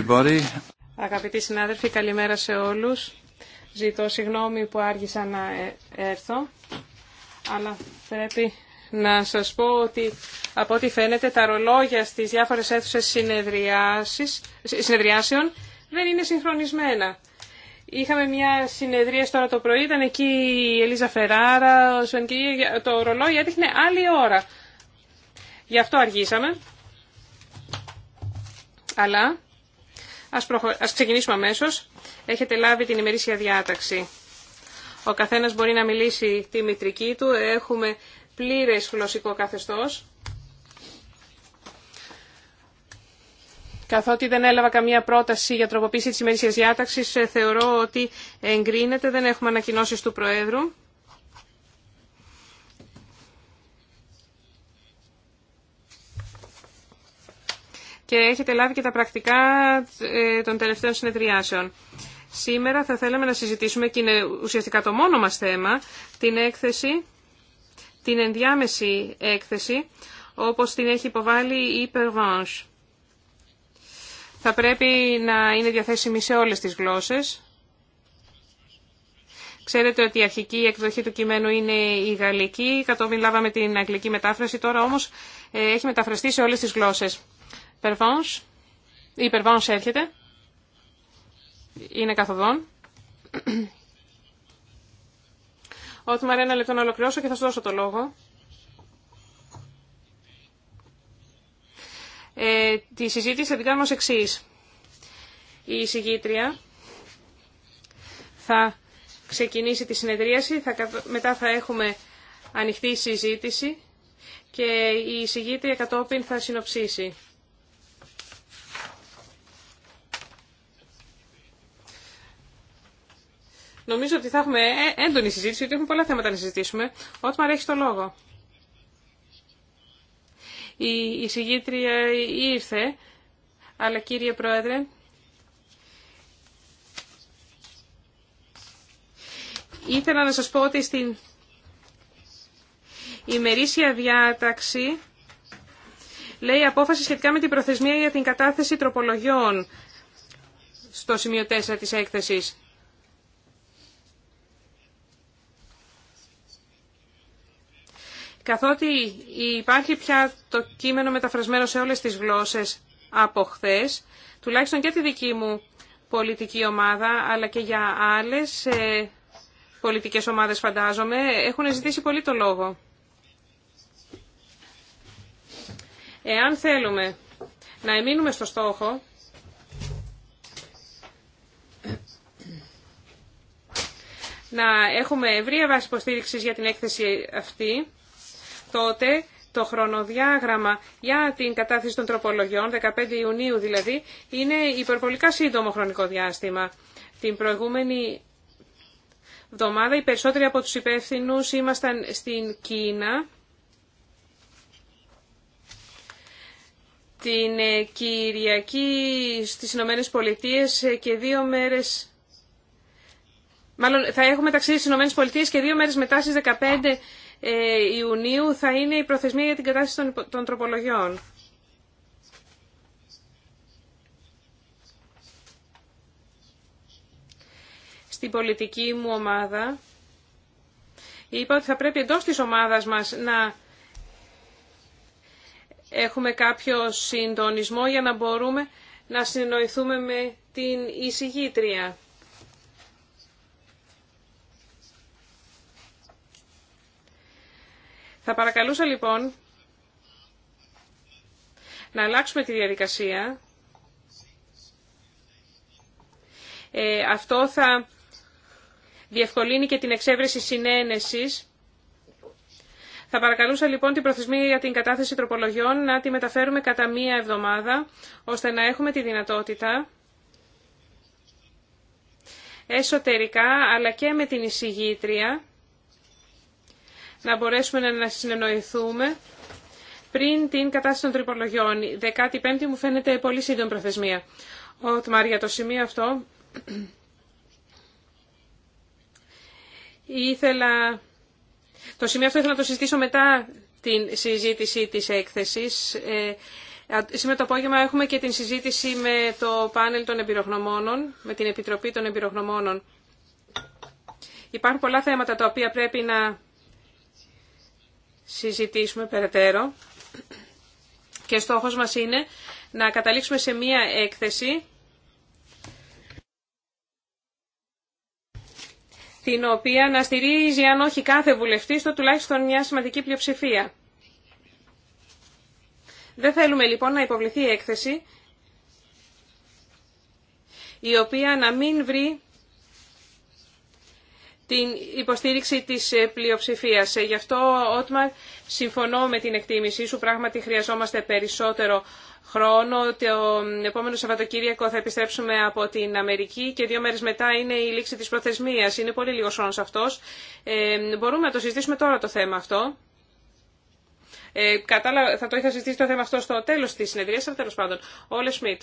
everybody. Αγαπητοί συνάδελφοι, καλημέρα σε όλους. Ζητώ συγγνώμη που άργησα να ε, έρθω, αλλά πρέπει να σας πω ότι από ό,τι φαίνεται τα ρολόγια στις διάφορες αίθουσες συνεδριάσεων δεν είναι συγχρονισμένα. Είχαμε μια συνεδρία τώρα το πρωί, ήταν εκεί η Ελίζα Φεράρα, το ρολόι έτυχε άλλη ώρα. Γι' αυτό αργήσαμε. Αλλά Ας, προχω... ξεκινήσουμε αμέσω. Έχετε λάβει την ημερήσια διάταξη. Ο καθένας μπορεί να μιλήσει τη μητρική του. Έχουμε πλήρες γλωσσικό καθεστώς. Καθότι δεν έλαβα καμία πρόταση για τροποποίηση της ημερήσιας διάταξης, θεωρώ ότι εγκρίνεται, δεν έχουμε ανακοινώσει του Προέδρου. και έχετε λάβει και τα πρακτικά ε, των τελευταίων συνεδριάσεων. Σήμερα θα θέλαμε να συζητήσουμε, και είναι ουσιαστικά το μόνο μας θέμα, την έκθεση, την ενδιάμεση έκθεση, όπως την έχει υποβάλει η Υπερβάνσ. Θα πρέπει να είναι διαθέσιμη σε όλες τις γλώσσες. Ξέρετε ότι η αρχική εκδοχή του κειμένου είναι η γαλλική, κατόπιν λάβαμε την αγγλική μετάφραση, τώρα όμως ε, έχει μεταφραστεί σε όλες τις γλώσσες. Περβάνς. Η Περβάνς έρχεται. Είναι καθοδόν. Ότι μου ένα λεπτό να ολοκληρώσω και θα σου δώσω το λόγο. Ε, τη συζήτηση θα την εξής. Η εισηγήτρια θα ξεκινήσει τη συνεδρίαση, θα, μετά θα έχουμε ανοιχτή συζήτηση και η εισηγήτρια κατόπιν θα συνοψίσει. Νομίζω ότι θα έχουμε έντονη συζήτηση, γιατί έχουμε πολλά θέματα να συζητήσουμε. Ότμαρ, έχει το λόγο. Η συγγήτρια ήρθε, αλλά κύριε Πρόεδρε, ήθελα να σας πω ότι στην ημερήσια διάταξη λέει απόφαση σχετικά με την προθεσμία για την κατάθεση τροπολογιών στο σημείο 4 της έκθεσης. Καθότι υπάρχει πια το κείμενο μεταφρασμένο σε όλες τις γλώσσες από χθε, τουλάχιστον και τη δική μου πολιτική ομάδα, αλλά και για άλλες ε, πολιτικές ομάδες φαντάζομαι, έχουν ζητήσει πολύ το λόγο. Εάν θέλουμε να εμείνουμε στο στόχο, να έχουμε ευρία βάση υποστήριξη για την έκθεση αυτή, τότε το χρονοδιάγραμμα για την κατάθεση των τροπολογιών, 15 Ιουνίου δηλαδή, είναι υπερβολικά σύντομο χρονικό διάστημα. Την προηγούμενη εβδομάδα οι περισσότεροι από τους υπεύθυνου ήμασταν στην Κίνα. Την ε, Κυριακή στις Ηνωμένε Πολιτείες ε, και δύο μέρες... Μάλλον θα έχουμε ταξίδι στις Ηνωμένες Πολιτείες και δύο μέρες μετά στις 15 ε, Ιουνίου θα είναι η προθεσμία για την κατάσταση των τροπολογιών. Στην πολιτική μου ομάδα είπα ότι θα πρέπει εντός της ομάδας μας να έχουμε κάποιο συντονισμό για να μπορούμε να συνοηθούμε με την εισηγήτρια. Θα παρακαλούσα λοιπόν να αλλάξουμε τη διαδικασία. Ε, αυτό θα διευκολύνει και την εξέβρεση συνένεσης. Θα παρακαλούσα λοιπόν την προθεσμία για την κατάθεση τροπολογιών να τη μεταφέρουμε κατά μία εβδομάδα, ώστε να έχουμε τη δυνατότητα εσωτερικά αλλά και με την εισηγήτρια να μπορέσουμε να συνεννοηθούμε πριν την κατάσταση των Η 15 15η μου φαίνεται πολύ σύντομη προθεσμία. Ο Τμάρ, για το σημείο αυτό ήθελα... Το σημείο αυτό ήθελα να το συζητήσω μετά την συζήτηση της έκθεσης. Ε, σήμερα το απόγευμα έχουμε και την συζήτηση με το πάνελ των εμπειρογνωμόνων, με την Επιτροπή των Εμπειρογνωμόνων. Υπάρχουν πολλά θέματα τα οποία πρέπει να συζητήσουμε περαιτέρω και στόχος μας είναι να καταλήξουμε σε μία έκθεση την οποία να στηρίζει αν όχι κάθε βουλευτή το τουλάχιστον μια σημαντική πλειοψηφία. Δεν θέλουμε λοιπόν να στηριζει αν οχι καθε βουλευτη στο τουλαχιστον μια έκθεση η οποία να μην βρει την υποστήριξη της ε, πλειοψηφίας. Ε, γι' αυτό, Ότμαρ, συμφωνώ με την εκτίμησή σου. Πράγματι, χρειαζόμαστε περισσότερο χρόνο. Το επόμενο Σαββατοκύριακο θα επιστρέψουμε από την Αμερική και δύο μέρες μετά είναι η λήξη της προθεσμίας. Είναι πολύ λίγος χρόνος αυτός. Ε, μπορούμε να το συζητήσουμε τώρα το θέμα αυτό. Ε, κατάλα... θα το είχα συζητήσει το θέμα αυτό στο τέλος της συνεδρίας, αλλά τέλος πάντων. Όλε Σμιτ.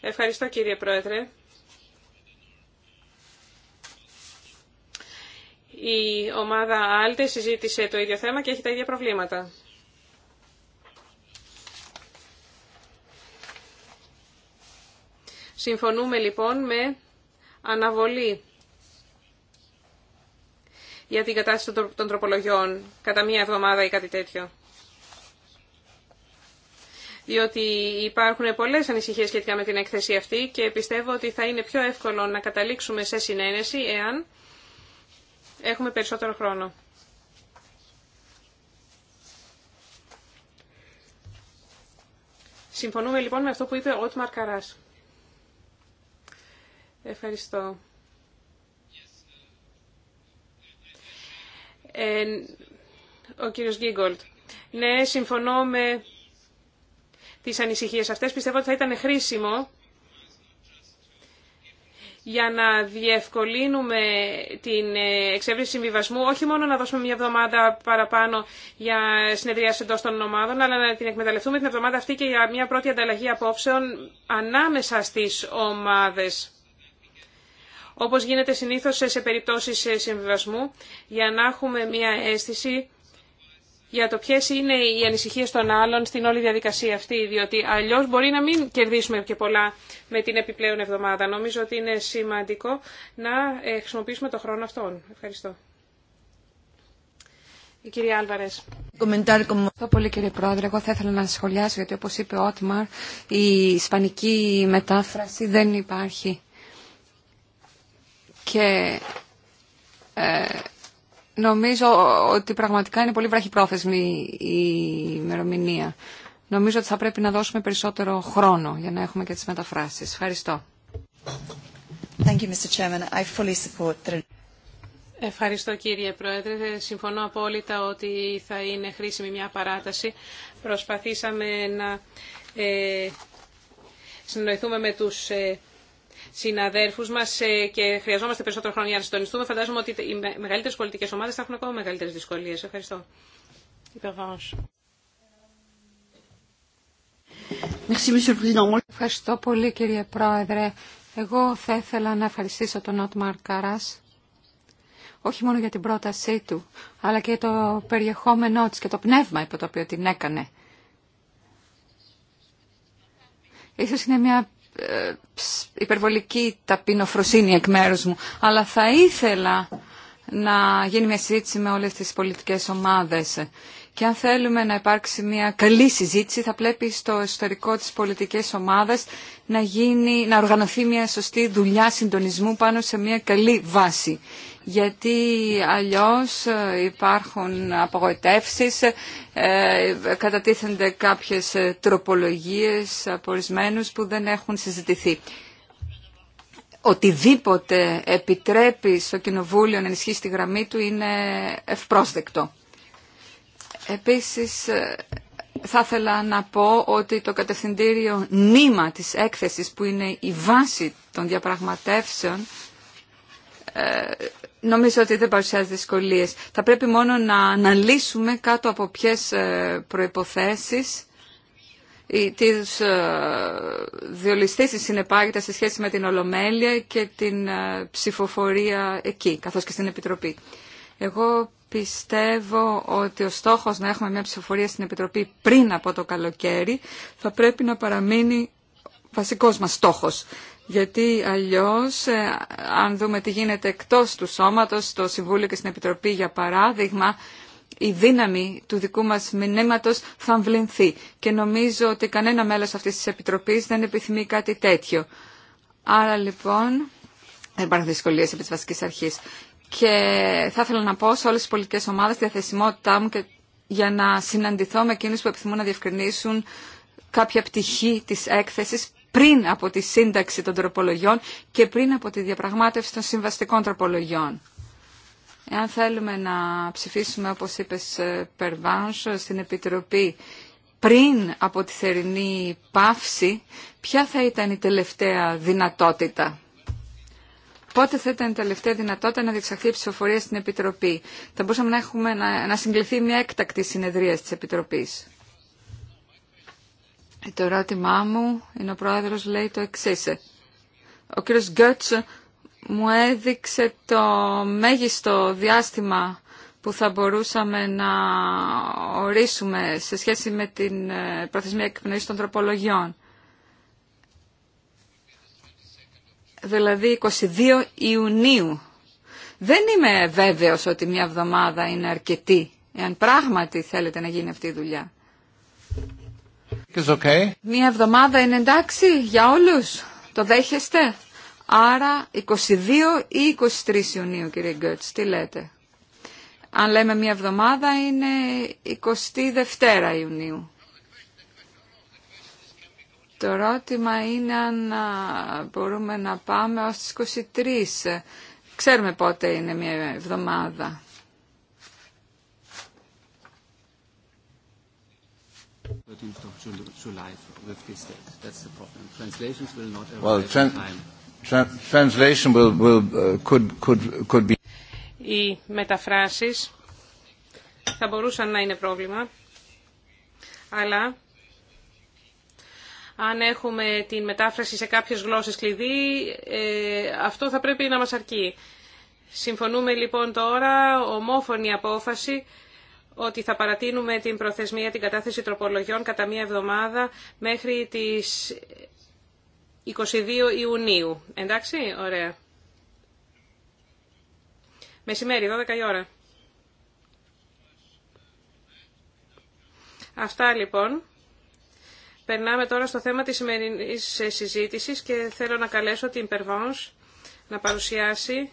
Ευχαριστώ κύριε Πρόεδρε. Η ομάδα Άλτε συζήτησε το ίδιο θέμα και έχει τα ίδια προβλήματα. Συμφωνούμε λοιπόν με αναβολή για την κατάσταση των τροπολογιών κατά μία εβδομάδα ή κάτι τέτοιο. Διότι υπάρχουν πολλές ανησυχίες σχετικά με την έκθεση αυτή και πιστεύω ότι θα είναι πιο εύκολο να καταλήξουμε σε συνένεση εάν Έχουμε περισσότερο χρόνο. Συμφωνούμε λοιπόν με αυτό που είπε ο Ότμαρ Καράς. Ευχαριστώ. Ε, ο κύριος Γκίγκολτ. Ναι, συμφωνώ με τις ανησυχίες αυτές. Πιστεύω ότι θα ήταν χρήσιμο για να διευκολύνουμε την ε, εξέβριση συμβιβασμού, όχι μόνο να δώσουμε μια εβδομάδα παραπάνω για συνεδρίαση εντό των ομάδων, αλλά να την εκμεταλλευτούμε την εβδομάδα αυτή και για μια πρώτη ανταλλαγή απόψεων ανάμεσα στι ομάδες όπως γίνεται συνήθως σε περιπτώσεις ε, συμβιβασμού, για να έχουμε μια αίσθηση για το ποιε είναι οι ανησυχίε των άλλων στην όλη διαδικασία αυτή, διότι αλλιώ μπορεί να μην κερδίσουμε και πολλά με την επιπλέον εβδομάδα. Νομίζω ότι είναι σημαντικό να ε, χρησιμοποιήσουμε το χρόνο αυτόν. Ευχαριστώ. Η κυρία Άλβαρε. Ευχαριστώ πολύ κύριε Πρόεδρε. Εγώ θα ήθελα να σχολιάσω γιατί όπω είπε ο Ότμαρ, η ισπανική μετάφραση δεν υπάρχει. Και ε, Νομίζω ότι πραγματικά είναι πολύ βραχυπρόθεσμη η ημερομηνία. Νομίζω ότι θα πρέπει να δώσουμε περισσότερο χρόνο για να έχουμε και τις μεταφράσεις. Ευχαριστώ. Thank you, Mr. Chairman. I fully support Ευχαριστώ κύριε Πρόεδρε. Συμφωνώ απόλυτα ότι θα είναι χρήσιμη μια παράταση. Προσπαθήσαμε να ε, συνοηθούμε με τους ε, συναδέρφους μας ε, και χρειαζόμαστε περισσότερο χρόνο για να συντονιστούμε. Φαντάζομαι ότι οι μεγαλύτερε πολιτικέ ομάδε θα έχουν ακόμα μεγαλύτερε δυσκολίε. Ευχαριστώ. Ευχαριστώ πολύ κύριε Πρόεδρε. Εγώ θα ήθελα να ευχαριστήσω τον Νότμαρ Καράς όχι μόνο για την πρότασή του, αλλά και το περιεχόμενό της και το πνεύμα υπό το οποίο την έκανε. Ίσως είναι μια ε, υπερβολική ταπεινοφροσύνη εκ μέρους μου, αλλά θα ήθελα να γίνει μια συζήτηση με όλες τις πολιτικές ομάδες. Και αν θέλουμε να υπάρξει μια καλή συζήτηση, θα πρέπει στο εσωτερικό της πολιτικής ομάδας να, γίνει, να οργανωθεί μια σωστή δουλειά συντονισμού πάνω σε μια καλή βάση γιατί αλλιώς υπάρχουν απογοητεύσεις, ε, κατατίθενται κάποιες ε, τροπολογίες από που δεν έχουν συζητηθεί. Οτιδήποτε επιτρέπει στο Κοινοβούλιο να ενισχύσει τη γραμμή του είναι ευπρόσδεκτο. Επίσης, ε, θα ήθελα να πω ότι το κατευθυντήριο νήμα της έκθεσης που είναι η βάση των διαπραγματεύσεων ε, νομίζω ότι δεν παρουσιάζει δυσκολίες. Θα πρέπει μόνο να αναλύσουμε κάτω από ποιες ε, προϋποθέσεις ή τις ε, διολυστήσεις συνεπάγεται σε σχέση με την Ολομέλεια και την ψηφοφορία εκεί, καθώς και στην Επιτροπή. Εγώ πιστεύω ότι ο στόχος να έχουμε μια ψηφοφορία στην Επιτροπή πριν από το καλοκαίρι θα πρέπει να παραμείνει βασικός μας στόχος γιατί αλλιώς ε, αν δούμε τι γίνεται εκτός του σώματος, στο Συμβούλιο και στην Επιτροπή για παράδειγμα, η δύναμη του δικού μας μηνύματος θα αμβλυνθεί. και νομίζω ότι κανένα μέλος αυτής της Επιτροπής δεν επιθυμεί κάτι τέτοιο. Άρα λοιπόν δεν υπάρχουν δυσκολίε επί της βασικής αρχής. Και θα ήθελα να πω σε όλες τις πολιτικές ομάδες τη διαθεσιμότητά μου και για να συναντηθώ με εκείνους που επιθυμούν να διευκρινίσουν κάποια πτυχή της έκθεσης πριν από τη σύνταξη των τροπολογιών και πριν από τη διαπραγμάτευση των συμβαστικών τροπολογιών. Εάν θέλουμε να ψηφίσουμε, όπως είπες, ε, Περβάνσο, στην Επιτροπή πριν από τη θερινή πάυση, ποια θα ήταν η τελευταία δυνατότητα. Πότε θα ήταν η τελευταία δυνατότητα να διεξαχθεί η ψηφοφορία στην Επιτροπή. Θα μπορούσαμε να, έχουμε, να, να συγκληθεί μια έκτακτη συνεδρία της Επιτροπής. Το ερώτημά μου είναι ο πρόεδρος λέει το εξή. Ο κύριος Γκέτς μου έδειξε το μέγιστο διάστημα που θα μπορούσαμε να ορίσουμε σε σχέση με την ε, προθεσμία εκπνοής των τροπολογιών. Δηλαδή 22 Ιουνίου. Δεν είμαι βέβαιος ότι μια εβδομάδα είναι αρκετή, εάν πράγματι θέλετε να γίνει αυτή η δουλειά. Μία εβδομάδα είναι εντάξει για όλους. Το δέχεστε. Άρα 22 ή 23 Ιουνίου κύριε Γκέτς. Τι λέτε. Αν λέμε μία εβδομάδα είναι 22 Ιουνίου. Το ερώτημα είναι αν μπορούμε να πάμε ως τις 23. Ξέρουμε πότε είναι μία εβδομάδα. Οι μεταφράσεις θα μπορούσαν να είναι πρόβλημα, αλλά αν έχουμε την μετάφραση σε κάποιες γλώσσες κλειδί, ε, αυτό θα πρέπει να μας αρκεί. Συμφωνούμε λοιπόν τώρα, ομόφωνη απόφαση ότι θα παρατείνουμε την προθεσμία την κατάθεση τροπολογιών κατά μία εβδομάδα μέχρι τις 22 Ιουνίου. Εντάξει, ωραία. Μεσημέρι, 12 η ώρα. Αυτά λοιπόν. Περνάμε τώρα στο θέμα της σημερινής συζήτησης και θέλω να καλέσω την Περβάνς να παρουσιάσει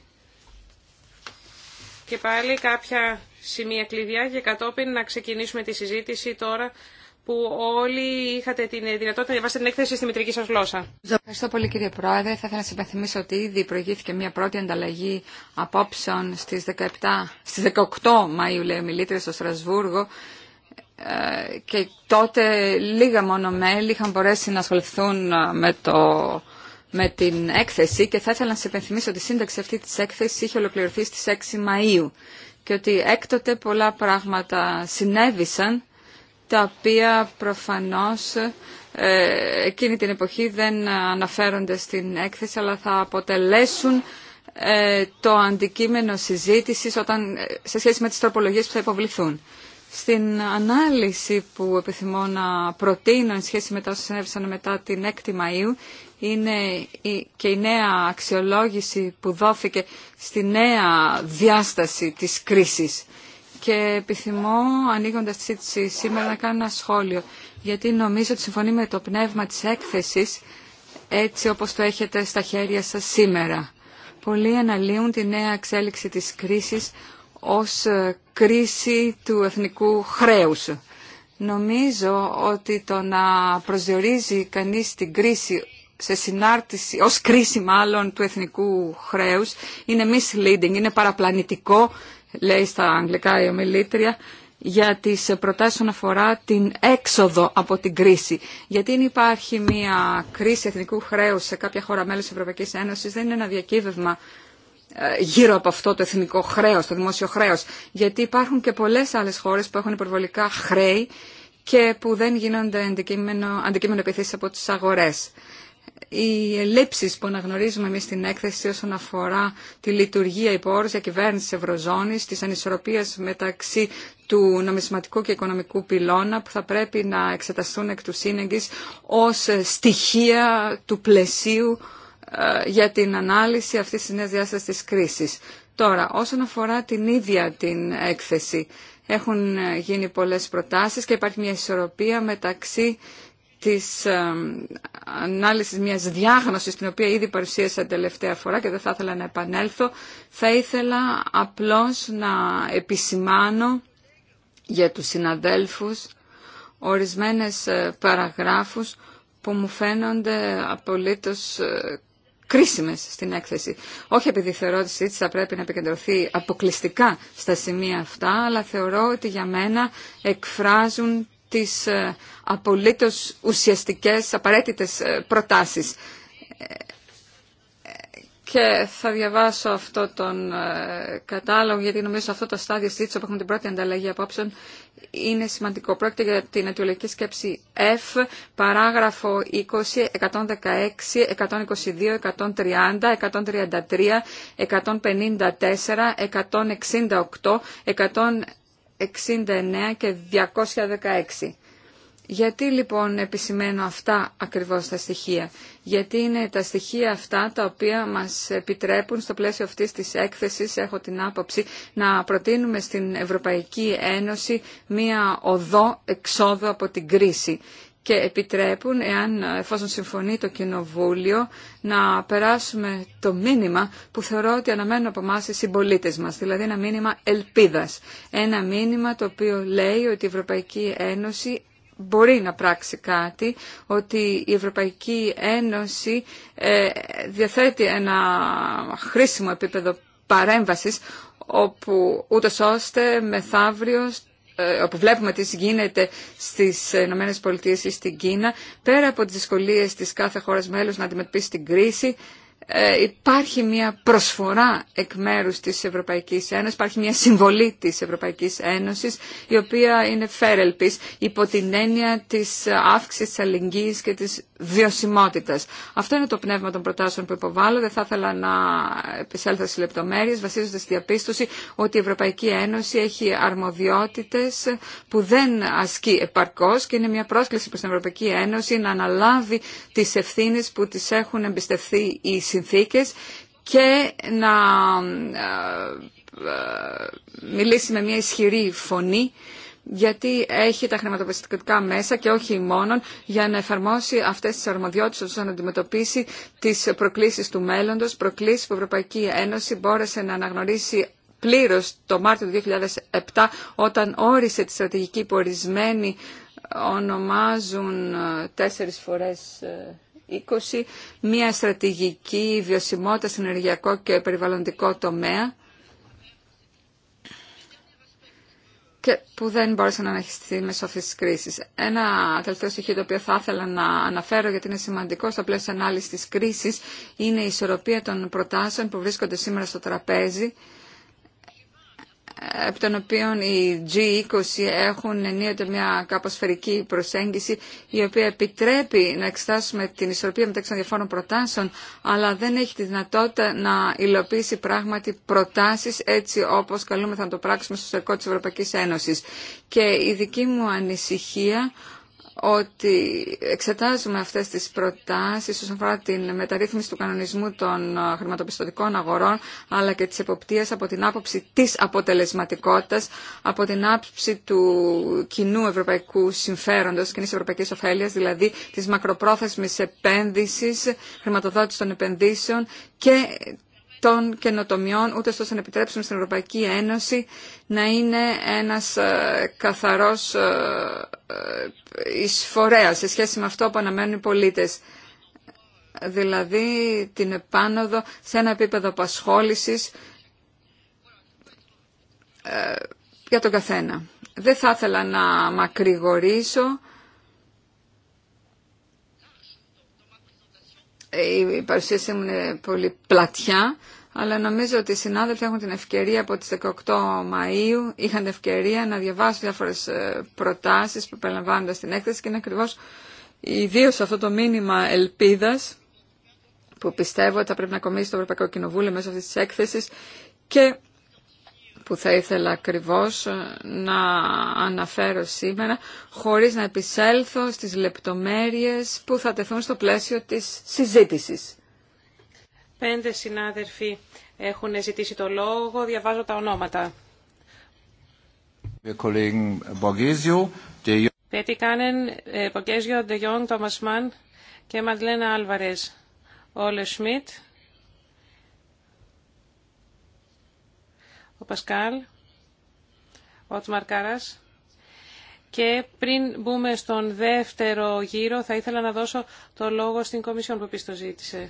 και πάλι κάποια σημεία κλειδιά για κατόπιν να ξεκινήσουμε τη συζήτηση τώρα που όλοι είχατε την δυνατότητα να διαβάσετε την έκθεση στη μητρική σα γλώσσα. Ευχαριστώ πολύ κύριε Πρόεδρε. Θα ήθελα να υπενθυμίσω ότι ήδη προηγήθηκε μια πρώτη ανταλλαγή απόψεων στι 17, στις 18 Μαΐου, λέει ο μιλήτρια στο Στρασβούργο, ε, και τότε λίγα μόνο μέλη είχαν μπορέσει να ασχοληθούν ε, με, το, με την έκθεση και θα ήθελα να σα υπενθυμίσω ότι η σύνταξη αυτή τη έκθεση είχε ολοκληρωθεί στι 6 Μαου και ότι έκτοτε πολλά πράγματα συνέβησαν τα οποία προφανώς ε, εκείνη την εποχή δεν αναφέρονται στην έκθεση αλλά θα αποτελέσουν ε, το αντικείμενο συζήτησης όταν, σε σχέση με τις τροπολογίες που θα υποβληθούν. Στην ανάλυση που επιθυμώ να προτείνω εν σχέση με τα όσα συνέβησαν μετά την 6η Μαΐου, είναι και η νέα αξιολόγηση που δόθηκε στη νέα διάσταση της κρίσης. Και επιθυμώ, ανοίγοντας τη σύντηση σήμερα, να κάνω ένα σχόλιο. Γιατί νομίζω ότι συμφωνεί με το πνεύμα της έκθεσης, έτσι όπως το έχετε στα χέρια σας σήμερα. Πολλοί αναλύουν τη νέα εξέλιξη της κρίσης ως ε, κρίση του εθνικού χρέους. Νομίζω ότι το να προσδιορίζει κανείς την κρίση σε συνάρτηση, ως κρίση μάλλον του εθνικού χρέους, είναι misleading, είναι παραπλανητικό, λέει στα αγγλικά η ομιλήτρια, για τις προτάσεις όσον αφορά την έξοδο από την κρίση. Γιατί αν υπάρχει μια κρίση εθνικού χρέους σε κάποια χώρα μέλος της Ευρωπαϊκής Ένωσης, δεν είναι ένα διακύβευμα ε, γύρω από αυτό το εθνικό χρέος, το δημόσιο χρέος. Γιατί υπάρχουν και πολλές άλλες χώρες που έχουν υπερβολικά χρέη και που δεν γίνονται αντικείμενο, αντικείμενο επιθέσεις από τις αγορές οι ελλείψεις που αναγνωρίζουμε εμείς στην έκθεση όσον αφορά τη λειτουργία υπό για κυβέρνηση Ευρωζώνης, της ανισορροπίας μεταξύ του νομισματικού και οικονομικού πυλώνα που θα πρέπει να εξεταστούν εκ του σύνεγγης ως στοιχεία του πλαισίου ε, για την ανάλυση αυτής της νέας διάστασης της κρίσης. Τώρα, όσον αφορά την ίδια την έκθεση, έχουν γίνει πολλές προτάσεις και υπάρχει μια ισορροπία μεταξύ της ανάλυσης μιας διάγνωσης την οποία ήδη παρουσίασα τελευταία φορά και δεν θα ήθελα να επανέλθω θα ήθελα απλώς να επισημάνω για τους συναδέλφους ορισμένες ε, παραγράφους που μου φαίνονται απολύτως ε, κρίσιμες στην έκθεση. Όχι επειδή θεωρώ ότι η θα πρέπει να επικεντρωθεί αποκλειστικά στα σημεία αυτά, αλλά θεωρώ ότι για μένα εκφράζουν τις ε, απολύτως ουσιαστικές, απαραίτητες ε, προτάσεις. Και θα διαβάσω αυτό τον ε, κατάλογο, γιατί νομίζω σε αυτό το στάδιο συζήτηση που έχουμε την πρώτη ανταλλαγή απόψεων είναι σημαντικό. Πρόκειται για την αιτιολογική σκέψη F, παράγραφο 20, 116, 122, 130, 133, 154, 168, 69 και 216. Γιατί λοιπόν επισημαίνω αυτά ακριβώς τα στοιχεία. Γιατί είναι τα στοιχεία αυτά τα οποία μας επιτρέπουν στο πλαίσιο αυτής της έκθεσης, έχω την άποψη, να προτείνουμε στην Ευρωπαϊκή Ένωση μία οδό εξόδου από την κρίση και επιτρέπουν, εάν εφόσον συμφωνεί το Κοινοβούλιο, να περάσουμε το μήνυμα που θεωρώ ότι αναμένουν από εμά οι συμπολίτε μα, δηλαδή ένα μήνυμα ελπίδα. Ένα μήνυμα το οποίο λέει ότι η Ευρωπαϊκή Ένωση μπορεί να πράξει κάτι, ότι η Ευρωπαϊκή Ένωση ε, διαθέτει ένα χρήσιμο επίπεδο παρέμβασης, όπου ούτω ώστε μεθαύριο ε, όπου βλέπουμε τι γίνεται στις ΗΠΑ ή στην Κίνα, πέρα από τις δυσκολίες της κάθε χώρας μέλος να αντιμετωπίσει την κρίση, ε, υπάρχει μια προσφορά εκ μέρους της Ευρωπαϊκής Ένωσης, υπάρχει μια συμβολή της Ευρωπαϊκής Ένωσης, η οποία είναι φέρελπης υπό την έννοια της αύξησης τη αλληλεγγύης και της βιωσιμότητας. Αυτό είναι το πνεύμα των προτάσεων που υποβάλλω. Δεν θα ήθελα να επισέλθω στι λεπτομέρειες, βασίζοντας στη διαπίστωση ότι η Ευρωπαϊκή Ένωση έχει αρμοδιότητες που δεν ασκεί επαρκώς και είναι μια πρόσκληση προς την Ευρωπαϊκή Ένωση να αναλάβει τις ευθύνες που τις έχουν εμπιστευθεί οι συνθήκες και να ε, ε, μιλήσει με μια ισχυρή φωνή γιατί έχει τα χρηματοπιστωτικά μέσα και όχι μόνον για να εφαρμόσει αυτές τις αρμοδιότητες ώστε να αντιμετωπίσει τις προκλήσεις του μέλλοντος, προκλήσεις που η Ευρωπαϊκή Ένωση μπόρεσε να αναγνωρίσει πλήρως το Μάρτιο του 2007 όταν όρισε τη στρατηγική που ορισμένοι ονομάζουν ε, τέσσερις φορές 2020 μια στρατηγική βιωσιμότητα στον ενεργειακό και περιβαλλοντικό τομέα και που δεν μπόρεσε να αναχιστεί μέσω αυτή τη κρίση. Ένα τελευταίο στοιχείο το οποίο θα ήθελα να αναφέρω γιατί είναι σημαντικό στο πλαίσιο ανάλυση τη κρίση είναι η ισορροπία των προτάσεων που βρίσκονται σήμερα στο τραπέζι επί των οποίων οι G20 έχουν ενίοτε μια καποσφαιρική προσέγγιση η οποία επιτρέπει να εξετάσουμε την ισορροπία μεταξύ των διαφόρων προτάσεων αλλά δεν έχει τη δυνατότητα να υλοποιήσει πράγματι προτάσεις έτσι όπως καλούμε θα το πράξουμε στο στερικό της Ευρωπαϊκής Ένωσης. Και η δική μου ανησυχία ότι εξετάζουμε αυτές τις προτάσεις όσον αφορά την μεταρρύθμιση του κανονισμού των ε, χρηματοπιστωτικών αγορών αλλά και τις εποπτείας από την άποψη της αποτελεσματικότητας, από την άποψη του κοινού ευρωπαϊκού συμφέροντος, κοινής ευρωπαϊκής ωφέλειας, δηλαδή της μακροπρόθεσμης επένδυσης, χρηματοδότηση των επενδύσεων και των καινοτομιών, ούτε ώστε να επιτρέψουμε στην Ευρωπαϊκή Ένωση να είναι ένας ε, καθαρός ε, ε, εισφορέας σε σχέση με αυτό που αναμένουν οι πολίτες. Δηλαδή την επάνωδο σε ένα επίπεδο απασχόλησης για τον καθένα. Δεν θα ήθελα να μακρηγορήσω η παρουσίασή μου είναι πολύ πλατιά, αλλά νομίζω ότι οι συνάδελφοι έχουν την ευκαιρία από τις 18 Μαΐου, είχαν την ευκαιρία να διαβάσουν διάφορες ε, προτάσεις που περιλαμβάνονται στην έκθεση και είναι ακριβώς ιδίω αυτό το μήνυμα ελπίδας που πιστεύω ότι θα πρέπει να κομίσει το Ευρωπαϊκό Κοινοβούλιο μέσα αυτής της έκθεσης και που θα ήθελα ακριβώς ε, να αναφέρω σήμερα, χωρίς να επισέλθω στις λεπτομέρειες που θα τεθούν στο πλαίσιο της συζήτησης. Πέντε συνάδελφοι έχουν ζητήσει το λόγο, διαβάζω τα ονόματα. Πέτη Κάνεν, ε, Μπογκέζιο, Ντεγιόν, Τόμας Μαν και Μαντλένα Άλβαρες. Όλε Σμιτ, ο Πασκάλ, ο Τσμαρκάρας. Και πριν μπούμε στον δεύτερο γύρο, θα ήθελα να δώσω το λόγο στην Κομισιόν που επίσης το ζήτησε.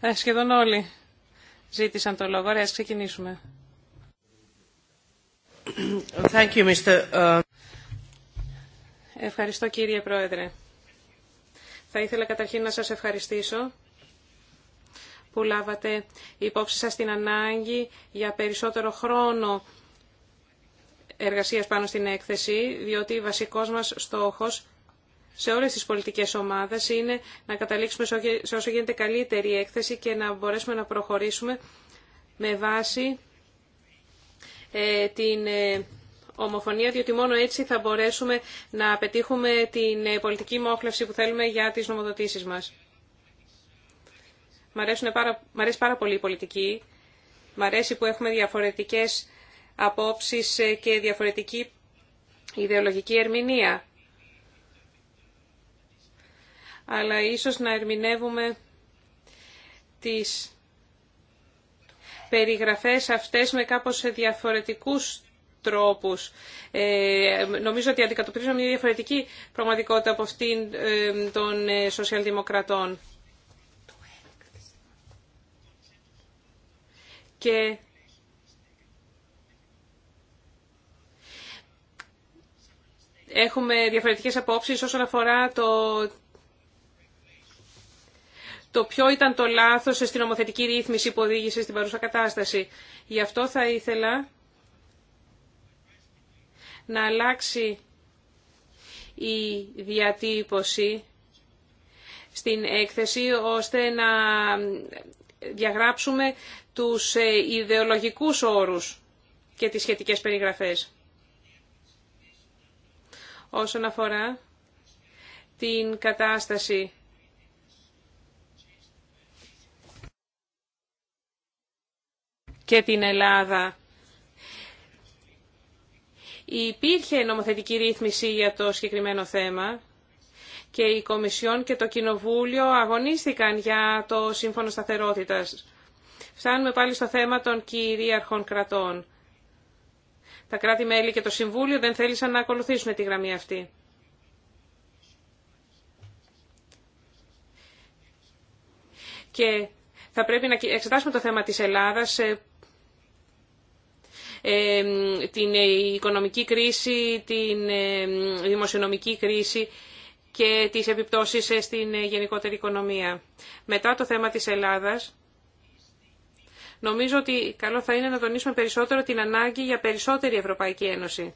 Ε, σχεδόν όλοι ζήτησαν το λόγο. Ωραία, ας ξεκινήσουμε. Thank you, Mr. Uh, Ευχαριστώ κύριε Πρόεδρε. Θα ήθελα καταρχήν να σας ευχαριστήσω που λάβατε υπόψη σας την ανάγκη για περισσότερο χρόνο εργασίας πάνω στην έκθεση, διότι βασικός μας στόχος σε όλες τις πολιτικές ομάδες είναι να καταλήξουμε σε όσο γίνεται καλύτερη έκθεση και να μπορέσουμε να προχωρήσουμε με βάση ε, την ε, ομοφωνία, διότι μόνο έτσι θα μπορέσουμε να πετύχουμε την ε, πολιτική μόχλευση που θέλουμε για τις νομοδοτήσεις μας. Μ, πάρα, αρέσει πάρα πολύ η πολιτική. Μ' αρέσει που έχουμε διαφορετικές απόψεις ε, και διαφορετική ιδεολογική ερμηνεία. Αλλά ίσως να ερμηνεύουμε τις περιγραφές αυτές με κάπως διαφορετικούς τρόπους. Ε, νομίζω ότι αντικατοπτρίζουμε μια διαφορετική πραγματικότητα από αυτήν ε, των ε, σοσιαλδημοκρατών. και έχουμε διαφορετικές απόψεις όσον αφορά το, το ποιο ήταν το λάθος στην νομοθετική ρύθμιση που οδήγησε στην παρούσα κατάσταση. Γι' αυτό θα ήθελα να αλλάξει η διατύπωση στην έκθεση ώστε να διαγράψουμε τους ε, ιδεολογικούς όρους και τις σχετικές περιγραφές. Όσον αφορά την κατάσταση και την Ελλάδα, υπήρχε νομοθετική ρύθμιση για το συγκεκριμένο θέμα και η Κομισιόν και το Κοινοβούλιο αγωνίστηκαν για το Σύμφωνο Σταθερότητας. Φτάνουμε πάλι στο θέμα των κυρίαρχων κρατών. Τα κράτη-μέλη και το Συμβούλιο δεν θέλησαν να ακολουθήσουν τη γραμμή αυτή. Και θα πρέπει να εξετάσουμε το θέμα της Ελλάδας, ε, ε, την οικονομική κρίση, την ε, δημοσιονομική κρίση και τις επιπτώσεις ε, στην ε, γενικότερη οικονομία. Μετά το θέμα της Ελλάδας, νομίζω ότι καλό θα είναι να τονίσουμε περισσότερο την ανάγκη για περισσότερη Ευρωπαϊκή Ένωση.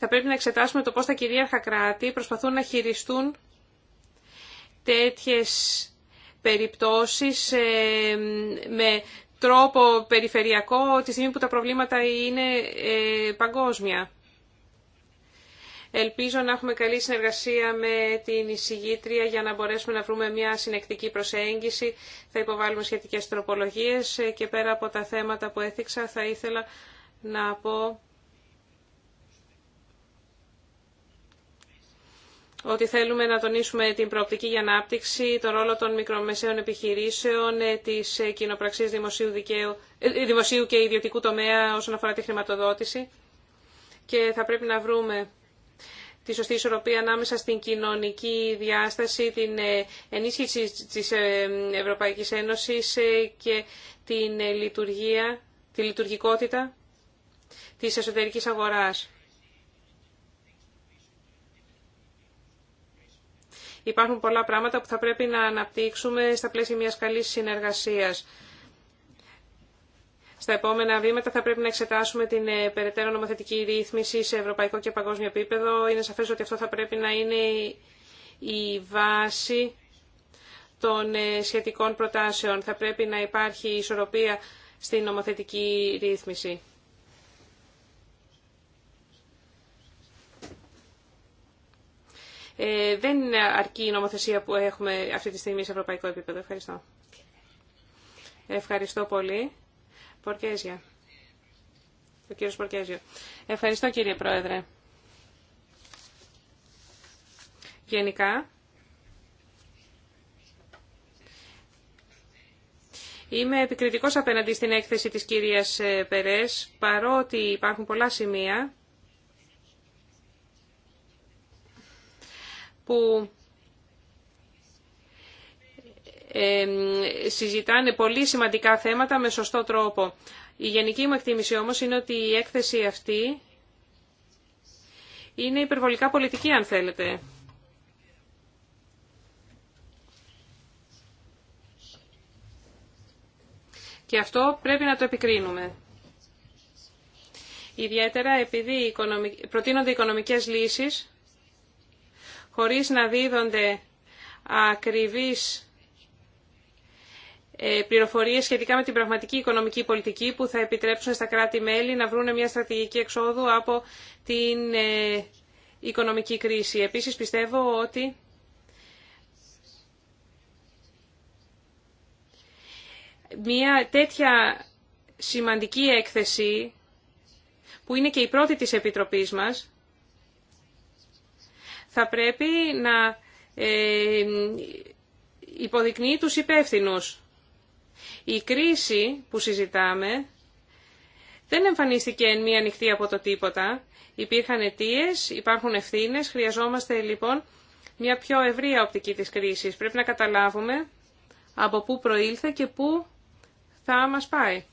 Θα πρέπει να εξετάσουμε το πώς τα κυρίαρχα κράτη προσπαθούν να χειριστούν τέτοιες περιπτώσεις ε, με τρόπο περιφερειακό τη στιγμή που τα προβλήματα είναι ε, παγκόσμια. Ελπίζω να έχουμε καλή συνεργασία με την εισηγήτρια για να μπορέσουμε να βρούμε μια συνεκτική προσέγγιση. Θα υποβάλουμε σχετικές τροπολογίες ε, και πέρα από τα θέματα που έθιξα θα ήθελα να πω ότι θέλουμε να τονίσουμε την προοπτική για ανάπτυξη, τον ρόλο των μικρομεσαίων επιχειρήσεων, ε, της ε, κοινοπραξίας δημοσίου, δικαίου, ε, δημοσίου και ιδιωτικού τομέα όσον αφορά τη χρηματοδότηση και θα πρέπει να βρούμε τη σωστή ισορροπία ανάμεσα στην κοινωνική διάσταση, την ενίσχυση της Ευρωπαϊκής ένωση και την λειτουργία, τη λειτουργικότητα της εσωτερικής αγοράς. Υπάρχουν πολλά πράγματα που θα πρέπει να αναπτύξουμε στα πλαίσια μιας καλής συνεργασίας. Στα επόμενα βήματα θα πρέπει να εξετάσουμε την ε, περαιτέρω νομοθετική ρύθμιση σε ευρωπαϊκό και παγκόσμιο επίπεδο. Είναι σαφές ότι αυτό θα πρέπει να είναι η βάση των ε, σχετικών προτάσεων. Θα πρέπει να υπάρχει ισορροπία στην νομοθετική ρύθμιση. Ε, δεν αρκεί η νομοθεσία που έχουμε αυτή τη στιγμή σε ευρωπαϊκό επίπεδο. Ευχαριστώ. Ευχαριστώ πολύ. Πορκέζια. Ο κύριος Πορκέζιο. Ευχαριστώ κύριε Πρόεδρε. Γενικά, Είμαι επικριτικός απέναντι στην έκθεση της κυρίας ε, Περές, παρότι υπάρχουν πολλά σημεία που συζητάνε πολύ σημαντικά θέματα με σωστό τρόπο. Η γενική μου εκτίμηση όμως είναι ότι η έκθεση αυτή είναι υπερβολικά πολιτική αν θέλετε. Και αυτό πρέπει να το επικρίνουμε. Ιδιαίτερα επειδή προτείνονται οικονομικές λύσεις χωρίς να δίδονται ακριβείς ε, πληροφορίες σχετικά με την πραγματική οικονομική πολιτική που θα επιτρέψουν στα κράτη-μέλη να βρουν μια στρατηγική εξόδου από την ε, οικονομική κρίση. Επίσης πιστεύω ότι μια τέτοια σημαντική έκθεση που είναι και η πρώτη της Επιτροπής μας θα πρέπει να ε, υποδεικνύει τους υπεύθυνους. Η κρίση που συζητάμε δεν εμφανίστηκε εν μία νυχτή από το τίποτα. Υπήρχαν αιτίε, υπάρχουν ευθύνε. Χρειαζόμαστε λοιπόν μια πιο ευρία οπτική της κρίσης. Πρέπει να καταλάβουμε από πού προήλθε και πού θα μας πάει.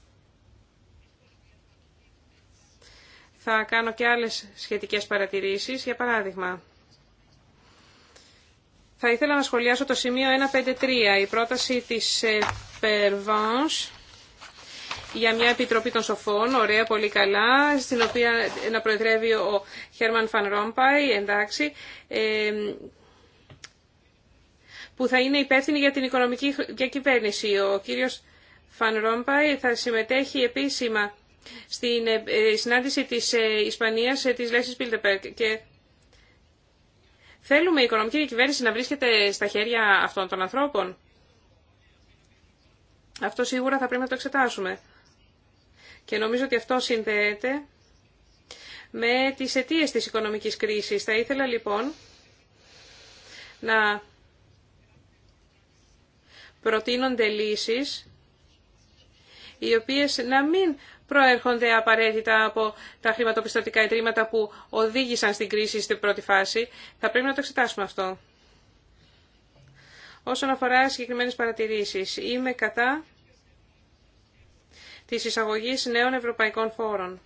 Θα κάνω και άλλες σχετικές παρατηρήσεις, για παράδειγμα. Θα ήθελα να σχολιάσω το σημείο 153, η πρόταση της Περβάνς για μια επιτροπή των σοφών, ωραία, πολύ καλά, στην οποία ε, να προεδρεύει ο Χέρμαν Φαν Ρόμπαϊ, εντάξει, ε, που θα είναι υπεύθυνη για την οικονομική διακυβέρνηση. Ο κύριος Φαν Ρόμπαϊ θα συμμετέχει επίσημα στην ε, συνάντηση της Ισπανίας της Λέσης Πίλτεπερκ και Θέλουμε η οικονομική κυβέρνηση να βρίσκεται στα χέρια αυτών των ανθρώπων. Αυτό σίγουρα θα πρέπει να το εξετάσουμε. Και νομίζω ότι αυτό συνδέεται με τις αιτίες της οικονομικής κρίσης. Θα ήθελα λοιπόν να προτείνονται λύσεις οι οποίες να μην προέρχονται απαραίτητα από τα χρηματοπιστωτικά ιδρύματα που οδήγησαν στην κρίση στην πρώτη φάση. Θα πρέπει να το εξετάσουμε αυτό. Όσον αφορά συγκεκριμένε παρατηρήσεις, είμαι κατά της εισαγωγής νέων ευρωπαϊκών φόρων.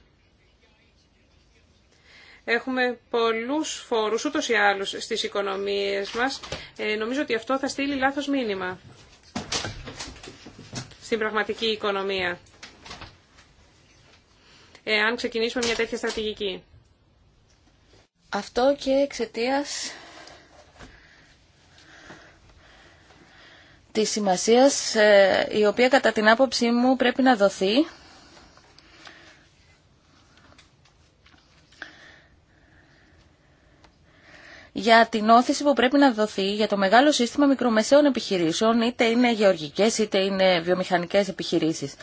Έχουμε πολλούς φόρους ούτως ή άλλως στις οικονομίες μας. Ε, νομίζω ότι αυτό θα στείλει λάθος μήνυμα στην πραγματική οικονομία αν ξεκινήσουμε μια τέτοια στρατηγική. Αυτό και εξαιτία τη σημασία ε, η οποία κατά την άποψή μου πρέπει να δοθεί για την όθηση που πρέπει να δοθεί για το μεγάλο σύστημα μικρομεσαίων επιχειρήσεων, είτε είναι γεωργικές είτε είναι βιομηχανικές επιχειρήσεις.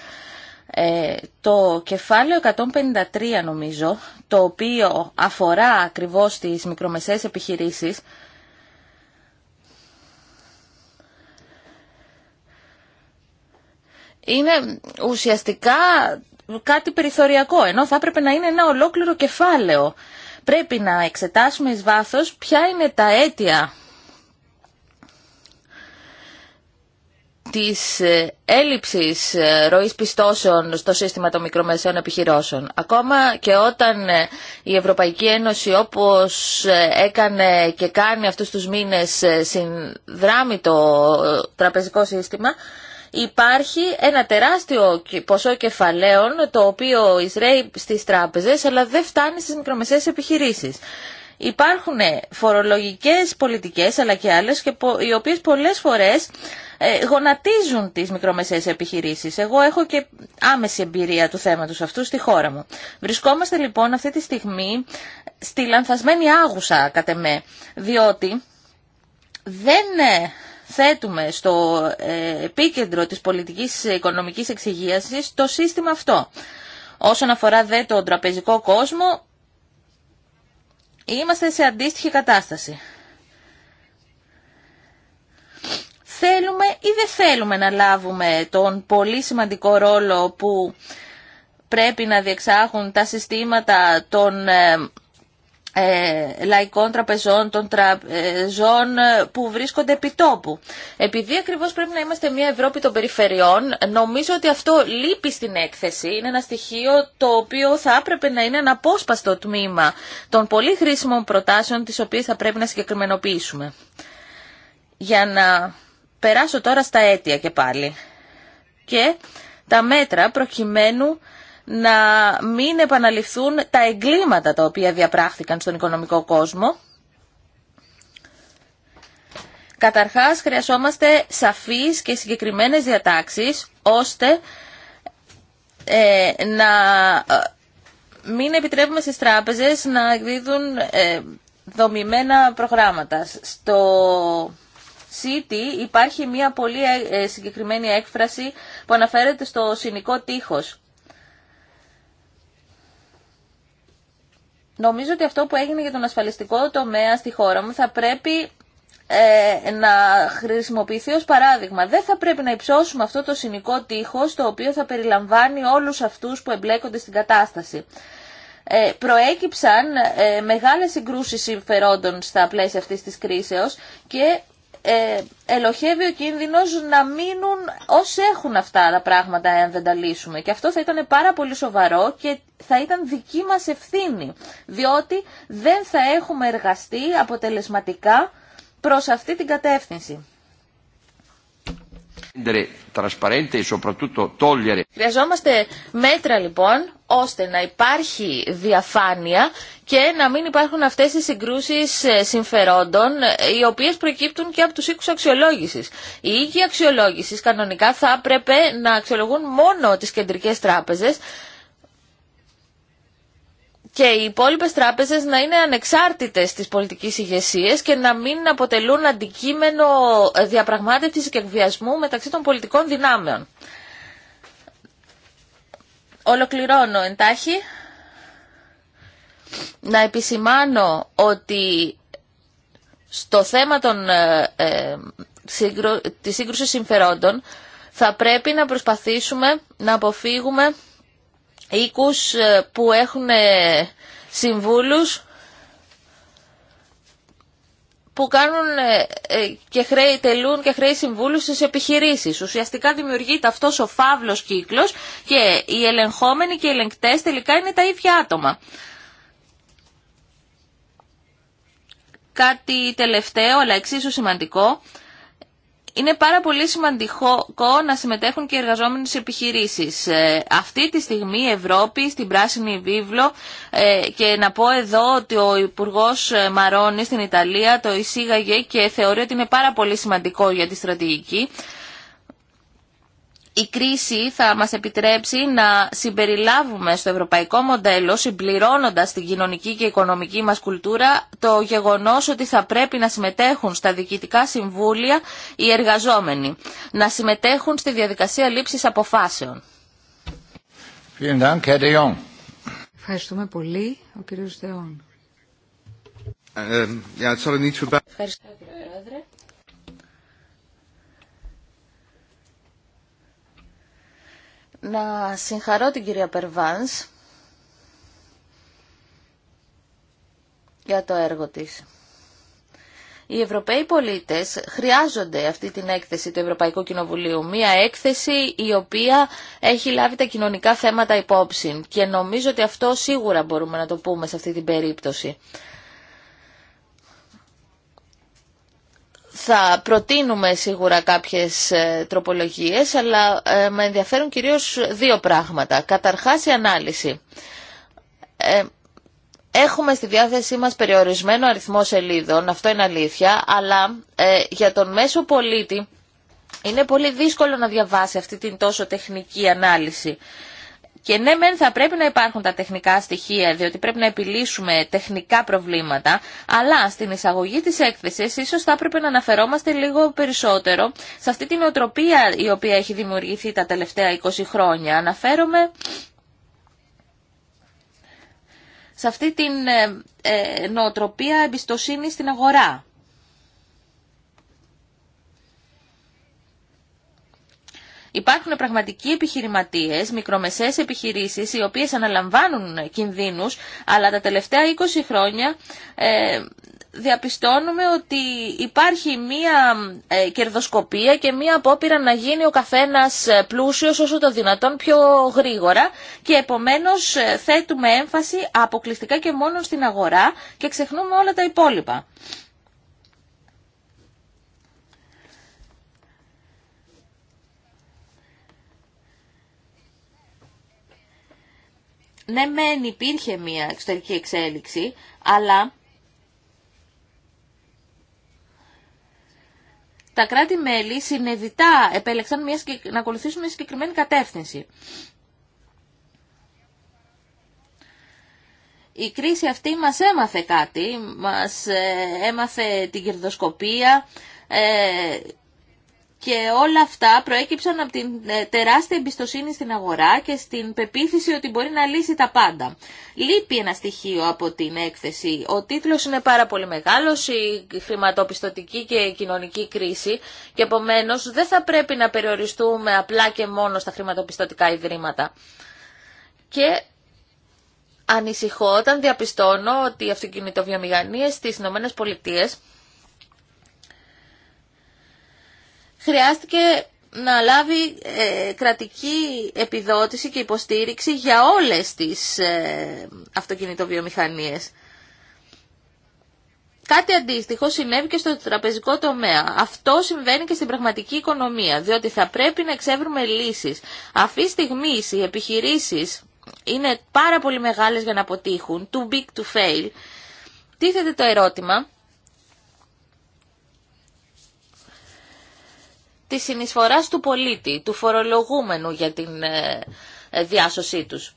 Ε, το κεφάλαιο 153 νομίζω, το οποίο αφορά ακριβώς τις μικρομεσαίες επιχειρήσεις, είναι ουσιαστικά κάτι περιθωριακό, ενώ θα έπρεπε να είναι ένα ολόκληρο κεφάλαιο. Πρέπει να εξετάσουμε εις βάθος ποια είναι τα αίτια της ε, έλλειψης ε, ροής πιστώσεων στο σύστημα των μικρομεσαίων επιχειρώσεων. Ακόμα και όταν ε, η Ευρωπαϊκή Ένωση όπως έκανε και κάνει αυτούς τους μήνες συνδράμει το τραπεζικό σύστημα, υπάρχει ένα τεράστιο ποσό κεφαλαίων το οποίο εισραίει στις τράπεζες αλλά δεν φτάνει στις μικρομεσαίες επιχειρήσεις. Υπάρχουν φορολογικές πολιτικές αλλά και άλλες οι οποίες πολλές φορές ε, γονατίζουν τις μικρομεσαίες επιχειρήσεις. Εγώ έχω και άμεση εμπειρία του θέματος αυτού στη χώρα μου. Βρισκόμαστε λοιπόν αυτή τη στιγμή στη λανθασμένη άγουσα κατ' εμέ, διότι δεν ε, θέτουμε στο ε, επίκεντρο της πολιτικής οικονομικής εξυγίασης το σύστημα αυτό. Όσον αφορά δε τον τραπεζικό κόσμο, είμαστε σε αντίστοιχη κατάσταση. θέλουμε ή δεν θέλουμε να λάβουμε τον πολύ σημαντικό ρόλο που πρέπει να διεξάγουν τα συστήματα των ε, ε λαϊκών τραπεζών, των τραπεζών ε, που βρίσκονται επί τόπου. Επειδή ακριβώς πρέπει να είμαστε μια Ευρώπη των περιφερειών, νομίζω ότι αυτό λείπει στην έκθεση. Είναι ένα στοιχείο το οποίο θα έπρεπε να είναι ένα απόσπαστο τμήμα των πολύ χρήσιμων προτάσεων τις οποίες θα πρέπει να συγκεκριμενοποιήσουμε. Για να περάσω τώρα στα αίτια και πάλι. Και τα μέτρα προκειμένου να μην επαναληφθούν τα εγκλήματα τα οποία διαπράχθηκαν στον οικονομικό κόσμο. Καταρχάς χρειαζόμαστε σαφείς και συγκεκριμένες διατάξεις ώστε ε, να ε, μην επιτρέπουμε στις τράπεζες να εκδίδουν ε, δομημένα προγράμματα. Στο City υπάρχει μια πολύ ε, ε, συγκεκριμένη έκφραση που αναφέρεται στο συνικό τείχος. Νομίζω ότι αυτό που έγινε για τον ασφαλιστικό τομέα στη χώρα μου θα πρέπει ε, να χρησιμοποιηθεί ως παράδειγμα. Δεν θα πρέπει να υψώσουμε αυτό το συνικό τείχος το οποίο θα περιλαμβάνει όλους αυτούς που εμπλέκονται στην κατάσταση. Ε, προέκυψαν ε, μεγάλες συγκρούσεις συμφερόντων στα πλαίσια αυτής της κρίσεως και ε, ελοχεύει ο κίνδυνο να μείνουν όσοι έχουν αυτά τα πράγματα εάν δεν τα λύσουμε. Και αυτό θα ήταν πάρα πολύ σοβαρό και θα ήταν δική μας ευθύνη, διότι δεν θα έχουμε εργαστεί αποτελεσματικά προς αυτή την κατεύθυνση. E Χρειαζόμαστε μέτρα λοιπόν ώστε να υπάρχει διαφάνεια και να μην υπάρχουν αυτές οι συγκρούσεις ε, συμφερόντων ε, οι οποίες προκύπτουν και από τους οίκους αξιολόγησης. Οι οίκοι αξιολόγησης κανονικά θα έπρεπε να αξιολογούν μόνο τις κεντρικές τράπεζες και οι υπόλοιπες τράπεζες να είναι ανεξάρτητες της πολιτική ηγεσία και να μην αποτελούν αντικείμενο ε, διαπραγμάτευσης και εκβιασμού μεταξύ των πολιτικών δυνάμεων. Ολοκληρώνω εντάχει να επισημάνω ότι στο θέμα των, ε, ε, της σύγκρουσης συμφερόντων θα πρέπει να προσπαθήσουμε να αποφύγουμε οίκους ε, που έχουν ε, συμβούλους που κάνουν ε, και χρέη, τελούν και χρέη συμβούλου στις επιχειρήσεις. Ουσιαστικά δημιουργείται αυτός ο φαύλος κύκλος και οι ελεγχόμενοι και οι ελεγκτές τελικά είναι τα ίδια άτομα. Κάτι τελευταίο αλλά εξίσου σημαντικό είναι πάρα πολύ σημαντικό να συμμετέχουν και οι εργαζόμενοι σε επιχειρήσεις. Ε, αυτή τη στιγμή η Ευρώπη στην Πράσινη Βίβλο ε, και να πω εδώ ότι ο υπουργό ε, Μαρόνι στην Ιταλία το εισήγαγε και θεωρεί ότι είναι πάρα πολύ σημαντικό για τη στρατηγική η κρίση θα μας επιτρέψει να συμπεριλάβουμε στο ευρωπαϊκό μοντέλο, συμπληρώνοντας την κοινωνική και οικονομική μας κουλτούρα, το γεγονός ότι θα πρέπει να συμμετέχουν στα διοικητικά συμβούλια οι εργαζόμενοι, να συμμετέχουν στη διαδικασία λήψης αποφάσεων. Ευχαριστούμε πολύ, ο κύριος Δεόν. Ε, ε, Ευχαριστώ, Πρόεδρε. να συγχαρώ την κυρία Περβάνς για το έργο της. Οι Ευρωπαίοι πολίτες χρειάζονται αυτή την έκθεση του Ευρωπαϊκού Κοινοβουλίου. Μία έκθεση η οποία έχει λάβει τα κοινωνικά θέματα υπόψη. Και νομίζω ότι αυτό σίγουρα μπορούμε να το πούμε σε αυτή την περίπτωση. Θα προτείνουμε σίγουρα κάποιες ε, τροπολογίες, αλλά ε, με ενδιαφέρουν κυρίως δύο πράγματα. Καταρχάς η ανάλυση. Ε, έχουμε στη διάθεσή μας περιορισμένο αριθμό σελίδων, αυτό είναι αλήθεια, αλλά για τον μέσο πολίτη είναι πολύ δύσκολο να διαβάσει αυτή την τόσο τεχνική ανάλυση. Και ναι, μεν θα πρέπει να υπάρχουν τα τεχνικά στοιχεία, διότι πρέπει να επιλύσουμε τεχνικά προβλήματα, αλλά στην εισαγωγή της έκθεσης ίσως θα έπρεπε να αναφερόμαστε λίγο περισσότερο σε αυτή την οτροπία η οποία έχει δημιουργηθεί τα τελευταία 20 χρόνια. Αναφέρομαι σε αυτή την ε, ε, νοοτροπία εμπιστοσύνη στην αγορά. Υπάρχουν πραγματικοί επιχειρηματίες, μικρομεσαίες επιχειρήσεις, οι οποίες αναλαμβάνουν κινδύνους, αλλά τα τελευταία 20 χρόνια ε, διαπιστώνουμε ότι υπάρχει μία ε, κερδοσκοπία και μία απόπειρα να γίνει ο καθένας ε, πλούσιος όσο το δυνατόν πιο γρήγορα και επομένως ε, θέτουμε έμφαση αποκλειστικά και μόνο στην αγορά και ξεχνούμε όλα τα υπόλοιπα. ναι μεν υπήρχε μια εξωτερική εξέλιξη, αλλά τα κράτη-μέλη συνειδητά επέλεξαν μια, να ακολουθήσουν μια συγκεκριμένη κατεύθυνση. Η κρίση αυτή μας έμαθε κάτι, μας ε, έμαθε την κερδοσκοπία, ε, και όλα αυτά προέκυψαν από την ε, τεράστια εμπιστοσύνη στην αγορά και στην πεποίθηση ότι μπορεί να λύσει τα πάντα. Λείπει ένα στοιχείο από την έκθεση. Ο τίτλος είναι πάρα πολύ μεγάλος, η χρηματοπιστωτική και κοινωνική κρίση και επομένως δεν θα πρέπει να περιοριστούμε απλά και μόνο στα χρηματοπιστωτικά ιδρύματα. Και ανησυχώ όταν διαπιστώνω ότι οι αυτοκινητοβιομηχανίες στις ΗΠΑ χρειάστηκε να λάβει ε, κρατική επιδότηση και υποστήριξη για όλες τις ε, αυτοκινητοβιομηχανίες. Κάτι αντίστοιχο συνέβη και στο τραπεζικό τομέα. Αυτό συμβαίνει και στην πραγματική οικονομία, διότι θα πρέπει να εξεύρουμε λύσεις. Αυτή τη στιγμή οι επιχειρήσεις είναι πάρα πολύ μεγάλες για να αποτύχουν, too big to fail. Τίθεται το ερώτημα, της συνεισφοράς του πολίτη, του φορολογούμενου για την ε, ε, διάσωσή τους.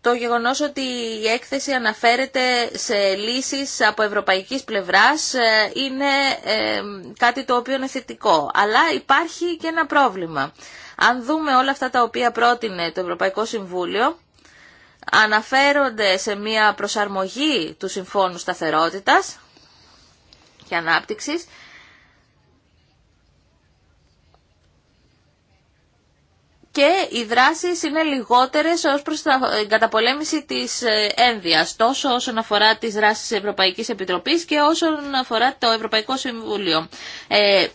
Το γεγονός ότι η έκθεση αναφέρεται σε λύσεις από ευρωπαϊκής πλευράς ε, είναι κάτι το οποίο είναι θετικό. Αλλά υπάρχει και ένα πρόβλημα. Αν δούμε όλα αυτά τα οποία πρότεινε το Ευρωπαϊκό Συμβούλιο, αναφέρονται σε μια προσαρμογή του Συμφώνου Σταθερότητας, και Ανάπτυξης και οι δράσεις είναι λιγότερες ως προς την ε, καταπολέμηση της ε, ένδυας, τόσο όσον αφορά τις δράσεις της Ευρωπαϊκής Επιτροπής και όσον αφορά το Ευρωπαϊκό Συμβουλίο. Ε,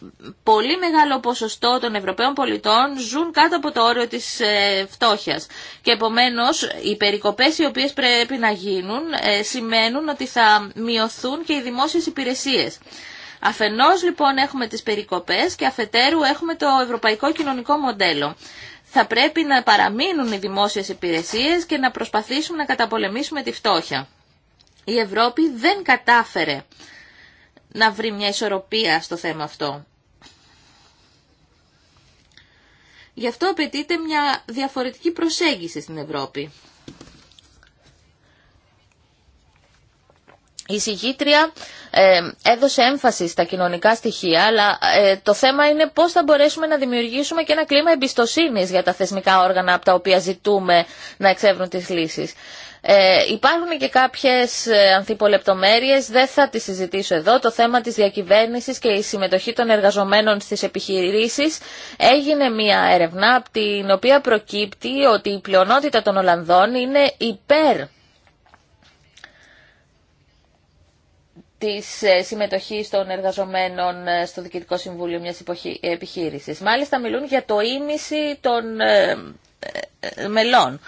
πολύ μεγάλο ποσοστό των Ευρωπαίων πολιτών ζουν κάτω από το όριο της φτώχεια. φτώχειας και επομένως οι περικοπές οι οποίες πρέπει να γίνουν ε, σημαίνουν ότι θα μειωθούν και οι δημόσιες υπηρεσίες. Αφενός λοιπόν έχουμε τις περικοπές και αφετέρου έχουμε το ευρωπαϊκό κοινωνικό μοντέλο θα πρέπει να παραμείνουν οι δημόσιες υπηρεσίες και να προσπαθήσουμε να καταπολεμήσουμε τη φτώχεια. Η Ευρώπη δεν κατάφερε να βρει μια ισορροπία στο θέμα αυτό. Γι' αυτό απαιτείται μια διαφορετική προσέγγιση στην Ευρώπη. Η ε, έδωσε έμφαση στα κοινωνικά στοιχεία, αλλά ε, το θέμα είναι πώς θα μπορέσουμε να δημιουργήσουμε και ένα κλίμα εμπιστοσύνης για τα θεσμικά όργανα από τα οποία ζητούμε να εξεύρουν τις λύσεις. Ε, υπάρχουν και κάποιες ε, ανθυπολεπτομέρειες, δεν θα τις συζητήσω εδώ. Το θέμα της διακυβέρνησης και η συμμετοχή των εργαζομένων στις επιχειρήσεις έγινε μια έρευνα από την οποία προκύπτει ότι η πλειονότητα των Ολλανδών είναι υπέρ της ε, συμμετοχής των εργαζομένων ε, στο Διοικητικό Συμβούλιο μιας ε, επιχείρησης. Μάλιστα μιλούν για το ίμιση των μελών.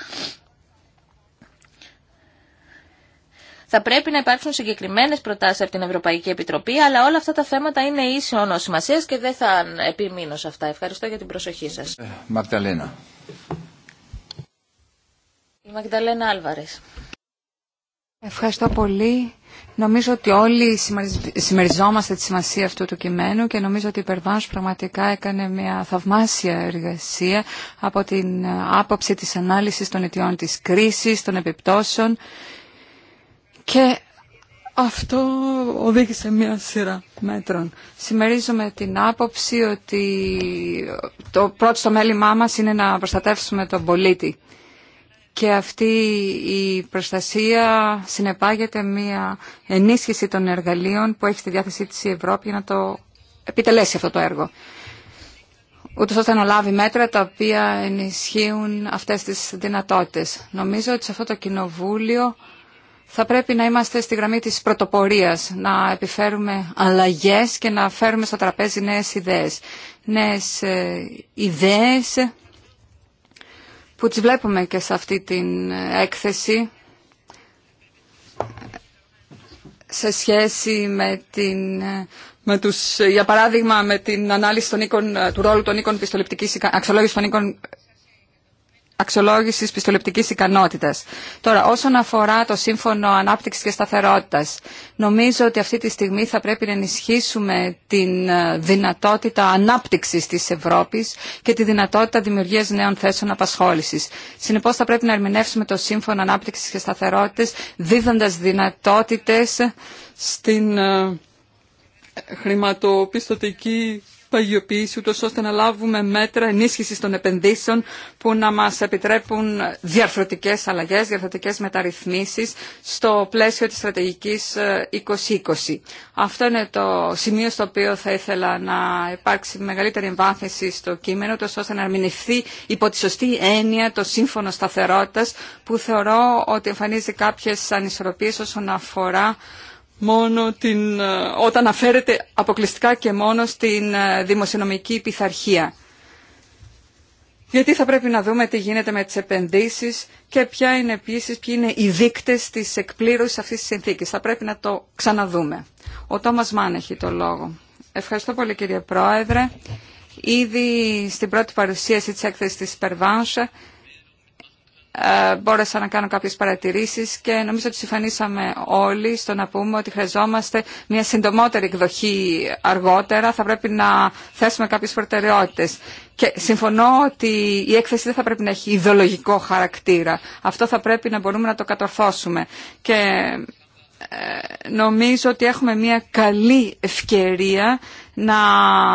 Θα πρέπει να υπάρξουν συγκεκριμένε προτάσει από την Ευρωπαϊκή Επιτροπή, αλλά όλα αυτά τα θέματα είναι ίσιον σημασία και δεν θα επιμείνω σε αυτά. Ευχαριστώ για την προσοχή σα. Μαγδαλένα. Η Μαγδαλένα Ευχαριστώ πολύ. Νομίζω ότι όλοι συμμεριζόμαστε τη σημασία αυτού του κειμένου και νομίζω ότι η Περβάνς πραγματικά έκανε μια θαυμάσια εργασία από την άποψη της ανάλυσης των αιτιών της κρίσης, των επιπτώσεων και αυτό οδήγησε μια σειρά μέτρων. Συμμερίζομαι την άποψη ότι το πρώτο στο μέλημά μας είναι να προστατεύσουμε τον πολίτη και αυτή η προστασία συνεπάγεται μια ενίσχυση των εργαλείων που έχει στη διάθεσή της η Ευρώπη για να το επιτελέσει αυτό το έργο. Ούτως ώστε να λάβει μέτρα τα οποία ενισχύουν αυτές τις δυνατότητες. Νομίζω ότι σε αυτό το κοινοβούλιο θα πρέπει να είμαστε στη γραμμή της πρωτοπορίας, να επιφέρουμε αλλαγές και να φέρουμε στο τραπέζι νέες ιδέες. Νέες ε, ιδέες που τις βλέπουμε και σε αυτή την ε, έκθεση σε σχέση με, την, ε, με τους, ε, για παράδειγμα με την ανάλυση των οίκων, του ρόλου των οίκων πιστοληπτικής, αξιολόγηση των οίκων αξιολόγηση πιστοληπτικής ικανότητας. Τώρα, όσον αφορά το Σύμφωνο ανάπτυξη και Σταθερότητας, νομίζω ότι αυτή τη στιγμή θα πρέπει να ενισχύσουμε την ε, δυνατότητα ανάπτυξη τη Ευρώπης και τη δυνατότητα δημιουργίας νέων θέσεων απασχόλησης. Συνεπώς, θα πρέπει να ερμηνεύσουμε το Σύμφωνο ανάπτυξη και σταθερότητα, δίδοντα δυνατότητε στην ε, χρηματοπιστωτική παγιοποίηση ώστε να λάβουμε μέτρα ενίσχυσης των επενδύσεων που να μας επιτρέπουν διαρθρωτικές αλλαγές, διαρθρωτικές μεταρρυθμίσεις στο πλαίσιο της στρατηγικής 2020. Ε, Αυτό είναι το σημείο στο οποίο θα ήθελα να υπάρξει μεγαλύτερη εμβάθυνση στο κείμενο ούτως ώστε να ερμηνευθεί υπό τη σωστή έννοια το σύμφωνο σταθερότητας που θεωρώ ότι εμφανίζει κάποιες ανισορροπίες όσον αφορά μόνο την, ε, όταν αφαίρεται αποκλειστικά και μόνο στην ε, δημοσιονομική πειθαρχία. Γιατί θα πρέπει να δούμε τι γίνεται με τις επενδύσεις και ποια είναι επίσης, ποιοι είναι οι δείκτες της εκπλήρωσης αυτής της συνθήκης. Θα πρέπει να το ξαναδούμε. Ο Τόμας Μάν έχει το λόγο. Ευχαριστώ πολύ κύριε Πρόεδρε. Ήδη στην πρώτη παρουσίαση της έκθεσης της Περβάνσα ε, μπόρεσα να κάνω κάποιες παρατηρήσεις και νομίζω ότι συμφωνήσαμε όλοι στο να πούμε ότι χρειαζόμαστε μια συντομότερη εκδοχή αργότερα, θα πρέπει να θέσουμε κάποιες προτεραιότητες. Και συμφωνώ ότι η έκθεση δεν θα πρέπει να έχει ιδεολογικό χαρακτήρα. Αυτό θα πρέπει να μπορούμε να το κατορθώσουμε. Και ε, νομίζω ότι έχουμε μια καλή ευκαιρία να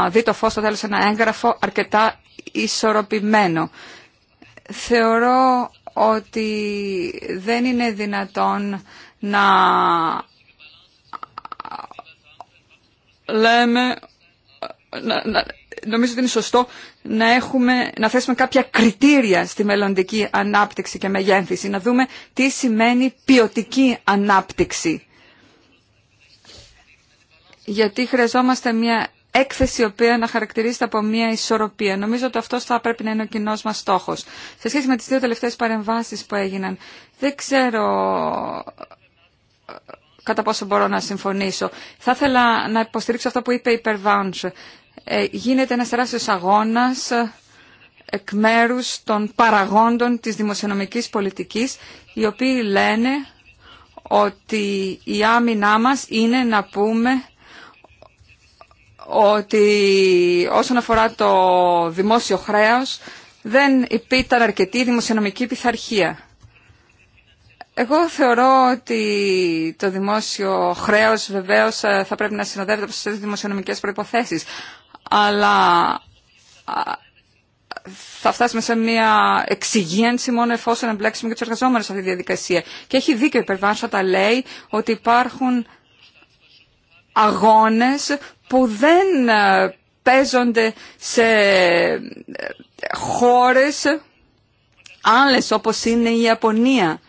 δει το φως στο τέλος ένα έγγραφο αρκετά ισορροπημένο θεωρώ ότι δεν είναι δυνατόν να λέμε, νομίζω ότι είναι σωστό να, έχουμε, να θέσουμε κάποια κριτήρια στη μελλοντική ανάπτυξη και μεγέθυνση να δούμε τι σημαίνει ποιοτική ανάπτυξη. Γιατί χρειαζόμαστε μια έκθεση η οποία να χαρακτηρίζεται από μια ισορροπία. Νομίζω ότι αυτό θα πρέπει να είναι ο κοινό μα στόχο. Σε σχέση με τι δύο τελευταίε παρεμβάσει που έγιναν, δεν ξέρω ε, κατά πόσο μπορώ να συμφωνήσω. Θα ήθελα να υποστηρίξω αυτό που είπε η Περβάνς. Ε, γίνεται ένας τεράστιος αγώνας ε, εκ μέρου των παραγόντων της δημοσιονομικής πολιτικής, οι οποίοι λένε ότι η άμυνά μας είναι να πούμε ότι όσον αφορά το δημόσιο χρέος δεν υπήρχε αρκετή δημοσιονομική πειθαρχία. Εγώ θεωρώ ότι το δημόσιο χρέος βεβαίως ε, θα πρέπει να συνοδεύεται από τις δημοσιονομικές προϋποθέσεις. Αλλά θα φτάσουμε σε μια εξυγίανση μόνο εφόσον εμπλέξουμε και τους εργαζόμενους σε αυτή τη διαδικασία. Και έχει δίκιο η τα λέει ότι υπάρχουν αγώνες που δεν ε, παίζονται σε ε, χώρες άλλες όπως είναι η Ιαπωνία.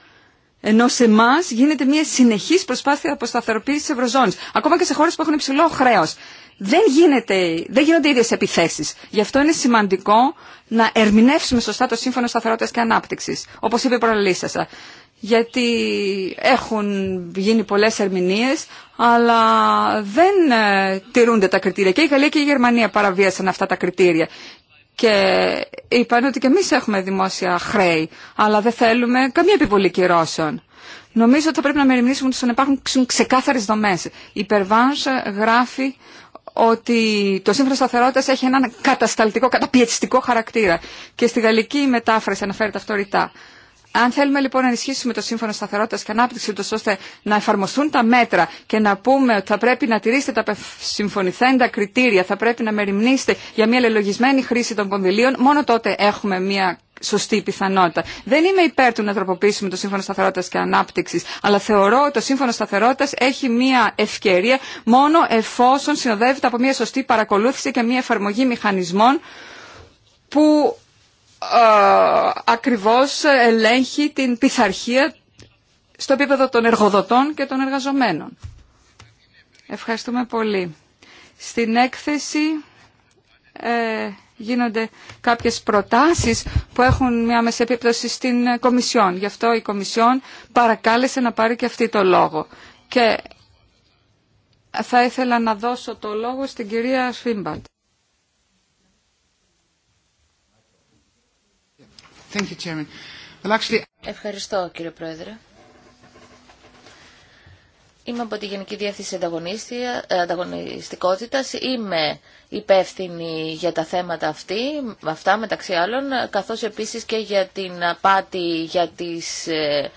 Ενώ σε εμά γίνεται μια συνεχής προσπάθεια αποσταθεροποίησης της Ευρωζώνης. Ακόμα και σε χώρες που έχουν υψηλό χρέος. Δεν, γίνεται, δεν γίνονται ίδιες επιθέσεις. Γι' αυτό είναι σημαντικό να ερμηνεύσουμε σωστά το Σύμφωνο Σταθερότητας και Ανάπτυξης, όπως είπε η γιατί έχουν γίνει πολλές ερμηνείες, αλλά δεν ε, τηρούνται τα κριτήρια. Και η Γαλλία και η Γερμανία παραβίασαν αυτά τα κριτήρια. Και είπαν ότι και εμείς έχουμε δημόσια χρέη, αλλά δεν θέλουμε καμία επιβολή κυρώσεων. Νομίζω ότι θα πρέπει να μεριμνήσουμε ότι να υπάρχουν ξεκάθαρες δομές. Η Περβάνς γράφει ότι το σύμφωνο σταθερότητα έχει έναν κατασταλτικό, καταπιεστικό χαρακτήρα. Και στη γαλλική μετάφραση αναφέρεται αυτό ρητά. Αν θέλουμε λοιπόν να ενισχύσουμε το σύμφωνο σταθερότητα και ανάπτυξη, ούτω ώστε να εφαρμοστούν τα μέτρα και να πούμε ότι θα πρέπει να τηρήσετε τα συμφωνηθέντα κριτήρια, θα πρέπει να μεριμνήσετε για μια λελογισμένη χρήση των κονδυλίων, μόνο τότε έχουμε μια σωστή πιθανότητα. Δεν είμαι υπέρ του να τροποποιήσουμε το Σύμφωνο Σταθερότητα και Ανάπτυξη, αλλά θεωρώ ότι το Σύμφωνο Σταθερότητα έχει μία ευκαιρία μόνο εφόσον συνοδεύεται από μία σωστή παρακολούθηση και μία εφαρμογή μηχανισμών που ε, ακριβώς ελέγχει την πειθαρχία στο επίπεδο των εργοδοτών και των εργαζομένων. Ευχαριστούμε πολύ. Στην έκθεση ε, γίνονται κάποιες προτάσεις που έχουν μια επίπτωση στην Κομισιόν. Γι' αυτό η Κομισιόν παρακάλεσε να πάρει και αυτή το λόγο. Και θα ήθελα να δώσω το λόγο στην κυρία Σφίμπαντ. Ευχαριστώ, κύριε Πρόεδρε. Είμαι από τη Γενική Διεύθυνση ε, Ανταγωνιστικότητα. Είμαι υπεύθυνη για τα θέματα αυτή, αυτά μεταξύ άλλων, καθώς επίσης και για την απάτη για τις ε,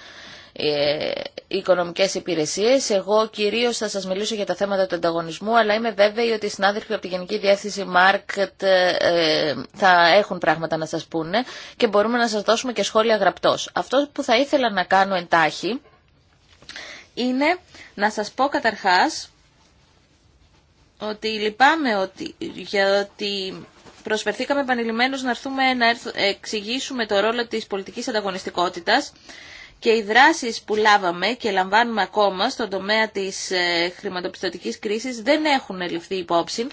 ε, οικονομικές υπηρεσίες. Εγώ κυρίως θα σας μιλήσω για τα θέματα του ανταγωνισμού, αλλά είμαι βέβαιη ότι οι συνάδελφοι από τη Γενική Διεύθυνση Market ε, θα έχουν πράγματα να σας πούνε και μπορούμε να σας δώσουμε και σχόλια γραπτός. Αυτό που θα ήθελα να κάνω εντάχει είναι να σας πω καταρχάς ότι λυπάμαι ότι, γιατί προσφερθήκαμε επανειλημμένως να έρθουμε να εξηγήσουμε το ρόλο της πολιτικής ανταγωνιστικότητας και οι δράσεις που λάβαμε και λαμβάνουμε ακόμα στον τομέα της ε, χρηματοπιστωτικής κρίσης δεν έχουν ληφθεί υπόψη.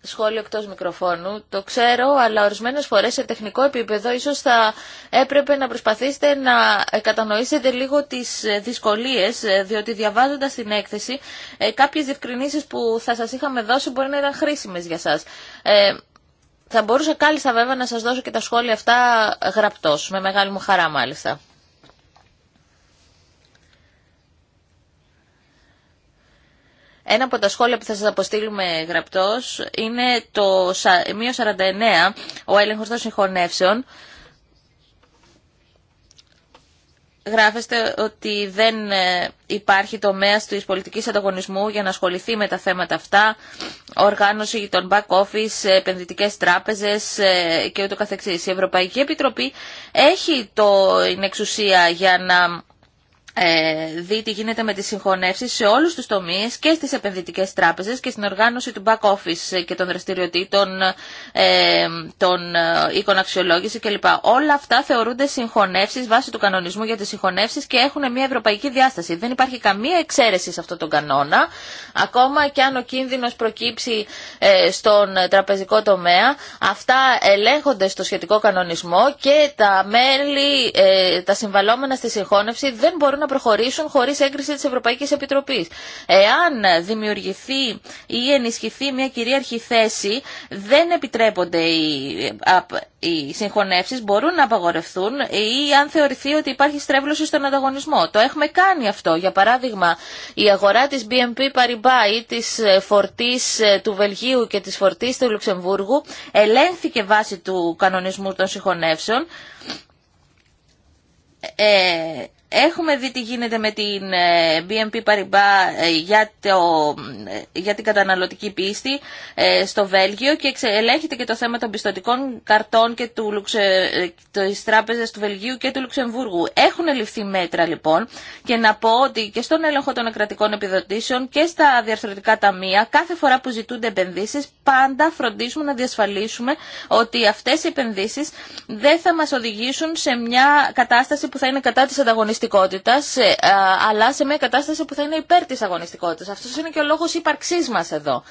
σχόλιο εκτό μικροφώνου. Το ξέρω, αλλά ορισμένε φορέ σε τεχνικό επίπεδο ίσω θα έπρεπε να προσπαθήσετε να κατανοήσετε λίγο τι ε, δυσκολίε, ε, διότι διαβάζοντα την έκθεση, κάποιε διευκρινήσει που θα σα είχαμε δώσει μπορεί να ήταν χρήσιμε για σας. Θα μπορούσα κάλλιστα βέβαια να σας δώσω και τα σχόλια αυτά γραπτός, με μεγάλη μου χαρά μάλιστα. Ένα από τα σχόλια που θα σας αποστείλουμε γραπτός είναι το 149, ο έλεγχος των συγχωνεύσεων, γράφεστε ότι δεν ε, υπάρχει τομέας τη πολιτική ανταγωνισμού για να ασχοληθεί με τα θέματα αυτά, οργάνωση των back office, επενδυτικές τράπεζες ε, και ούτω καθεξής. Η Ευρωπαϊκή Επιτροπή έχει το, την εξουσία για να ε, δει τι γίνεται με τις συγχωνεύσεις σε όλους τους τομείς και στις επενδυτικές τράπεζες και στην οργάνωση του back office και των δραστηριοτήτων, ε, των ε, οίκων αξιολόγηση κλπ. Όλα αυτά θεωρούνται συγχωνεύσεις βάσει του κανονισμού για τις συγχωνεύσεις και έχουν μια ευρωπαϊκή διάσταση. Δεν υπάρχει καμία εξαίρεση σε αυτόν τον κανόνα, ακόμα και αν ο κίνδυνος προκύψει ε, στον τραπεζικό τομέα. Αυτά ελέγχονται στο σχετικό κανονισμό και τα μέλη, τα συμβαλόμενα στη συγχώνευση δεν μπορούν προχωρήσουν χωρίς έγκριση της Ευρωπαϊκής Επιτροπής. Εάν δημιουργηθεί ή ενισχυθεί μια κυρίαρχη θέση, δεν επιτρέπονται οι, οι μπορούν να απαγορευτούν ή αν θεωρηθεί ότι υπάρχει στρέβλωση στον ανταγωνισμό. Το έχουμε κάνει αυτό. Για παράδειγμα, η αγορά της BNP Paribas ή της ε, φορτή ε, του Βελγίου και τη φορτή του Λουξεμβούργου ελέγχθηκε βάσει του κανονισμού των συγχωνεύσεων. Ε, Έχουμε δει τι γίνεται με την BNP ε, Paribas ε, για, το, ε, για την καταναλωτική πίστη στο Βέλγιο και ελέγχεται και το θέμα των πιστοτικών καρτών και του Λουξε, της τράπεζας του Βελγίου και του Λουξεμβούργου. Έχουν ληφθεί μέτρα λοιπόν και να πω ότι και στον έλεγχο των κρατικών επιδοτήσεων και στα διαρθρωτικά ταμεία κάθε φορά που ζητούνται επενδύσεις πάντα φροντίζουμε να διασφαλίσουμε ότι αυτές οι επενδύσεις δεν θα μας οδηγήσουν σε μια κατάσταση που θα είναι κατά της ανταγωνιστικής ε, αλλά σε μια κατάσταση που θα είναι υπέρ τη αγωνιστικότητα. Αυτό είναι και ο λόγο ύπαρξή μα εδώ.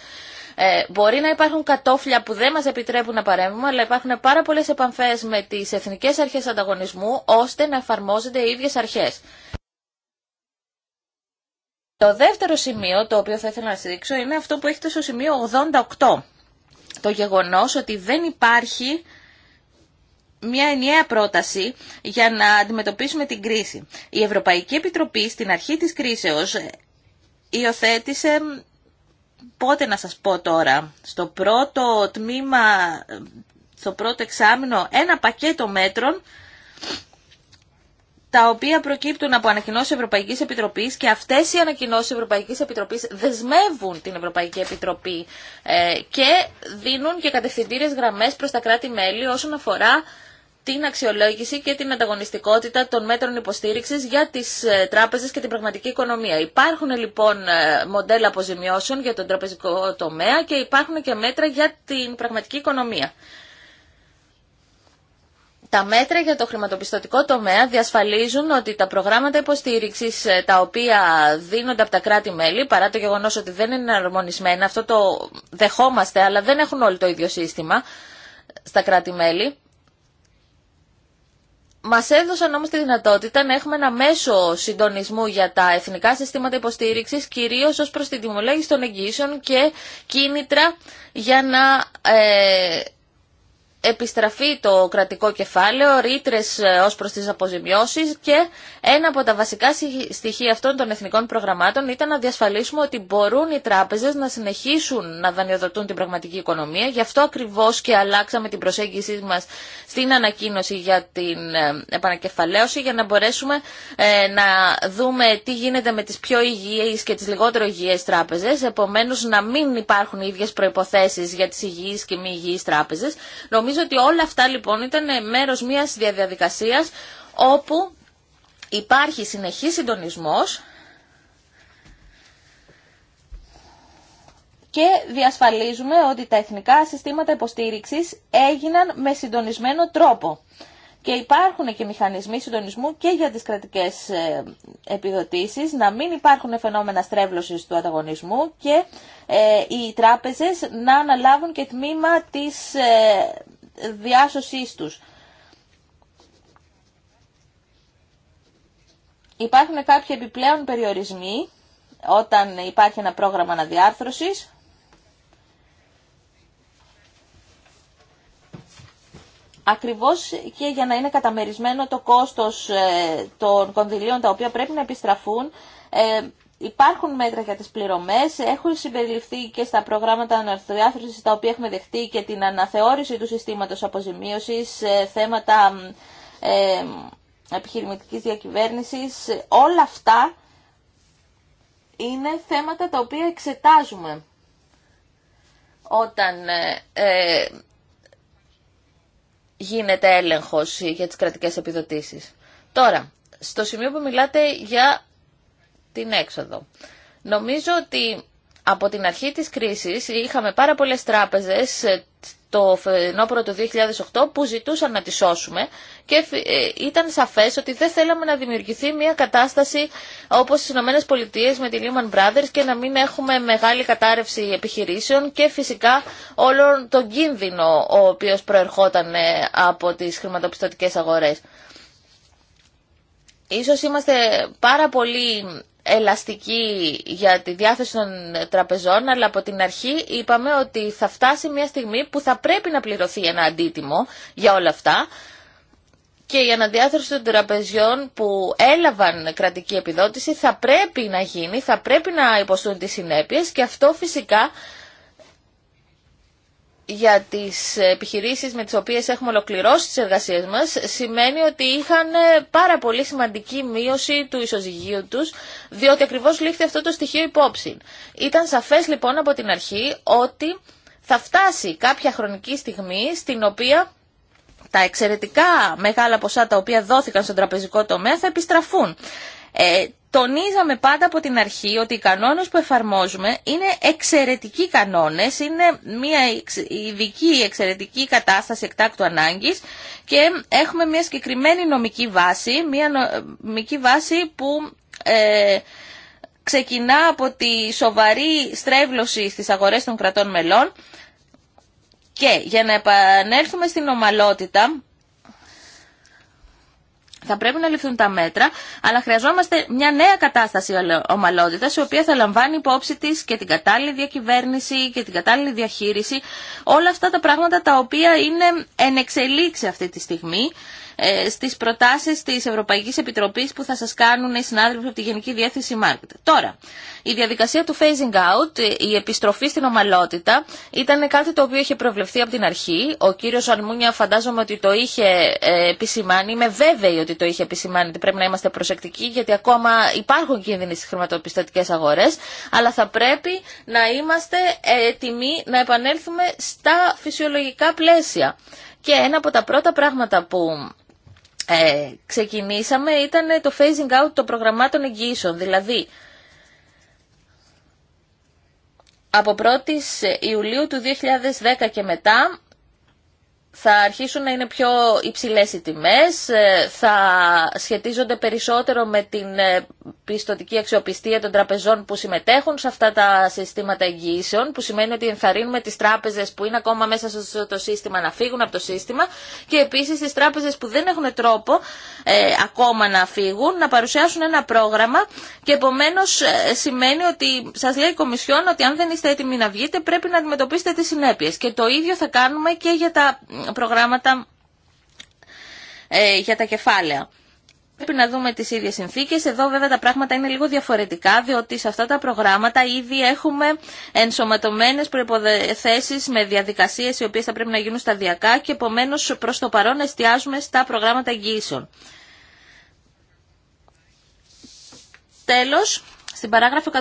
Ε, μπορεί να υπάρχουν κατόφλια που δεν μας επιτρέπουν να παρέμβουμε, αλλά υπάρχουν πάρα πολλές επαφέ με τις εθνικές αρχές ανταγωνισμού, ώστε να εφαρμόζονται οι ίδιες αρχές. Το δεύτερο σημείο το οποίο θα ήθελα να δείξω είναι αυτό που έχετε στο σημείο 88. Το γεγονός ότι δεν υπάρχει μια ενιαία πρόταση για να αντιμετωπίσουμε την κρίση. Η Ευρωπαϊκή Επιτροπή στην αρχή της κρίσεως υιοθέτησε πότε να σας πω τώρα, στο πρώτο τμήμα, στο πρώτο εξάμεινο, ένα πακέτο μέτρων τα οποία προκύπτουν από ανακοινώσει Ευρωπαϊκή Επιτροπή και αυτέ οι ανακοινώσει Ευρωπαϊκή Επιτροπή δεσμεύουν την Ευρωπαϊκή Επιτροπή ε, και δίνουν και κατευθυντήριε γραμμέ προ τα κράτη-μέλη όσον αφορά την αξιολόγηση και την ανταγωνιστικότητα των μέτρων υποστήριξης για τις ε, τράπεζες και την πραγματική οικονομία. Υπάρχουν ε, λοιπόν ε, μοντέλα αποζημιώσεων για τον τραπεζικό τομέα και υπάρχουν και μέτρα για την πραγματική οικονομία. Τα μέτρα για το χρηματοπιστωτικό τομέα διασφαλίζουν ότι τα προγράμματα υποστήριξη τα οποία δίνονται από τα κράτη-μέλη, παρά το γεγονό ότι δεν είναι αρμονισμένα, αυτό το δεχόμαστε, αλλά δεν έχουν όλοι το ίδιο σύστημα στα κράτη-μέλη, μας έδωσαν όμως τη δυνατότητα να έχουμε ένα μέσο συντονισμού για τα εθνικά συστήματα υποστήριξης, κυρίως ως προς την τιμολόγηση των εγγύσεων και κίνητρα για να ε, επιστραφεί το κρατικό κεφάλαιο, ρήτρε ε, ω προ τι αποζημιώσει και ένα από τα βασικά στοιχεία αυτών των εθνικών προγραμμάτων ήταν να διασφαλίσουμε ότι μπορούν οι τράπεζε να συνεχίσουν να δανειοδοτούν την πραγματική οικονομία. Γι' αυτό ακριβώ και αλλάξαμε την προσέγγιση μα στην ανακοίνωση για την ε, επανακεφαλαίωση, για να μπορέσουμε ε, να δούμε τι γίνεται με τι πιο υγιεί και τι λιγότερο υγιεί τράπεζε. Επομένω, να μην υπάρχουν οι ίδιε προποθέσει για τι υγιεί και μη υγιεί τράπεζε. Νομίζω ότι όλα αυτά λοιπόν ήταν μέρος μιας διαδικασίας όπου υπάρχει συνεχής συντονισμός και διασφαλίζουμε ότι τα εθνικά συστήματα υποστήριξης έγιναν με συντονισμένο τρόπο. Και υπάρχουν και μηχανισμοί συντονισμού και για τις κρατικές ε, επιδοτήσεις, να μην υπάρχουν φαινόμενα στρέβλωσης του ανταγωνισμού και ε, οι τράπεζες να αναλάβουν και τμήμα της ε, διάσωσής τους. Υπάρχουν κάποιοι επιπλέον περιορισμοί όταν υπάρχει ένα πρόγραμμα αναδιάρθρωσης. Ακριβώς και για να είναι καταμερισμένο το κόστος ε, των κονδυλίων τα οποία πρέπει να επιστραφούν ε, Υπάρχουν μέτρα για τις πληρωμές, έχουν συμπεριληφθεί και στα προγράμματα αναρθοδιάθρωσης τα οποία έχουμε δεχτεί και την αναθεώρηση του συστήματος αποζημίωσης, ε, θέματα ε, επιχειρηματικής διακυβέρνησης. Όλα αυτά είναι θέματα τα οποία εξετάζουμε όταν ε, ε, γίνεται έλεγχος για τις κρατικές επιδοτήσεις. Τώρα, στο σημείο που μιλάτε για την έξοδο. Νομίζω ότι από την αρχή της κρίσης είχαμε πάρα πολλές τράπεζες ε, το φαινόπωρο του 2008 που ζητούσαν να τη σώσουμε και ε, ήταν σαφές ότι δεν θέλαμε να δημιουργηθεί μια κατάσταση όπως στις ΗΠΑ με τη Lehman Brothers και να μην έχουμε μεγάλη κατάρρευση επιχειρήσεων και φυσικά όλο τον κίνδυνο ο οποίος προερχόταν ε, από τις χρηματοπιστωτικές αγορές. Ίσως είμαστε πάρα πολύ ελαστική για τη διάθεση των τραπεζών, αλλά από την αρχή είπαμε ότι θα φτάσει μια στιγμή που θα πρέπει να πληρωθεί ένα αντίτιμο για όλα αυτά και η αναδιάθεση των τραπεζιών που έλαβαν κρατική επιδότηση θα πρέπει να γίνει, θα πρέπει να υποστούν τις συνέπειες και αυτό φυσικά για τις επιχειρήσεις με τις οποίες έχουμε ολοκληρώσει τις εργασίες μας σημαίνει ότι είχαν πάρα πολύ σημαντική μείωση του ισοζυγίου τους διότι ακριβώς λήφθη αυτό το στοιχείο υπόψη. Ήταν σαφές λοιπόν από την αρχή ότι θα φτάσει κάποια χρονική στιγμή στην οποία τα εξαιρετικά μεγάλα ποσά τα οποία δόθηκαν στον τραπεζικό τομέα θα επιστραφούν. Ε, τονίζαμε πάντα από την αρχή ότι οι κανόνες που εφαρμόζουμε είναι εξαιρετικοί κανόνες, είναι μια ειδική εξαιρετική κατάσταση εκτάκτου ανάγκης και έχουμε μια συγκεκριμένη νομική βάση, μια νομική βάση που... Ε, ξεκινά από τη σοβαρή στρέβλωση στις αγορές των κρατών μελών και για να επανέλθουμε στην ομαλότητα θα πρέπει να ληφθούν τα μέτρα, αλλά χρειαζόμαστε μια νέα κατάσταση ομαλότητα, η οποία θα λαμβάνει υπόψη τη και την κατάλληλη διακυβέρνηση και την κατάλληλη διαχείριση. Όλα αυτά τα πράγματα τα οποία είναι εν αυτή τη στιγμή ε, στι προτάσει τη Ευρωπαϊκή Επιτροπή που θα σα κάνουν οι συνάδελφοι από τη Γενική Διεύθυνση Μάρκετ. Τώρα, η διαδικασία του phasing out, η επιστροφή στην ομαλότητα, ήταν κάτι το οποίο είχε προβλεφθεί από την αρχή. Ο κύριο Αλμούνια φαντάζομαι ότι το είχε ε, επισημάνει. Είμαι βέβαιη ότι το είχε επισημάνει, ότι πρέπει να είμαστε προσεκτικοί, γιατί ακόμα υπάρχουν κίνδυνοι στι χρηματοπιστωτικές αγορέ, αλλά θα πρέπει να είμαστε έτοιμοι να επανέλθουμε στα φυσιολογικά πλαίσια. Και ένα από τα πρώτα πράγματα που ε, ξεκινήσαμε ήταν το phasing out των προγραμμάτων εγγύησεων. Δηλαδή, από 1η Ιουλίου του 2010 και μετά θα αρχίσουν να είναι πιο υψηλές οι τιμές, ε, θα σχετίζονται περισσότερο με την ε, πιστοτική αξιοπιστία των τραπεζών που συμμετέχουν σε αυτά τα συστήματα εγγυήσεων, που σημαίνει ότι ενθαρρύνουμε τις τράπεζες που είναι ακόμα μέσα στο σύστημα να φύγουν από το σύστημα και επίσης τις τράπεζες που δεν έχουν τρόπο ε, ακόμα να φύγουν, να παρουσιάσουν ένα πρόγραμμα και επομένως σημαίνει ότι σας λέει η Κομισιόν ότι αν δεν είστε έτοιμοι να βγείτε πρέπει να αντιμετωπίσετε τις συνέπειες και το ίδιο θα κάνουμε και για τα προγράμματα ε, για τα κεφάλαια. Πρέπει να δούμε τις ίδιες συνθήκες. Εδώ βέβαια τα πράγματα είναι λίγο διαφορετικά, διότι σε αυτά τα προγράμματα ήδη έχουμε ενσωματωμένες προϋποθέσεις με διαδικασίες οι οποίες θα πρέπει να γίνουν σταδιακά και επομένως προς το παρόν εστιάζουμε στα προγράμματα εγγύησεων. Τέλος, στην παράγραφο 149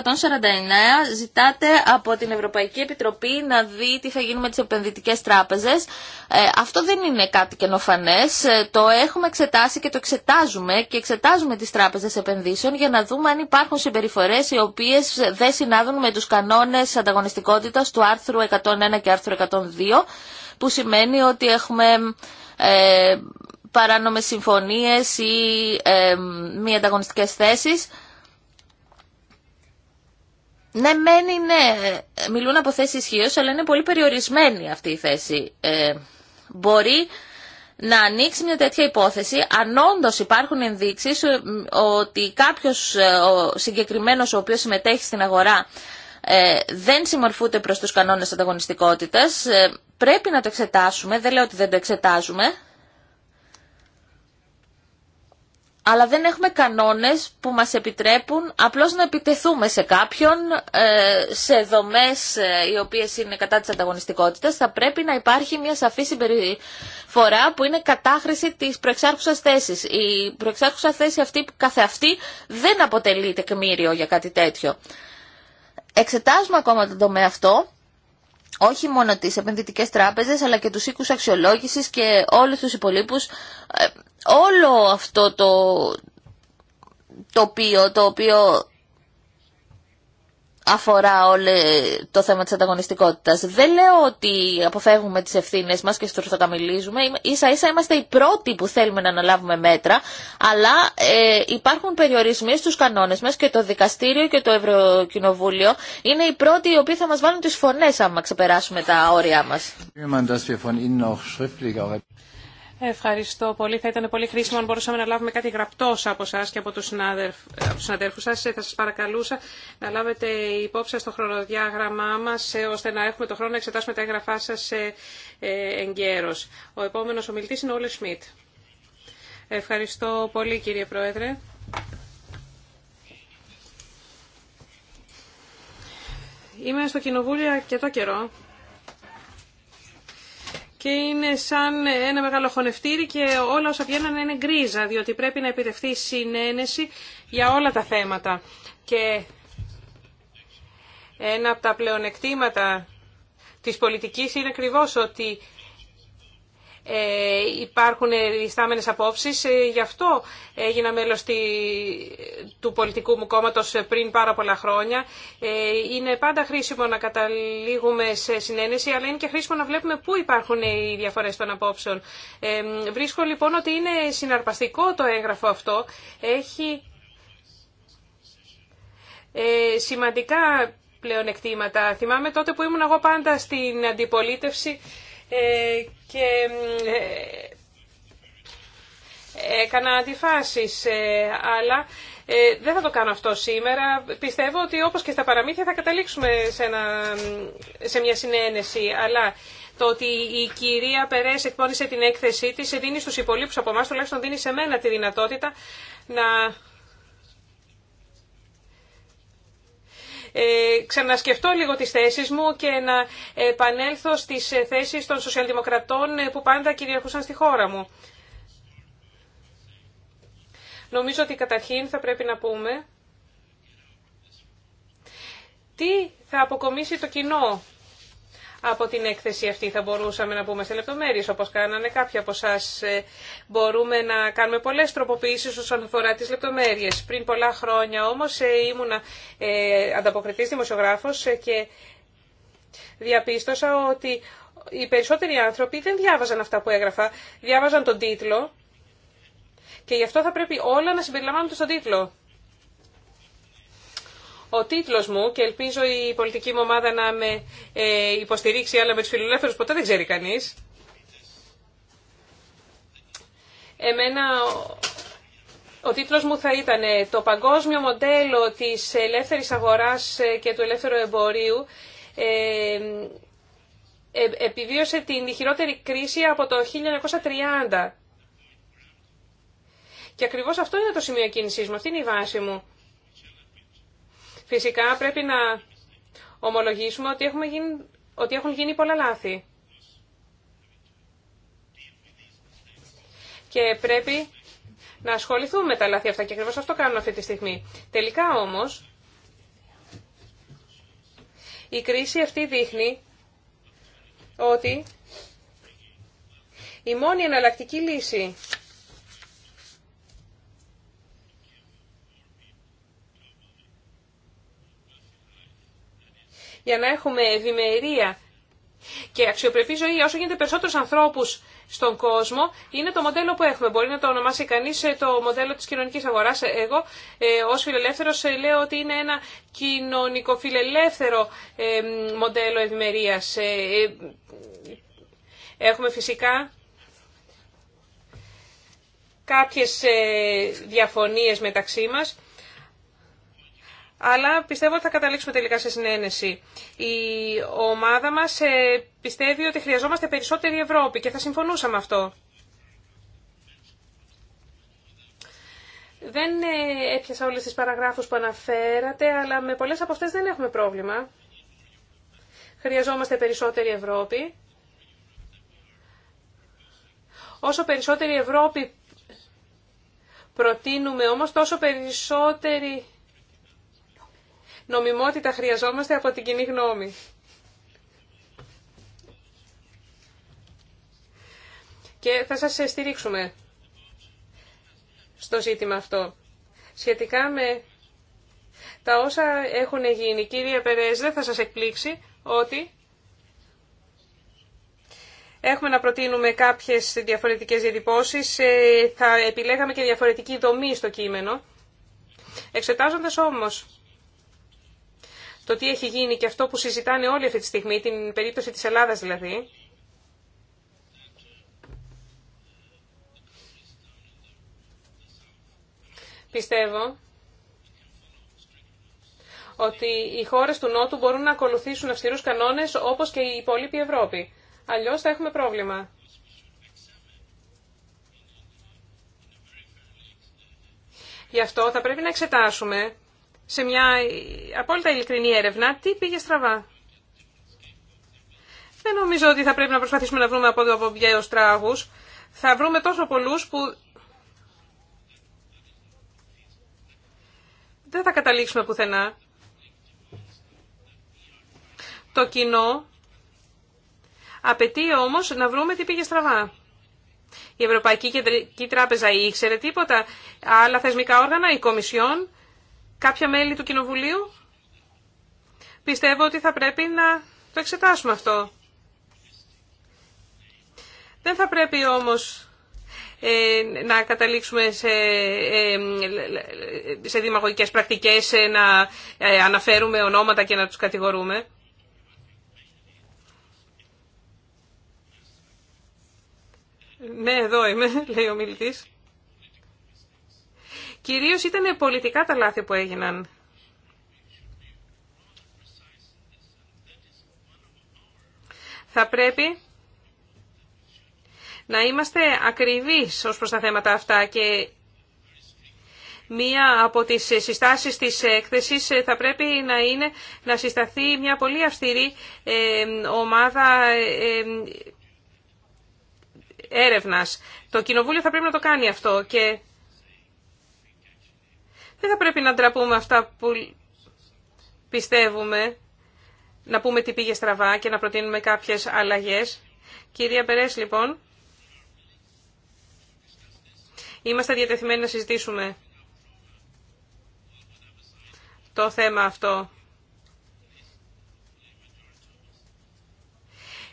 ζητάτε από την Ευρωπαϊκή Επιτροπή να δει τι θα γίνει με τις επενδυτικές τράπεζες. Ε, αυτό δεν είναι κάτι καινοφανές. Ε, το έχουμε εξετάσει και το εξετάζουμε και εξετάζουμε τις τράπεζες επενδύσεων για να δούμε αν υπάρχουν συμπεριφορές οι οποίες δεν συνάδουν με τους κανόνες ανταγωνιστικότητας του άρθρου 101 και άρθρου 102 που σημαίνει ότι έχουμε ε, παράνομες συμφωνίες ή ε, μη ανταγωνιστικές θέσεις. Ναι, μεν ε, μιλούν από θέση ισχύω, αλλά είναι πολύ περιορισμένη αυτή η θέση. Ε, μπορεί να ανοίξει μια τέτοια υπόθεση αν όντω υπάρχουν ενδείξεις ε, ότι κάποιος συγκεκριμένο συγκεκριμένος ο οποίος συμμετέχει στην αγορά δεν συμμορφούνται προς τους κανόνες ανταγωνιστικότητας. πρέπει να το εξετάσουμε, δεν λέω ότι δεν το εξετάζουμε, αλλά δεν έχουμε κανόνες που μας επιτρέπουν απλώς να επιτεθούμε σε κάποιον, ε, σε δομές ε, οι οποίες είναι κατά της ανταγωνιστικότητας. Θα πρέπει να υπάρχει μια σαφή συμπεριφορά που είναι κατάχρηση της προεξάρχουσας θέσης. Η προεξάρχουσα θέση αυτή καθεαυτή δεν αποτελεί τεκμήριο για κάτι τέτοιο. Εξετάζουμε ακόμα τον τομέα αυτό όχι μόνο τις επενδυτικές τράπεζες αλλά και τους οίκους αξιολόγησης και όλους τους υπολείπους ε, όλο αυτό το τοπίο το οποίο αφορά όλο το θέμα της ανταγωνιστικότητας. Δεν λέω ότι αποφεύγουμε τις ευθύνες μας και μιλησουμε Ίσα ίσα είμαστε οι πρώτοι που θέλουμε να αναλάβουμε μέτρα, αλλά ε, υπάρχουν περιορισμοί στους κανόνες μας και το Δικαστήριο και το Ευρωκοινοβούλιο είναι οι πρώτοι οι οποίοι θα μας βάλουν τις φωνές άμα ξεπεράσουμε τα όρια μας. Ευχαριστώ πολύ. Θα ήταν πολύ χρήσιμο αν μπορούσαμε να λάβουμε κάτι γραπτό από εσά και από του ε, συναδέλφου σα. Ε, θα σα παρακαλούσα να λάβετε υπόψη στο το χρονοδιάγραμμά μα, ε, ώστε να έχουμε το χρόνο να εξετάσουμε τα έγγραφά σα εγκαίρω. Ο επόμενο ομιλητή είναι ο Όλε Σμιτ. Ευχαριστώ πολύ, κύριε Πρόεδρε. Είμαι στο Κοινοβούλιο αρκετό καιρό και είναι σαν ένα μεγάλο χωνευτήρι και όλα όσα βγαίνουν είναι γκρίζα, διότι πρέπει να επιτευχθεί συνένεση για όλα τα θέματα. Και ένα από τα πλεονεκτήματα της πολιτικής είναι ακριβώς ότι ε, υπάρχουν διστάμενες απόψεις. Ε, γι' αυτό έγινα μέλος του πολιτικού μου κόμματος πριν πάρα πολλά χρόνια. Ε, είναι πάντα χρήσιμο να καταλήγουμε σε συνένεση, αλλά είναι και χρήσιμο να βλέπουμε πού υπάρχουν οι διαφορές των απόψεων. Βρίσκω λοιπόν ότι είναι συναρπαστικό το έγγραφο αυτό. Έχει σημαντικά πλεονεκτήματα. Θυμάμαι τότε που ήμουν εγώ πάντα στην αντιπολίτευση ε, και ε, ε, έκανα αντιφάσεις, αλλά δεν θα το κάνω αυτό σήμερα. Πιστεύω ότι όπως και στα παραμύθια θα καταλήξουμε σε, σε μια συνένεση, αλλά το ότι η κυρία Περές εκπώνησε την έκθεσή της δίνει στους υπολείπους από εμάς, τουλάχιστον δίνει σε μένα τη δυνατότητα να Ε, ξανασκεφτώ λίγο τις θέσεις μου και να επανέλθω στις θέσεις των σοσιαλδημοκρατών ε, που πάντα κυριαρχούσαν στη χώρα μου. Νομίζω ότι καταρχήν θα πρέπει να πούμε τι θα αποκομίσει το κοινό από την έκθεση αυτή. Θα μπορούσαμε να πούμε σε λεπτομέρειες όπως κάνανε κάποιοι από εσά. Ε, μπορούμε να κάνουμε πολλές τροποποιήσεις όσον αφορά τις λεπτομέρειες. Πριν πολλά χρόνια όμως ε, ήμουνα ε, ανταποκριτής δημοσιογράφος και διαπίστωσα ότι οι περισσότεροι άνθρωποι δεν διάβαζαν αυτά που έγραφα, διάβαζαν τον τίτλο και γι' αυτό θα πρέπει όλα να συμπεριλαμβάνονται στον τίτλο. Ο τίτλος μου και ελπίζω η πολιτική μου ομάδα να με ε, υποστηρίξει αλλά με του φιλελεύθερου ποτέ δεν ξέρει κανείς. Εμένα ο τίτλος μου θα ήταν ε, «Το παγκόσμιο μοντέλο της ελεύθερης αγοράς ε, και του ελεύθερου εμπορίου επιβίωσε την χειρότερη κρίση από το 1930». Και ακριβώς αυτό είναι το σημείο κίνησής μου, αυτή είναι η βάση μου. Φυσικά πρέπει να ομολογήσουμε ότι, έχουμε γίνει, ότι έχουν γίνει πολλά λάθη. Και πρέπει να ασχοληθούμε με τα λάθη αυτά και ακριβώ αυτό κάνουμε αυτή τη στιγμή. Τελικά όμως, η κρίση αυτή δείχνει ότι η μόνη εναλλακτική λύση για να έχουμε ευημερία και αξιοπρεπή ζωή όσο γίνεται περισσότερου ανθρώπου στον κόσμο, είναι το μοντέλο που έχουμε. Μπορεί να το ονομάσει κανεί ε, το μοντέλο τη κοινωνική αγορά. Ε, εγώ, ε, ω φιλελεύθερο, ε, λέω ότι είναι ένα κοινωνικοφιλελεύθερο μοντέλο ευημερία. Ε, έχουμε φυσικά κάποιες διαφωνίες μεταξύ μας αλλά πιστεύω ότι θα καταλήξουμε τελικά σε συνένεση. Η ομάδα μας ε, πιστεύει ότι χρειαζόμαστε περισσότερη Ευρώπη και θα συμφωνούσαμε αυτό. Δεν ε, έπιασα όλες τις παραγράφους που αναφέρατε, αλλά με πολλές από αυτές δεν έχουμε πρόβλημα. Χρειαζόμαστε περισσότερη Ευρώπη. Όσο περισσότερη Ευρώπη προτείνουμε όμως, τόσο περισσότερη νομιμότητα χρειαζόμαστε από την κοινή γνώμη. Και θα σας στηρίξουμε στο ζήτημα αυτό. Σχετικά με τα όσα έχουν γίνει, κύριε Περέζ, δεν θα σας εκπλήξει ότι έχουμε να προτείνουμε κάποιες διαφορετικές διατυπώσεις, ε, θα επιλέγαμε και διαφορετική δομή στο κείμενο. Εξετάζοντας όμως το τι έχει γίνει και αυτό που συζητάνε όλοι αυτή τη στιγμή, την περίπτωση της Ελλάδας δηλαδή, πιστεύω ότι οι χώρες του Νότου μπορούν να ακολουθήσουν αυστηρούς κανόνες όπως και η υπόλοιπη Ευρώπη. Αλλιώς θα έχουμε πρόβλημα. Γι' αυτό θα πρέπει να εξετάσουμε σε μια απόλυτα ειλικρινή έρευνα τι πήγε στραβά. Δεν νομίζω ότι θα πρέπει να προσπαθήσουμε να βρούμε από εδώ από τράγους. Θα βρούμε τόσο πολλούς που δεν θα καταλήξουμε πουθενά. Το κοινό απαιτεί όμως να βρούμε τι πήγε στραβά. Η Ευρωπαϊκή Κεντρική Τράπεζα ήξερε τίποτα, άλλα θεσμικά όργανα, η Κομισιόν, κάποια μέλη του Κοινοβουλίου. Πιστεύω ότι θα πρέπει να το εξετάσουμε αυτό. Δεν θα πρέπει όμως ε, να καταλήξουμε σε, ε, ε, σε δημαγωγικές πρακτικές, να αναφέρουμε ονόματα και να τους κατηγορούμε. Ναι, εδώ είμαι, λέει ο μιλητής. Κυρίως ήταν πολιτικά τα λάθη που έγιναν. Θα πρέπει να είμαστε ακριβείς ως προς τα θέματα αυτά και μία από τις συστάσεις της έκθεσης θα πρέπει να είναι να συσταθεί μια πολύ αυστηρή ομάδα έρευνας. Το Κοινοβούλιο θα πρέπει να το κάνει αυτό και δεν θα πρέπει να ντραπούμε αυτά που πιστεύουμε, να πούμε τι πήγε στραβά και να προτείνουμε κάποιες αλλαγές. Κυρία Περές, λοιπόν, είμαστε διατεθειμένοι να συζητήσουμε το θέμα αυτό.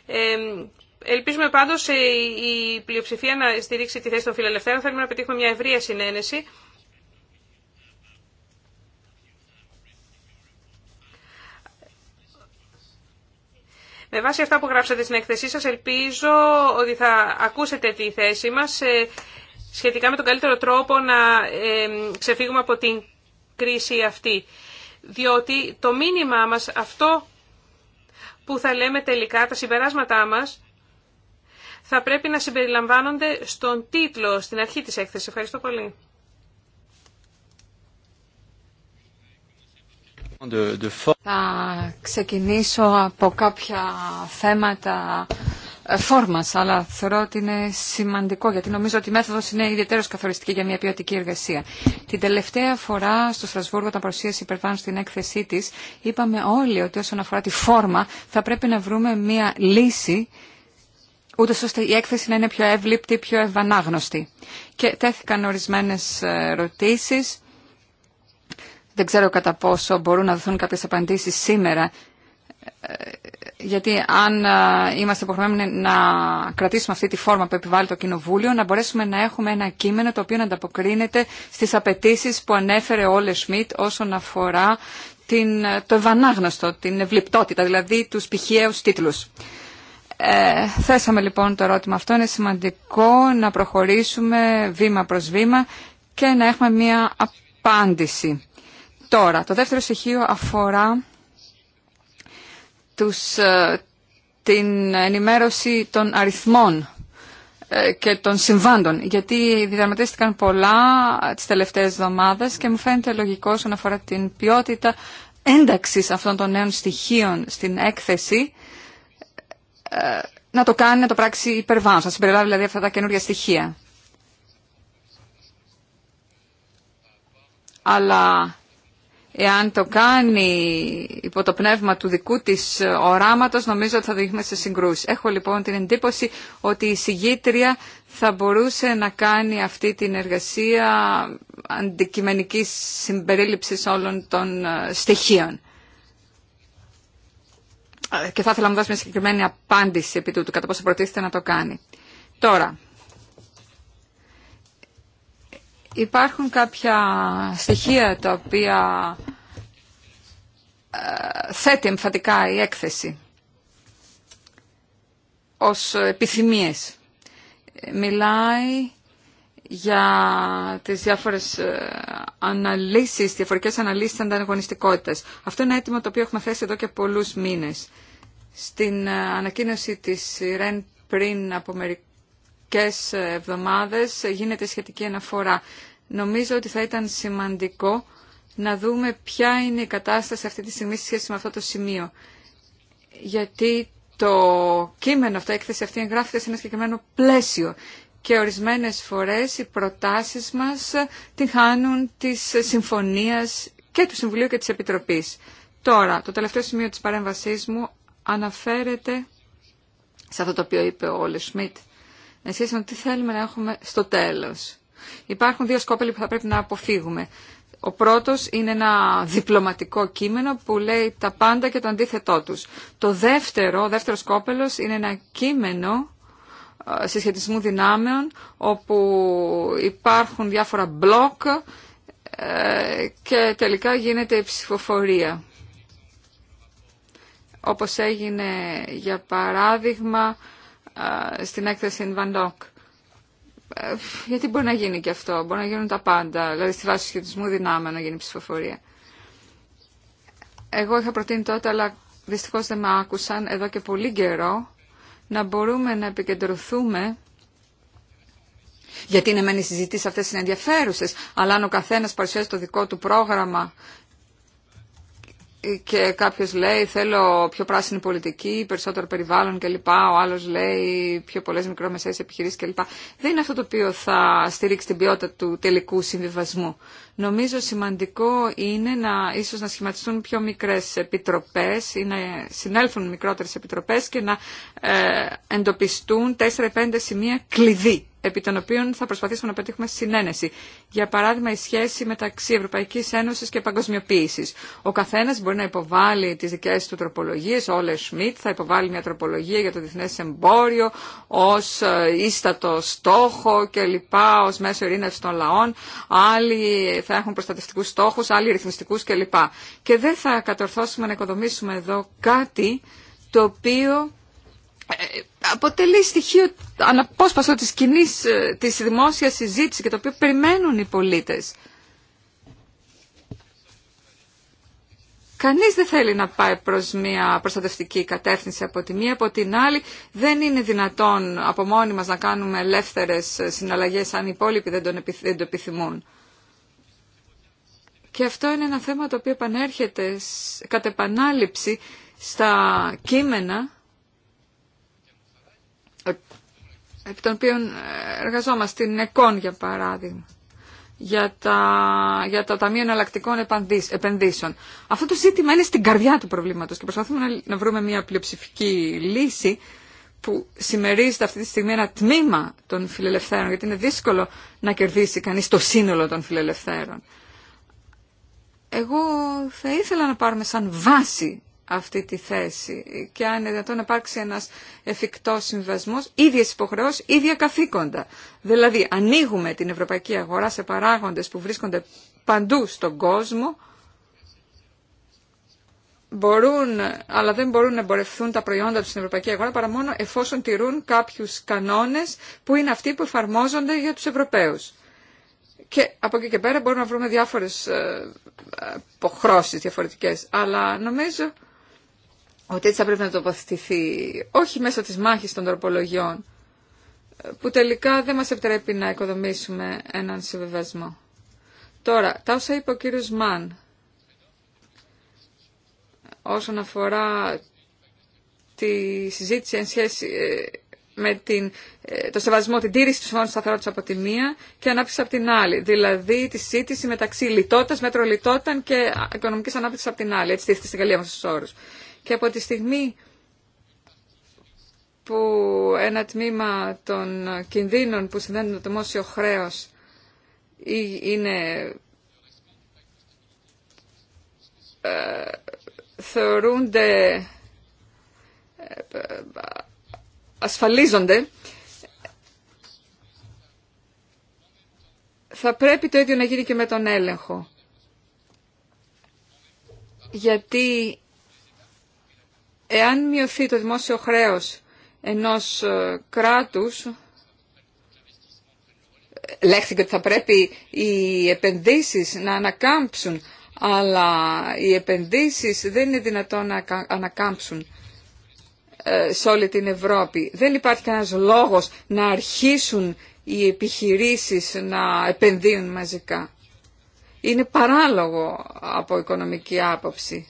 Ε, ελπίζουμε πάντως ε, η πλειοψηφία να στηρίξει τη θέση των φιλελευθέρων. Θέλουμε να πετύχουμε μια ευρεία συνένεση Με βάση αυτά που γράψατε στην έκθεσή σας, ελπίζω ότι θα ακούσετε τη θέση μας ε, σχετικά με τον καλύτερο τρόπο να ε, ξεφύγουμε από την κρίση αυτή. Διότι το μήνυμά μας, αυτό που θα λέμε τελικά, τα συμπεράσματά μας, θα πρέπει να συμπεριλαμβάνονται στον τίτλο, στην αρχή της έκθεσης. Ευχαριστώ πολύ. Θα ξεκινήσω από κάποια θέματα ε, φόρμα, αλλά θεωρώ ότι είναι σημαντικό, γιατί νομίζω ότι η μέθοδο είναι ιδιαίτερω καθοριστική για μια ποιοτική εργασία. Την τελευταία φορά στο Στρασβούργο, όταν παρουσίασε Περβάν στην έκθεσή τη, είπαμε όλοι ότι όσον αφορά τη φόρμα θα πρέπει να βρούμε μια λύση ούτως ώστε η έκθεση να είναι πιο εύληπτη, πιο ευανάγνωστη. Και τέθηκαν ορισμένες ε, ερωτήσεις δεν ξέρω κατά πόσο μπορούν να δοθούν κάποιες απαντήσεις σήμερα, ε, γιατί αν ε, είμαστε υποχρεωμένοι να κρατήσουμε αυτή τη φόρμα που επιβάλλει το Κοινοβούλιο, να μπορέσουμε να έχουμε ένα κείμενο το οποίο να ανταποκρίνεται στις απαιτήσει που ανέφερε ο Όλε Σμιτ όσον αφορά την, ε, το ευανάγνωστο, την ευληπτότητα, δηλαδή τους πηχαίους τίτλους. θέσαμε λοιπόν το ερώτημα αυτό. Είναι σημαντικό να προχωρήσουμε βήμα προς βήμα και να έχουμε μία απάντηση. Τώρα, το δεύτερο στοιχείο αφορά τους, ε, την ενημέρωση των αριθμών ε, και των συμβάντων, γιατί διδραματίστηκαν πολλά τις τελευταίες εβδομάδες και μου φαίνεται λογικό όσον αφορά την ποιότητα ένταξης αυτών των νέων στοιχείων στην έκθεση ε, να το κάνει, να το πράξει υπερβάνω, να συμπεριλάβει δηλαδή αυτά τα καινούργια στοιχεία. Αλλά Εάν το κάνει υπό το πνεύμα του δικού της οράματος, νομίζω ότι θα δείχνουμε σε συγκρούσεις. Έχω λοιπόν την εντύπωση ότι η συγγήτρια θα μπορούσε να κάνει αυτή την εργασία αντικειμενικής συμπερίληψης όλων των ε, στοιχείων. Ε, και θα ήθελα να μου δώσει μια συγκεκριμένη απάντηση επί τούτου, κατά πόσο προτίθεται να το κάνει. Τώρα, Υπάρχουν κάποια στοιχεία τα οποία ε, θέτει εμφαντικά η έκθεση ως επιθυμίες. Μιλάει για τις διάφορες ε, αναλύσεις, διαφορετικές αναλύσεις ανταγωνιστικότητας. Αυτό είναι ένα αίτημα το οποίο έχουμε θέσει εδώ και πολλούς μήνες. Στην ε, ανακοίνωση της ΡΕΝ πριν από μερικά μερικές εβδομάδες γίνεται σχετική αναφορά. Νομίζω ότι θα ήταν σημαντικό να δούμε ποια είναι η κατάσταση αυτή τη στιγμή σε σχέση με αυτό το σημείο. Γιατί το κείμενο αυτό, η έκθεση αυτή εγγράφεται σε ένα συγκεκριμένο πλαίσιο και ορισμένες φορές οι προτάσεις μας την χάνουν της συμφωνίας και του Συμβουλίου και της Επιτροπής. Τώρα, το τελευταίο σημείο της παρέμβασής μου αναφέρεται σε αυτό το οποίο είπε ο Όλε Σμιτ με με τι θέλουμε να έχουμε στο τέλος. Υπάρχουν δύο σκόπελοι που θα πρέπει να αποφύγουμε. Ο πρώτος είναι ένα διπλωματικό κείμενο που λέει τα πάντα και το αντίθετό τους. Το δεύτερο, ο δεύτερος σκόπελος είναι ένα κείμενο ε, συσχετισμού δυνάμεων όπου υπάρχουν διάφορα μπλοκ ε, και τελικά γίνεται η ψηφοφορία. Όπως έγινε για παράδειγμα στην έκθεση Βαντόκ. Ε, γιατί μπορεί να γίνει και αυτό, μπορεί να γίνουν τα πάντα, δηλαδή στη βάση του σχετισμού δυνάμενα να γίνει ψηφοφορία. Εγώ είχα προτείνει τότε, αλλά δυστυχώς δεν με άκουσαν εδώ και πολύ καιρό, να μπορούμε να επικεντρωθούμε γιατί είναι μεν οι συζητήσει αυτέ είναι ενδιαφέρουσε, αλλά αν ο καθένα παρουσιάζει το δικό του πρόγραμμα και κάποιος λέει θέλω πιο πράσινη πολιτική, περισσότερο περιβάλλον κλπ. Ο άλλος λέει πιο πολλές μικρομεσαίες επιχειρήσεις κλπ. Δεν είναι αυτό το οποίο θα στηρίξει την ποιότητα του τελικού συμβιβασμού. Νομίζω σημαντικό είναι να, ίσως να σχηματιστούν πιο μικρές επιτροπές ή να συνέλθουν μικρότερες επιτροπές και να ε, εντοπιστούν σχέση σημεία κλειδί επί των οποίων θα προσπαθήσουμε να πετύχουμε συνένεση. Για παράδειγμα, η σχέση μεταξύ Ευρωπαϊκής Ένωσης και παγκοσμιοποίησης. Ο καθένας μπορεί να υποβάλει τις δικές του τροπολογίες, ο Όλε Σμιτ θα υποβάλει μια τροπολογία για το διεθνές εμπόριο ως ε, ίστατο στόχο και λοιπά, ως μέσο ειρήνευση των λαών. Άλλοι θα έχουν προστατευτικούς στόχους, άλλοι ρυθμιστικούς κλπ. Και δεν θα κατορθώσουμε να οικοδομήσουμε εδώ κάτι το οποίο ε, αποτελεί στοιχείο αναπόσπαστο της κοινή ε, της δημόσιας συζήτησης και το οποίο περιμένουν οι πολίτες. Κανείς δεν θέλει να πάει προς μια προστατευτική κατεύθυνση από τη μία, από την άλλη. Δεν είναι δυνατόν από μόνοι μας να κάνουμε ελεύθερες συναλλαγές αν οι υπόλοιποι δεν το επιθυμούν. Και αυτό είναι ένα θέμα το οποίο επανέρχεται κατ' επανάληψη στα κείμενα επί των οποίων ε, εργαζόμαστε, στην ΕΚΟΝ για παράδειγμα, για τα, για τα Ταμεία Εναλλακτικών Επενδύσεων. Αυτό το ζήτημα είναι στην καρδιά του προβλήματος και προσπαθούμε να, βρούμε μια πλειοψηφική λύση που συμμερίζεται αυτή τη στιγμή ένα τμήμα των φιλελευθέρων, γιατί είναι δύσκολο να κερδίσει κανείς το σύνολο των φιλελευθέρων. Εγώ θα ήθελα να πάρουμε σαν βάση αυτή τη θέση και αν είναι δυνατόν να υπάρξει ένας εφικτός συμβασμός, ίδιες υποχρεώσεις, ίδια καθήκοντα. Δηλαδή, ανοίγουμε την ευρωπαϊκή αγορά σε παράγοντες που βρίσκονται παντού στον κόσμο, μπορούν, αλλά δεν μπορούν να εμπορευθούν τα προϊόντα τους στην ευρωπαϊκή αγορά παρά μόνο εφόσον τηρούν κάποιους κανόνες που είναι αυτοί που εφαρμόζονται για τους Ευρωπαίους. Και από εκεί και πέρα μπορούμε να βρούμε διάφορες αποχρώσεις ε, διαφορετικές. Αλλά νομίζω ότι έτσι θα πρέπει να τοποθετηθεί όχι μέσω της μάχης των τροπολογιών που τελικά δεν μας επιτρέπει να οικοδομήσουμε έναν συμβεβασμό. Τώρα, τα όσα είπε ο κύριος Μαν όσον αφορά τη συζήτηση εν σχέση ε, με την, ε, το σεβασμό, την τήρηση του συμφώνου σταθερότητα από τη μία και ανάπτυξη από την άλλη. Δηλαδή τη σύντηση μεταξύ λιτότητα, μέτρο λιτότητα και οικονομική ανάπτυξη από την άλλη. Έτσι τίθεται στην Γαλλία μα στου όρου. Και από τη στιγμή που ένα τμήμα των κινδύνων που συνδέονται με το δημόσιο χρέο είναι ε, θεωρούνται ε, ασφαλίζονται, θα πρέπει το ίδιο να γίνει και με τον έλεγχο. Γιατί εάν μειωθεί το δημόσιο χρέος ενός ε, κράτους, ε, λέχθηκε ότι θα πρέπει οι επενδύσεις να ανακάμψουν, αλλά οι επενδύσεις δεν είναι δυνατόν να ανακάμψουν ε, σε όλη την Ευρώπη. Δεν υπάρχει κανένας λόγος να αρχίσουν οι επιχειρήσεις να επενδύουν μαζικά. Είναι παράλογο από οικονομική άποψη.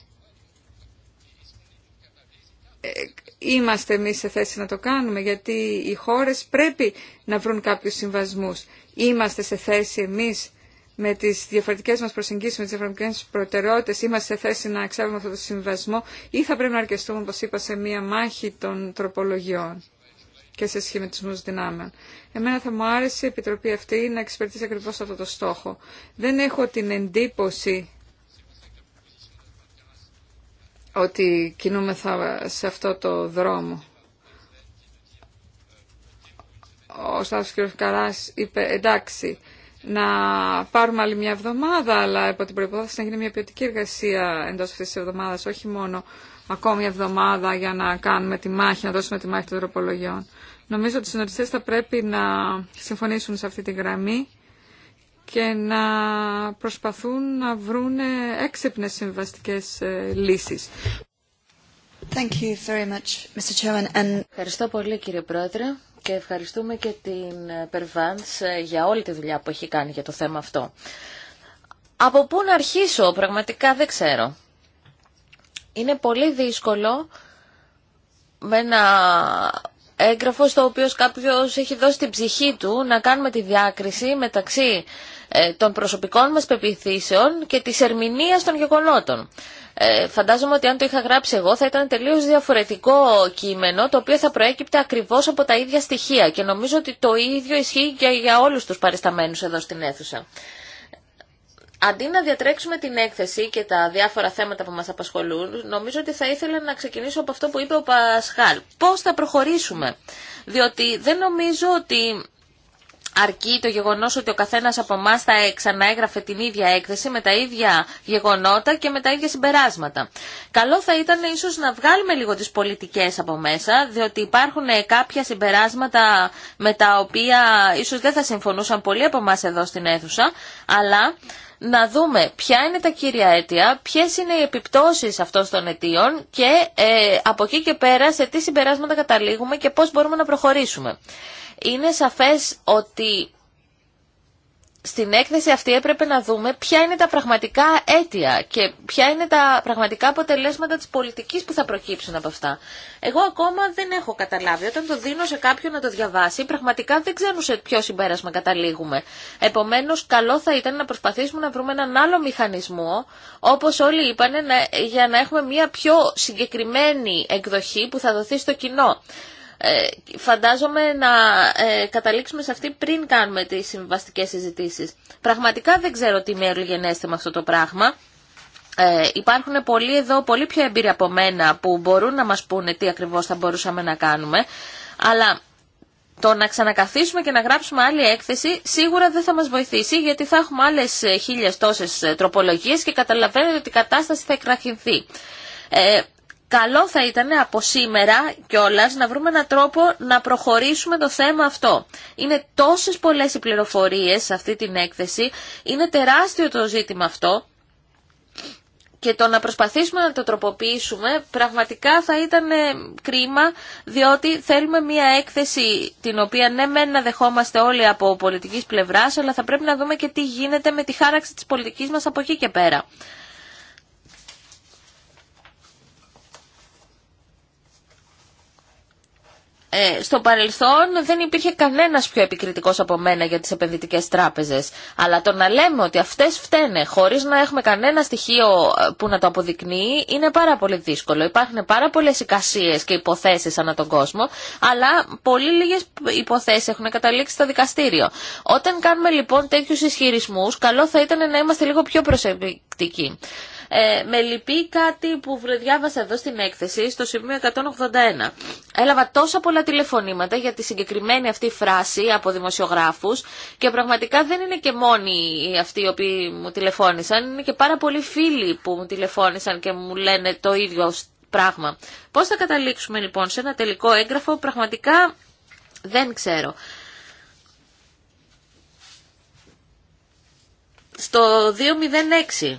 Ε, είμαστε εμείς σε θέση να το κάνουμε γιατί οι χώρες πρέπει να βρουν κάποιους συμβασμούς. Είμαστε σε θέση εμείς με τις διαφορετικές μας προσεγγίσεις, με διαφορετικέ διαφορετικές προτεραιότητες είμαστε σε θέση να εξάγουμε αυτό το συμβασμό ή θα πρέπει να αρκεστούμε, όπω είπα, σε μία μάχη των τροπολογιών και σε σχηματισμού δυνάμεων. Εμένα θα μου άρεσε η Επιτροπή αυτή να εξυπηρετήσει ακριβώς αυτό το στόχο. Δεν έχω την εντύπωση ότι κινούμεθα σε αυτό το δρόμο. Ο Σταύρος κ. Καράς είπε «εντάξει, να πάρουμε άλλη μια εβδομάδα, αλλά υπό την προπόθεση να γίνει μια ποιοτική εργασία εντός αυτής της εβδομάδας, όχι μόνο ακόμη μια εβδομάδα για να κάνουμε τη μάχη, να δώσουμε τη μάχη των τροπολογιών. Νομίζω ότι οι συνοριστές θα πρέπει να συμφωνήσουν σε αυτή τη γραμμή και να προσπαθούν να βρουν έξυπνες συμβαστικές ε, λύσεις. Thank you very much, Mr. And... Ευχαριστώ πολύ κύριε Πρόεδρε και ευχαριστούμε και την Περβάντς ε, για όλη τη δουλειά που έχει κάνει για το θέμα αυτό. Από πού να αρχίσω, πραγματικά δεν ξέρω. Είναι πολύ δύσκολο με ένα έγγραφο στο οποίο κάποιος έχει δώσει την ψυχή του να κάνουμε τη διάκριση μεταξύ ε, των προσωπικών μας πεπιθήσεων και της ερμηνείας των γεγονότων. Ε, φαντάζομαι ότι αν το είχα γράψει εγώ θα ήταν τελείως διαφορετικό κείμενο το οποίο θα προέκυπτε ακριβώς από τα ίδια στοιχεία και νομίζω ότι το ίδιο ισχύει και για όλους τους παρισταμένους εδώ στην αίθουσα. Αντί να διατρέξουμε την έκθεση και τα διάφορα θέματα που μας απασχολούν, νομίζω ότι θα ήθελα να ξεκινήσω από αυτό που είπε ο Πασχάλ. Πώς θα προχωρήσουμε. Διότι δεν νομίζω ότι Αρκεί το γεγονό ότι ο καθένας από εμά θα ξαναέγραφε την ίδια έκθεση με τα ίδια γεγονότα και με τα ίδια συμπεράσματα. Καλό θα ήταν ίσω να βγάλουμε λίγο τις πολιτικές από μέσα, διότι υπάρχουν κάποια συμπεράσματα με τα οποία ίσως δεν θα συμφωνούσαν πολλοί από εμά εδώ στην αίθουσα, αλλά να δούμε ποια είναι τα κύρια αίτια, ποιες είναι οι επιπτώσεις αυτών των αιτίων και ε, από εκεί και πέρα σε τι συμπεράσματα καταλήγουμε και πώς μπορούμε να προχωρήσουμε. Είναι σαφές ότι στην έκθεση αυτή έπρεπε να δούμε ποια είναι τα πραγματικά αίτια και ποια είναι τα πραγματικά αποτελέσματα της πολιτικής που θα προκύψουν από αυτά. Εγώ ακόμα δεν έχω καταλάβει. Όταν το δίνω σε κάποιον να το διαβάσει, πραγματικά δεν ξέρουν σε ποιο συμπέρασμα καταλήγουμε. Επομένως, καλό θα ήταν να προσπαθήσουμε να βρούμε έναν άλλο μηχανισμό, όπως όλοι είπανε, για να έχουμε μια πιο συγκεκριμένη εκδοχή που θα δοθεί στο κοινό. Ε, φαντάζομαι να ε, καταλήξουμε σε αυτή πριν κάνουμε τις συμβαστικές συζητήσεις. Πραγματικά δεν ξέρω τι μέρο γενέστε με αυτό το πράγμα. Ε, υπάρχουν πολλοί εδώ, πολύ πιο εμπειροί από μένα που μπορούν να μας πούνε τι ακριβώς θα μπορούσαμε να κάνουμε, αλλά το να ξανακαθίσουμε και να γράψουμε άλλη έκθεση σίγουρα δεν θα μας βοηθήσει γιατί θα έχουμε άλλες ε, χίλιες τόσες τροπολογίες και καταλαβαίνετε ότι η κατάσταση θα εκραχυνθεί. Ε, καλό θα ήταν από σήμερα κιόλα να βρούμε έναν τρόπο να προχωρήσουμε το θέμα αυτό. Είναι τόσες πολλές οι πληροφορίες σε αυτή την έκθεση, είναι τεράστιο το ζήτημα αυτό και το να προσπαθήσουμε να το τροποποιήσουμε πραγματικά θα ήταν ε, κρίμα διότι θέλουμε μια έκθεση την οποία ναι μεν να δεχόμαστε όλοι από πολιτικής πλευράς αλλά θα πρέπει να δούμε και τι γίνεται με τη χάραξη της πολιτικής μας από εκεί και πέρα. Ε, στο παρελθόν δεν υπήρχε κανένας πιο επικριτικός από μένα για τις επενδυτικές τράπεζες. Αλλά το να λέμε ότι αυτές φταίνε χωρίς να έχουμε κανένα στοιχείο ε, που να το αποδεικνύει είναι πάρα πολύ δύσκολο. Υπάρχουν πάρα πολλές εικασίες και υποθέσεις ανά τον κόσμο, αλλά πολύ λίγες υποθέσεις έχουν καταλήξει στο δικαστήριο. Όταν κάνουμε λοιπόν τέτοιους ισχυρισμούς, καλό θα ήταν να είμαστε λίγο πιο προσεκτικοί. Ε, με λυπεί κάτι που διάβασα εδώ στην έκθεση, στο σημείο 181. Έλαβα τόσα πολλά τηλεφωνήματα για τη συγκεκριμένη αυτή φράση από δημοσιογράφους και πραγματικά δεν είναι και μόνοι αυτοί οι οποίοι μου τηλεφώνησαν, είναι και πάρα πολλοί φίλοι που μου τηλεφώνησαν και μου λένε το ίδιο πράγμα. Πώς θα καταλήξουμε λοιπόν σε ένα τελικό έγγραφο, πραγματικά δεν ξέρω. Στο 206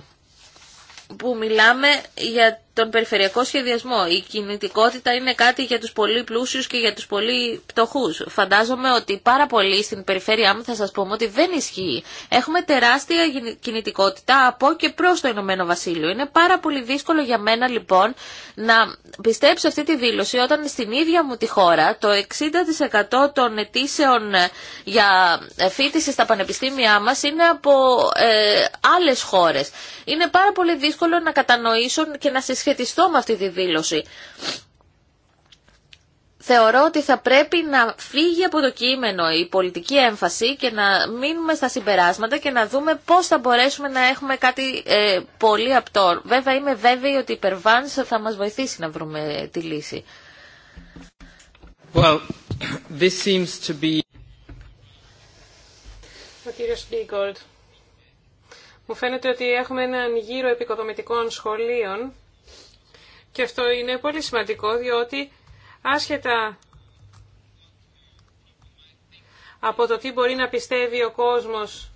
που μιλάμε για τον περιφερειακό σχεδιασμό. Η κινητικότητα είναι κάτι για τους πολύ πλούσιους και για τους πολύ πτωχούς. Φαντάζομαι ότι πάρα πολλοί στην περιφέρειά μου θα σας πούμε ότι δεν ισχύει. Έχουμε τεράστια κινητικότητα από και προς το Ηνωμένο Βασίλειο. Είναι πάρα πολύ δύσκολο για μένα λοιπόν να πιστέψω αυτή τη δήλωση όταν στην ίδια μου τη χώρα το 60% των αιτήσεων ε, για ε, φίτηση στα πανεπιστήμια μας είναι από ε, άλλες χώρες. Είναι πάρα πολύ δύσκολο να κατανοήσουν και να σχετιστώ με αυτή τη δήλωση. Θεωρώ ότι θα πρέπει να φύγει από το κείμενο η πολιτική έμφαση και να μείνουμε στα συμπεράσματα και να δούμε πώς θα μπορέσουμε να έχουμε κάτι ε, πολύ απτό. Βέβαια είμαι βέβαιη ότι η υπερβάνηση θα μας βοηθήσει να βρούμε τη λύση. to be... Μου φαίνεται ότι έχουμε έναν γύρο επικοδομητικών σχολείων. Και αυτό είναι πολύ σημαντικό διότι άσχετα από το τι μπορεί να πιστεύει ο κόσμος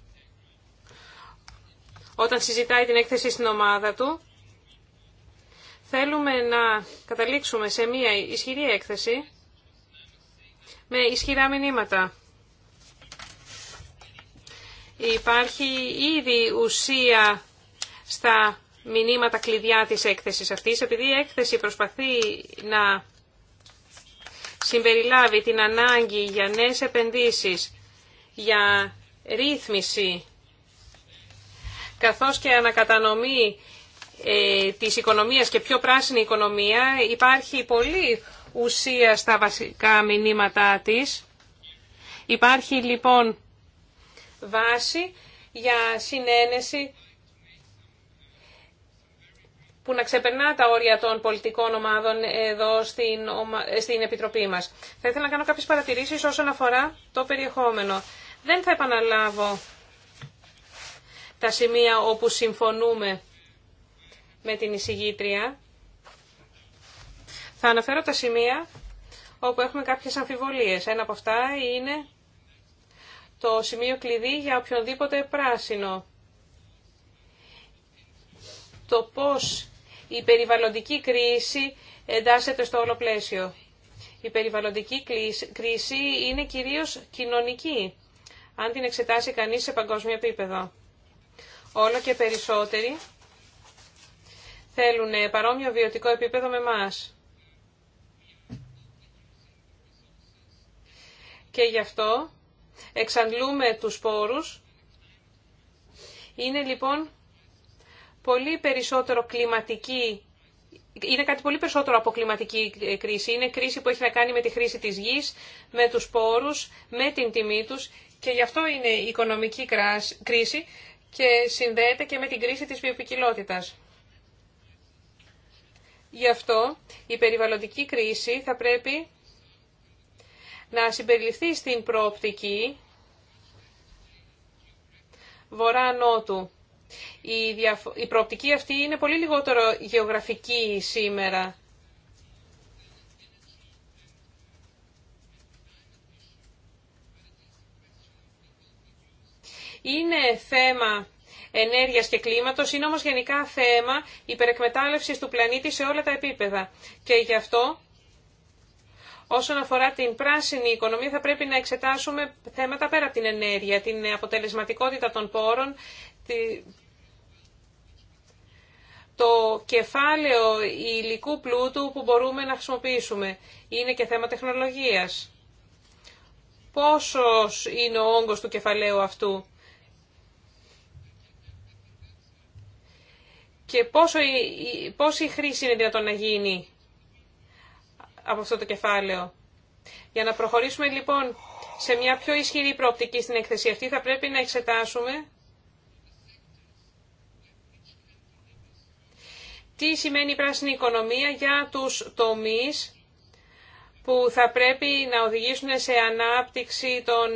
όταν συζητάει την έκθεση στην ομάδα του, θέλουμε να καταλήξουμε σε μία ισχυρή έκθεση με ισχυρά μηνύματα. Υπάρχει ήδη ουσία στα μηνύματα κλειδιά της έκθεσης αυτής. Επειδή η έκθεση προσπαθεί να συμπεριλάβει την ανάγκη για νέες επενδύσεις, για ρύθμιση, καθώς και ανακατανομή ε, της οικονομίας και πιο πράσινη οικονομία, υπάρχει πολύ ουσία στα βασικά μηνύματά της. Υπάρχει λοιπόν βάση για συνένεση που να ξεπερνά τα όρια των πολιτικών ομάδων εδώ στην, στην Επιτροπή μας. Θα ήθελα να κάνω κάποιες παρατηρήσεις όσον αφορά το περιεχόμενο. Δεν θα επαναλάβω τα σημεία όπου συμφωνούμε με την εισηγήτρια. Θα αναφέρω τα σημεία όπου έχουμε κάποιες αμφιβολίες. Ένα από αυτά είναι το σημείο κλειδί για οποιονδήποτε πράσινο το πώς η περιβαλλοντική κρίση εντάσσεται στο όλο πλαίσιο. Η περιβαλλοντική κρίση είναι κυρίως κοινωνική, αν την εξετάσει κανείς σε παγκόσμιο επίπεδο. Όλο και περισσότεροι θέλουν παρόμοιο βιωτικό επίπεδο με μας. Και γι' αυτό εξαντλούμε τους πόρους. Είναι λοιπόν πολύ περισσότερο κλιματική είναι κάτι πολύ περισσότερο από κλιματική κρίση. Είναι κρίση που έχει να κάνει με τη χρήση της γης, με τους πόρους, με την τιμή τους και γι' αυτό είναι η οικονομική κρίση και συνδέεται και με την κρίση της βιοποικιλότητας. Γι' αυτό η περιβαλλοντική κρίση θα πρέπει να συμπεριληφθεί στην προοπτική βορρά-νότου η προοπτική αυτή είναι πολύ λιγότερο γεωγραφική σήμερα. Είναι θέμα ενέργειας και κλίματος, είναι όμως γενικά θέμα υπερεκμετάλλευσης του πλανήτη σε όλα τα επίπεδα. Και γι' αυτό, όσον αφορά την πράσινη οικονομία, θα πρέπει να εξετάσουμε θέματα πέρα από την ενέργεια, την αποτελεσματικότητα των πόρων, το κεφάλαιο υλικού πλούτου που μπορούμε να χρησιμοποιήσουμε. Είναι και θέμα τεχνολογίας. Πόσος είναι ο όγκος του κεφαλαίου αυτού και πόσο, πόση χρήση είναι δυνατόν να γίνει από αυτό το κεφάλαιο. Για να προχωρήσουμε λοιπόν σε μια πιο ισχυρή προοπτική στην εκθεσία αυτή θα πρέπει να εξετάσουμε τι σημαίνει η πράσινη οικονομία για τους τομείς που θα πρέπει να οδηγήσουν σε ανάπτυξη των,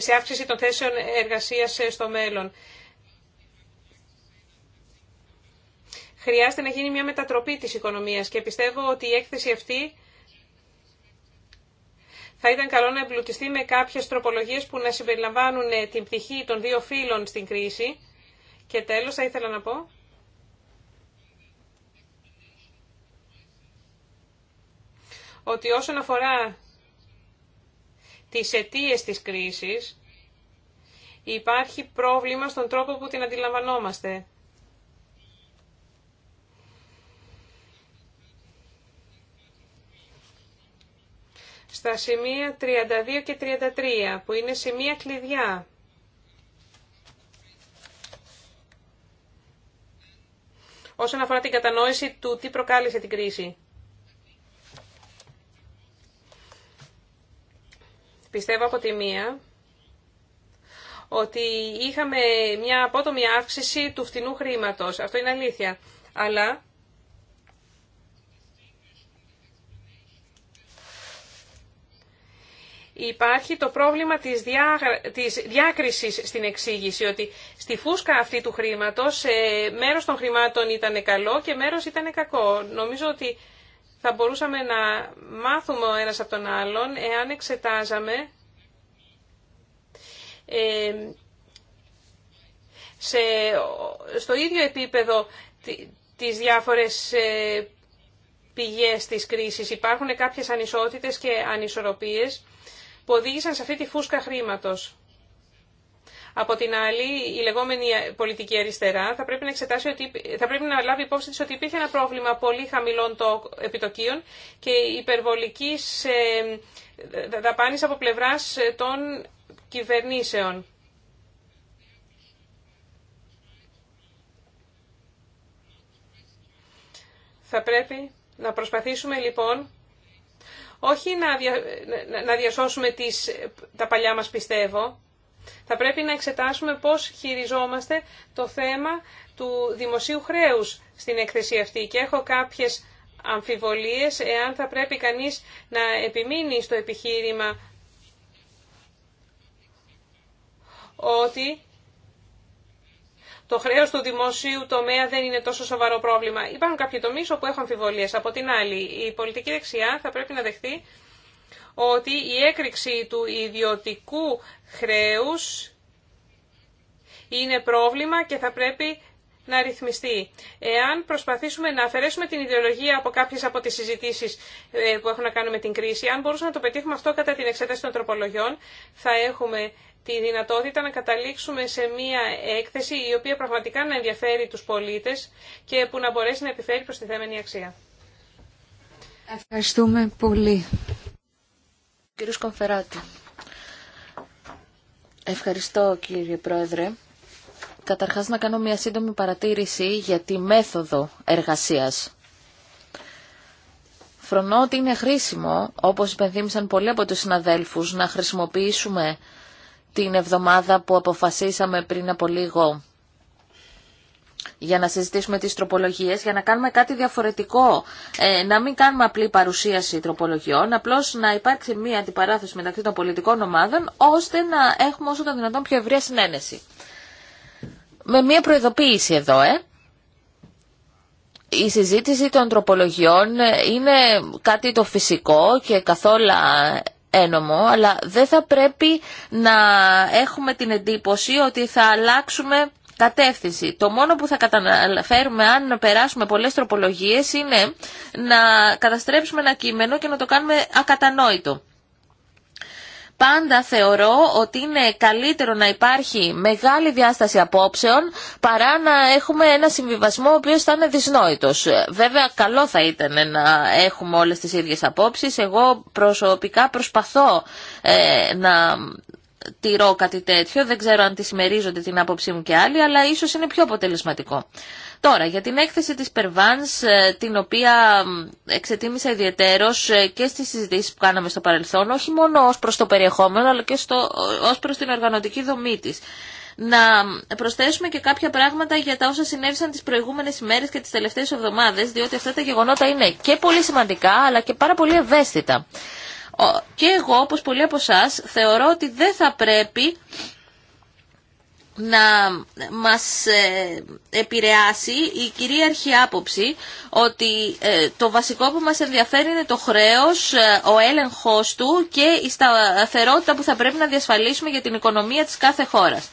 σε αύξηση των θέσεων εργασίας στο μέλλον. Χρειάζεται να γίνει μια μετατροπή της οικονομίας και πιστεύω ότι η έκθεση αυτή θα ήταν καλό να εμπλουτιστεί με κάποιες τροπολογίες που να συμπεριλαμβάνουν ε, την πτυχή των δύο φύλων στην κρίση. Και τέλος θα ήθελα να πω ότι όσον αφορά τις αιτίε της κρίσης, υπάρχει πρόβλημα στον τρόπο που την αντιλαμβανόμαστε. Στα σημεία 32 και 33, που είναι σημεία κλειδιά. όσον αφορά την κατανόηση του τι προκάλεσε την κρίση. Πιστεύω από τη μία ότι είχαμε μια απότομη αύξηση του φθηνού χρήματος. Αυτό είναι αλήθεια. Αλλά υπάρχει το πρόβλημα της, διά, της διάκρισης στην εξήγηση, ότι στη φούσκα αυτή του χρήματος ε, μέρος των χρημάτων ήταν καλό και μέρος ήταν κακό. Νομίζω ότι θα μπορούσαμε να μάθουμε ο ένας από τον άλλον εάν εξετάζαμε ε, σε, στο ίδιο επίπεδο τις διάφορες ε, πηγές της κρίσης. Υπάρχουν κάποιες ανισότητες και ανισορροπίες που οδήγησαν σε αυτή τη φούσκα χρήματος. Από την άλλη, η λεγόμενη πολιτική αριστερά θα πρέπει να, εξετάσει ότι, θα πρέπει να λάβει υπόψη της ότι υπήρχε ένα πρόβλημα πολύ χαμηλών το, επιτοκίων και υπερβολικής ε, δαπάνης από πλευράς ε, των κυβερνήσεων. Θα πρέπει να προσπαθήσουμε λοιπόν όχι να, να διασώσουμε τις, τα παλιά μας πιστεύω, θα πρέπει να εξετάσουμε πώς χειριζόμαστε το θέμα του δημοσίου χρέους στην έκθεση αυτή και έχω κάποιες αμφιβολίες εάν θα πρέπει κανείς να επιμείνει στο επιχείρημα ότι το χρέο του δημοσίου τομέα δεν είναι τόσο σοβαρό πρόβλημα. Υπάρχουν κάποιοι τομεί όπου έχω αμφιβολίες. Από την άλλη, η πολιτική δεξιά θα πρέπει να δεχτεί ότι η έκρηξη του ιδιωτικού χρέους είναι πρόβλημα και θα πρέπει να ρυθμιστεί. Εάν προσπαθήσουμε να αφαιρέσουμε την ιδεολογία από κάποιες από τις συζητήσεις ε, που έχουν να κάνουν με την κρίση, αν μπορούσαμε να το πετύχουμε αυτό κατά την εξέταση των τροπολογιών, θα έχουμε τη δυνατότητα να καταλήξουμε σε μία έκθεση η οποία πραγματικά να ενδιαφέρει τους πολίτες και που να μπορέσει να επιφέρει θέμενη αξία. Ευχαριστούμε πολύ. Κύριος Κομφεράτη. Ευχαριστώ κύριε Πρόεδρε. Καταρχάς να κάνω μια σύντομη παρατήρηση για τη μέθοδο εργασίας. Φρονώ ότι είναι χρήσιμο, όπως υπενθύμησαν πολλοί από τους συναδέλφους, να χρησιμοποιήσουμε την εβδομάδα που αποφασίσαμε πριν από λίγο για να συζητήσουμε τις τροπολογίες, για να κάνουμε κάτι διαφορετικό, ε, να μην κάνουμε απλή παρουσίαση τροπολογιών, απλώς να υπάρξει μία αντιπαράθεση μεταξύ των πολιτικών ομάδων, ώστε να έχουμε όσο το δυνατόν πιο ευρεία συνένεση. Με μία προειδοποίηση εδώ, ε. Η συζήτηση των τροπολογιών ε, είναι κάτι το φυσικό και καθόλου ένομο, αλλά δεν θα πρέπει να έχουμε την εντύπωση ότι θα αλλάξουμε κατεύθυνση. Το μόνο που θα καταφέρουμε αν περάσουμε πολλές τροπολογίες είναι να καταστρέψουμε ένα κείμενο και να το κάνουμε ακατανόητο. Πάντα θεωρώ ότι είναι καλύτερο να υπάρχει μεγάλη διάσταση απόψεων παρά να έχουμε ένα συμβιβασμό ο οποίος θα είναι δυσνόητος. Βέβαια καλό θα ήταν να έχουμε όλες τις ίδιες απόψεις. Εγώ προσωπικά προσπαθώ ε, να τηρώ κάτι τέτοιο, δεν ξέρω αν τη συμμερίζονται την άποψή μου και άλλοι, αλλά ίσως είναι πιο αποτελεσματικό. Τώρα, για την έκθεση της Περβάνς, ε, την οποία εξετίμησα ιδιαιτέρως ε, και στις συζητήσεις που κάναμε στο παρελθόν, όχι μόνο ως προς το περιεχόμενο, αλλά και στο, ε, ως προς την οργανωτική δομή της. Να προσθέσουμε και κάποια πράγματα για τα όσα συνέβησαν τις προηγούμενες ημέρες και τις τελευταίες εβδομάδες, διότι αυτά τα γεγονότα είναι και πολύ σημαντικά, αλλά και πάρα πολύ ευαίσθητα. Και εγώ, όπως πολλοί από εσά, θεωρώ ότι δεν θα πρέπει να μας ε, επηρεάσει η κυρίαρχη άποψη ότι ε, το βασικό που μας ενδιαφέρει είναι το χρέος, ε, ο έλεγχος του και η σταθερότητα που θα πρέπει να διασφαλίσουμε για την οικονομία της κάθε χώρας.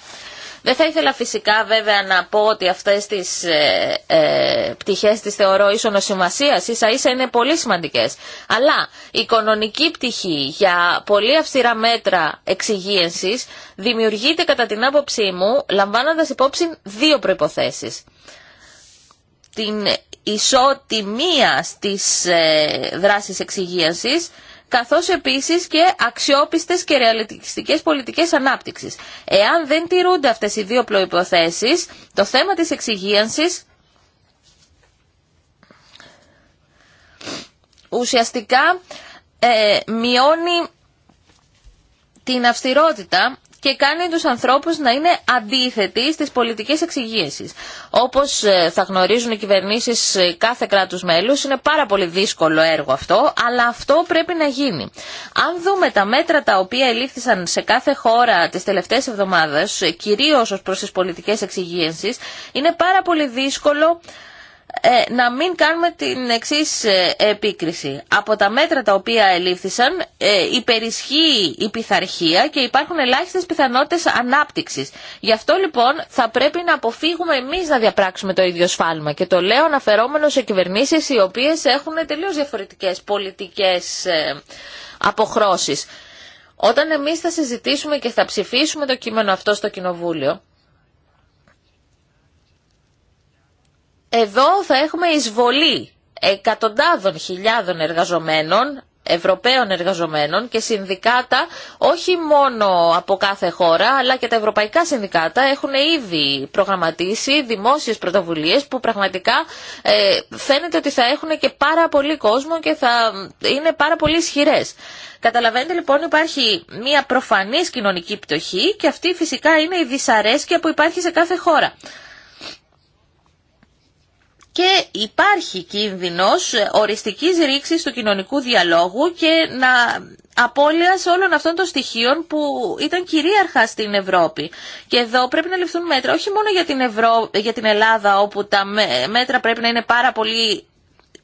Δεν θα ήθελα φυσικά βέβαια να πω ότι αυτές τις ε, ε, πτυχές τις θεωρώ ίσονο σημασία, ίσα ίσα είναι πολύ σημαντικές. Αλλά η οικονομική πτυχή για πολύ αυστηρά μέτρα εξυγίανσης δημιουργείται κατά την άποψή μου λαμβάνοντας υπόψη δύο προϋποθέσεις. Την ισοτιμία στις ε, δράσεις εξυγίανσης καθώς επίσης και αξιόπιστες και ρεαλιστικές πολιτικές ανάπτυξης. Εάν δεν τηρούνται αυτές οι δύο προϋποθέσεις, το θέμα της εξυγίανσης ουσιαστικά ε, μειώνει την αυστηρότητα και κάνει τους ανθρώπους να είναι αντίθετοι στις πολιτικές εξηγήσεις. Όπως ε, θα γνωρίζουν οι κυβερνήσεις ε, κάθε κράτους μέλους, είναι πάρα πολύ δύσκολο έργο αυτό, αλλά αυτό πρέπει να γίνει. Αν δούμε τα μέτρα τα οποία ελήφθησαν σε κάθε χώρα τις τελευταίες εβδομάδες, ε, κυρίως ως προς τις πολιτικές εξηγήσεις, είναι πάρα πολύ δύσκολο ε, να μην κάνουμε την εξή ε, επίκριση. Από τα μέτρα τα οποία ελήφθησαν ε, υπερισχύει η πειθαρχία και υπάρχουν ελάχιστες πιθανότητες ανάπτυξη. Γι' αυτό λοιπόν θα πρέπει να αποφύγουμε εμεί να διαπράξουμε το ίδιο σφάλμα και το λέω αναφερόμενο σε κυβερνήσει, οι οποίες έχουν τελείως διαφορετικές πολιτικές ε, αποχρώσεις. Όταν εμεί θα συζητήσουμε και θα ψηφίσουμε το κείμενο αυτό στο Κοινοβούλιο, εδώ θα έχουμε εισβολή εκατοντάδων χιλιάδων εργαζομένων Ευρωπαίων εργαζομένων και συνδικάτα όχι μόνο από κάθε χώρα αλλά και τα ευρωπαϊκά συνδικάτα έχουν ήδη προγραμματίσει δημόσιες πρωτοβουλίες που πραγματικά ε, φαίνεται ότι θα έχουν και πάρα πολύ κόσμο και θα είναι πάρα πολύ ισχυρέ. Καταλαβαίνετε λοιπόν υπάρχει μια προφανής κοινωνική πτωχή και αυτή φυσικά είναι η δυσαρέσκεια που υπάρχει σε κάθε χώρα και υπάρχει κίνδυνος ε, οριστικής ρήξης του κοινωνικού διαλόγου και να απώλειας όλων αυτών των στοιχείων που ήταν κυρίαρχα στην Ευρώπη. Και εδώ πρέπει να ληφθούν μέτρα όχι μόνο για την, Ευρώ... για την Ελλάδα όπου τα μέτρα πρέπει να είναι πάρα πολύ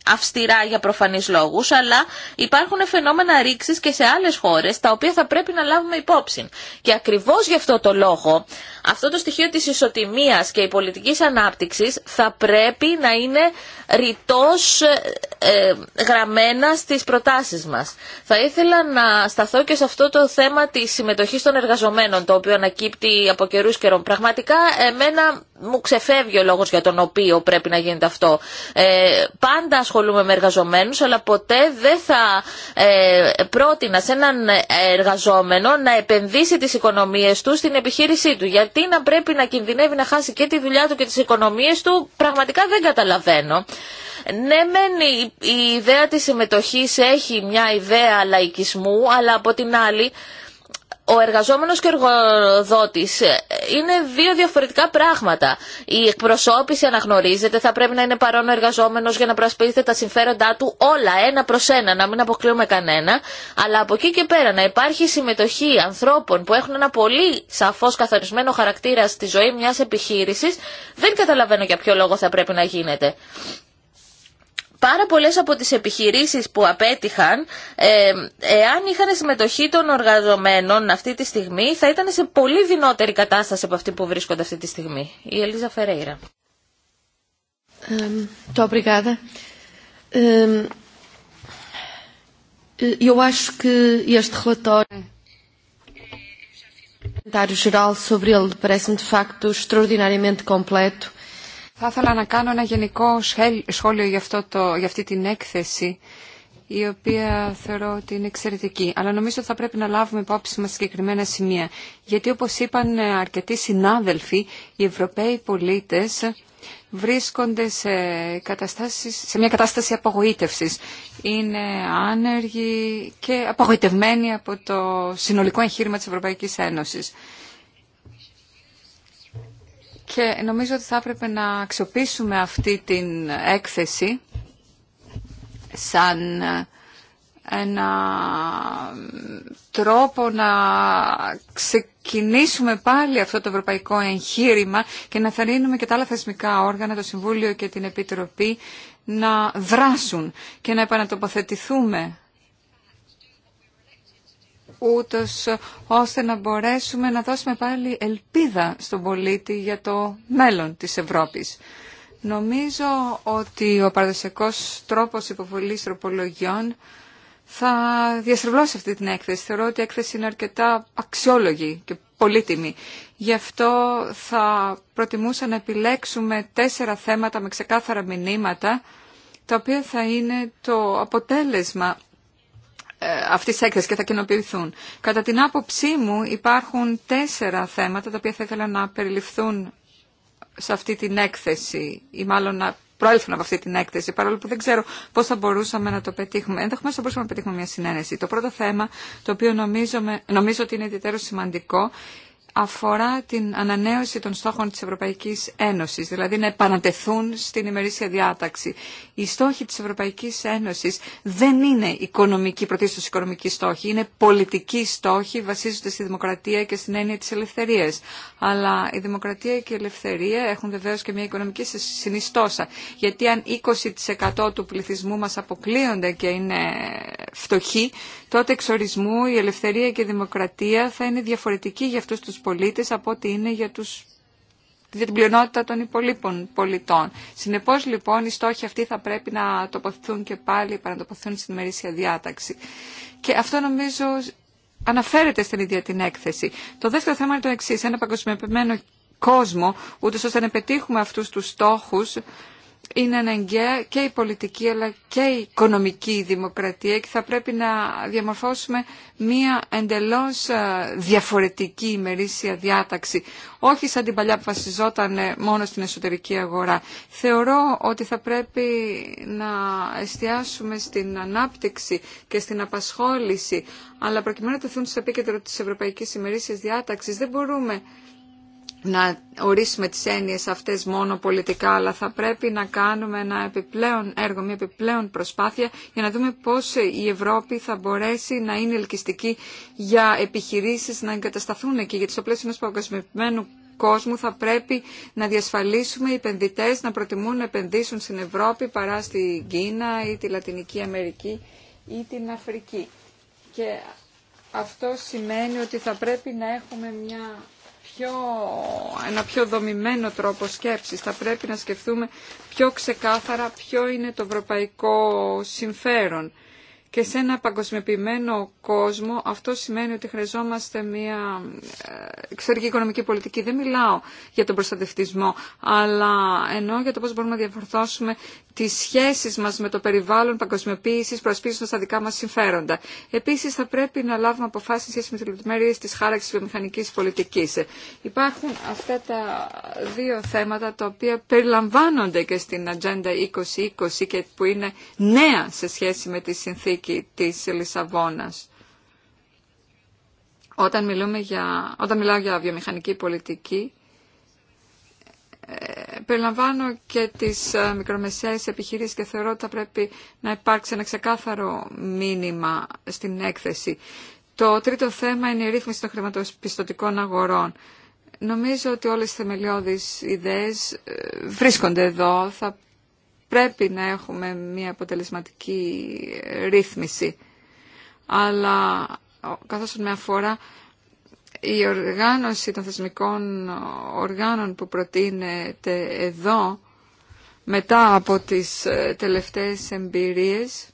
αυστηρά για προφανείς λόγους, αλλά υπάρχουν φαινόμενα ρήξης και σε άλλες χώρες, τα οποία θα πρέπει να λάβουμε υπόψη. Και ακριβώς γι' αυτό το λόγο, αυτό το στοιχείο της ισοτιμίας και η πολιτικής ανάπτυξης θα πρέπει να είναι ρητός ε, ε, γραμμένα στις προτάσεις μας. Θα ήθελα να σταθώ και σε αυτό το θέμα της συμμετοχής των εργαζομένων, το οποίο ανακύπτει από καιρούς καιρών. Πραγματικά, εμένα μου ξεφεύγει ο λόγος για τον οποίο πρέπει να γίνεται αυτό. Ε, πάντα ασχολούμαι με εργαζομένους, αλλά ποτέ δεν θα ε, πρότεινα σε έναν εργαζόμενο να επενδύσει τις οικονομίες του στην επιχείρησή του. Γιατί να πρέπει να κινδυνεύει να χάσει και τη δουλειά του και τις οικονομίες του, πραγματικά δεν καταλαβαίνω. Ναι, η, η ιδέα της συμμετοχής έχει μια ιδέα λαϊκισμού, αλλά από την άλλη ο εργαζόμενος και ο εργοδότης ε, είναι δύο διαφορετικά πράγματα. Η εκπροσώπηση αναγνωρίζεται, θα πρέπει να είναι παρόν ο εργαζόμενος για να προασπίζεται τα συμφέροντά του όλα ένα προς ένα, να μην αποκλείουμε κανένα, αλλά από εκεί και πέρα να υπάρχει συμμετοχή ανθρώπων που έχουν ένα πολύ σαφώς καθορισμένο χαρακτήρα στη ζωή μιας επιχείρησης, δεν καταλαβαίνω για ποιο λόγο θα πρέπει να γίνεται πάρα πολλές από τις επιχειρήσεις που απέτυχαν, ε, εάν είχαν συμμετοχή των οργαζομένων αυτή τη στιγμή, θα ήταν σε πολύ δυνότερη κατάσταση από αυτή που βρίσκονται αυτή τη στιγμή. Η Ελίζα Φερέιρα. Muito obrigada. Eu acho que este relatório geral sobre ele parece-me de facto extraordinariamente completo θα ήθελα να κάνω ένα γενικό σχόλιο για, αυτό το, για αυτή την έκθεση, η οποία θεωρώ ότι είναι εξαιρετική. Αλλά νομίζω ότι θα πρέπει να λάβουμε υπόψη μας συγκεκριμένα σημεία. Γιατί όπως είπαν αρκετοί συνάδελφοι, οι Ευρωπαίοι πολίτες βρίσκονται σε, σε μια κατάσταση απογοήτευσης. Είναι άνεργοι και απογοητευμένοι από το συνολικό εγχείρημα της Ευρωπαϊκής Ένωσης. Και νομίζω ότι θα έπρεπε να αξιοποιήσουμε αυτή την έκθεση σαν ε, ένα τρόπο να ξεκινήσουμε πάλι αυτό το ευρωπαϊκό εγχείρημα και να θερίνουμε και τα άλλα θεσμικά όργανα, το Συμβούλιο και την Επιτροπή να δράσουν και να επανατοποθετηθούμε ούτως ώστε να μπορέσουμε να δώσουμε πάλι ελπίδα στον πολίτη για το μέλλον της Ευρώπης. Νομίζω ότι ο παραδοσιακός τρόπος υποβολής τροπολογιών θα διαστρεβλώσει αυτή την έκθεση. Θεωρώ ότι η έκθεση είναι αρκετά αξιόλογη και πολύτιμη. Γι' αυτό θα προτιμούσα να επιλέξουμε τέσσερα θέματα με ξεκάθαρα μηνύματα, τα οποία θα είναι το αποτέλεσμα ε, αυτής της έκθεσης και θα κοινοποιηθούν. Κατά την άποψή μου υπάρχουν τέσσερα θέματα τα οποία θα ήθελα να περιληφθούν σε αυτή την έκθεση ή μάλλον να προέλθουν από αυτή την έκθεση, παρόλο που δεν ξέρω πώς θα μπορούσαμε να το πετύχουμε. Ενδεχομένω θα μπορούσαμε να πετύχουμε μια συνένεση. Το πρώτο θέμα, το οποίο νομίζω, νομίζω ότι είναι ιδιαίτερο σημαντικό, αφορά την ανανέωση των στόχων της Ευρωπαϊκής Ένωσης, δηλαδή να επανατεθούν στην ημερήσια διάταξη. Οι στόχοι της Ευρωπαϊκής Ένωσης δεν είναι οικονομικοί, πρωτίστως οικονομικοί στόχοι, είναι πολιτικοί στόχοι, βασίζονται στη δημοκρατία και στην έννοια της ελευθερίας. Αλλά η δημοκρατία και η ελευθερία έχουν βεβαίω και μια οικονομική συνιστόσα, γιατί αν 20% του πληθυσμού μας αποκλείονται και είναι φτωχοί, τότε εξ ορισμού η ελευθερία και η δημοκρατία θα είναι διαφορετική για αυτούς τους πολίτες από ό,τι είναι για τους για την πλειονότητα των υπολείπων πολιτών. Συνεπώς λοιπόν οι στόχοι αυτοί θα πρέπει να τοποθετούν και πάλι, τοποθετούν στην μερίσια διάταξη. Και αυτό νομίζω αναφέρεται στην ίδια την έκθεση. Το δεύτερο θέμα είναι το εξή. Ένα παγκοσμιοποιημένο κόσμο, ούτως ώστε να πετύχουμε αυτούς τους στόχους, είναι αναγκαία και η πολιτική αλλά και η οικονομική δημοκρατία και θα πρέπει να διαμορφώσουμε μία εντελώς ε, διαφορετική ημερήσια διάταξη, όχι σαν την παλιά που βασιζόταν μόνο στην εσωτερική αγορά. Θεωρώ ότι θα πρέπει να εστιάσουμε στην ανάπτυξη και στην απασχόληση, αλλά προκειμένου να τεθούν στο επίκεντρο της Ευρωπαϊκής ημερήσιας διάταξης δεν μπορούμε να ορίσουμε τις έννοιες αυτές μόνο πολιτικά, αλλά θα πρέπει να κάνουμε ένα επιπλέον έργο, μια επιπλέον προσπάθεια για να δούμε πώς η Ευρώπη θα μπορέσει να είναι ελκυστική για επιχειρήσεις να εγκατασταθούν εκεί, γιατί στο πλαίσιο ενός κόσμου θα πρέπει να διασφαλίσουμε οι επενδυτές να προτιμούν να επενδύσουν στην Ευρώπη παρά στην Κίνα ή τη Λατινική Αμερική ή την Αφρική. Και αυτό σημαίνει ότι θα πρέπει να έχουμε μια πιο, ένα πιο δομημένο τρόπο σκέψης. Θα πρέπει να σκεφτούμε πιο ξεκάθαρα ποιο είναι το ευρωπαϊκό συμφέρον. Και σε ένα παγκοσμιοποιημένο κόσμο αυτό σημαίνει ότι χρειαζόμαστε μια ε, εξωτερική οικονομική πολιτική. Δεν μιλάω για τον προστατευτισμό, αλλά εννοώ για το πώς μπορούμε να διαφορθώσουμε τις σχέσεις μας με το περιβάλλον παγκοσμιοποίησης προσπίζοντας στα δικά μας συμφέροντα. Επίσης θα πρέπει να λάβουμε αποφάσεις σχέση με τις λεπτομέρειες της χάραξης βιομηχανικής πολιτικής. Υπάρχουν αυτά τα δύο θέματα τα οποία περιλαμβάνονται και στην Ατζέντα 2020 και που είναι νέα σε σχέση με τη συνθήκη Θεσσαλονίκη της Λισαβόνας. Όταν, μιλούμε για, όταν μιλάω για βιομηχανική πολιτική, ε, περιλαμβάνω και τις ε, μικρομεσαίες επιχειρήσεις και θεωρώ ότι θα πρέπει να υπάρξει ένα ξεκάθαρο μήνυμα στην έκθεση. Το τρίτο θέμα είναι η ρύθμιση των χρηματοπιστωτικών αγορών. Νομίζω ότι όλες οι θεμελιώδεις ιδέες ε, βρίσκονται εδώ πρέπει να έχουμε μια αποτελεσματική ρύθμιση. Αλλά καθώς με αφορά η οργάνωση των θεσμικών οργάνων που προτείνεται εδώ μετά από τις ε, τελευταίες εμπειρίες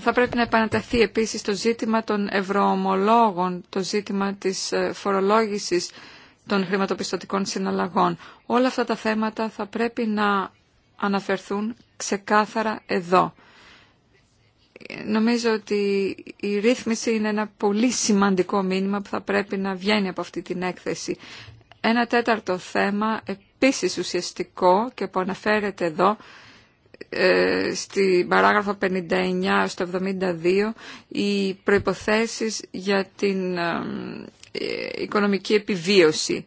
θα πρέπει να επαναταθεί επίσης το ζήτημα των ευρωομολόγων, το ζήτημα της ε, φορολόγησης των χρηματοπιστωτικών συναλλαγών. Όλα αυτά τα θέματα θα πρέπει να αναφερθούν ξεκάθαρα εδώ. Νομίζω ότι η ρύθμιση είναι ένα πολύ σημαντικό μήνυμα που θα πρέπει να βγαίνει από αυτή την έκθεση. Ένα τέταρτο θέμα, επίσης ουσιαστικό και που αναφέρεται εδώ, ε, στην παράγραφο 59 στο 72 οι προϋποθέσεις για την ε, οικονομική επιβίωση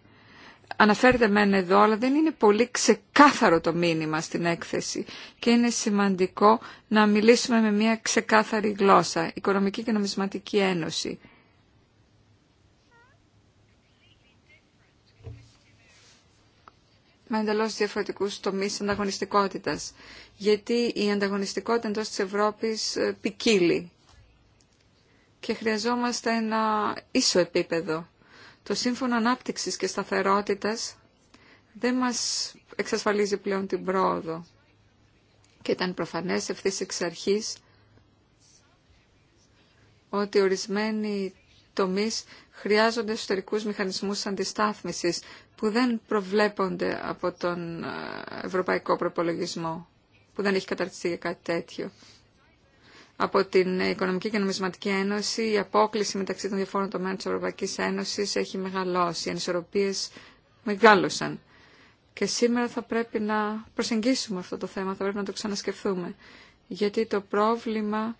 αναφέρεται μεν εδώ, αλλά δεν είναι πολύ ξεκάθαρο το μήνυμα στην έκθεση και είναι σημαντικό να μιλήσουμε με μια ξεκάθαρη γλώσσα, Οικονομική και Νομισματική Ένωση. με εντελώ διαφορετικού τομεί ανταγωνιστικότητα. Γιατί η ανταγωνιστικότητα εντό τη Ευρώπη ε, ποικίλει. Και χρειαζόμαστε ένα ίσο επίπεδο το Σύμφωνο Ανάπτυξης και Σταθερότητας δεν μας εξασφαλίζει πλέον την πρόοδο. Και ήταν προφανές ευθύς εξ αρχής ότι ορισμένοι τομείς χρειάζονται εσωτερικούς μηχανισμούς αντιστάθμισης που δεν προβλέπονται από τον ε, ευρωπαϊκό προπολογισμό, που δεν έχει καταρτιστεί για κάτι τέτοιο από την Οικονομική και Νομισματική Ένωση, η απόκληση μεταξύ των διαφόρων τομέων της Ευρωπαϊκής Ένωσης έχει μεγαλώσει, οι ανισορροπίες μεγάλωσαν. Και σήμερα θα πρέπει να προσεγγίσουμε αυτό το θέμα, θα πρέπει να το ξανασκεφτούμε. Γιατί το πρόβλημα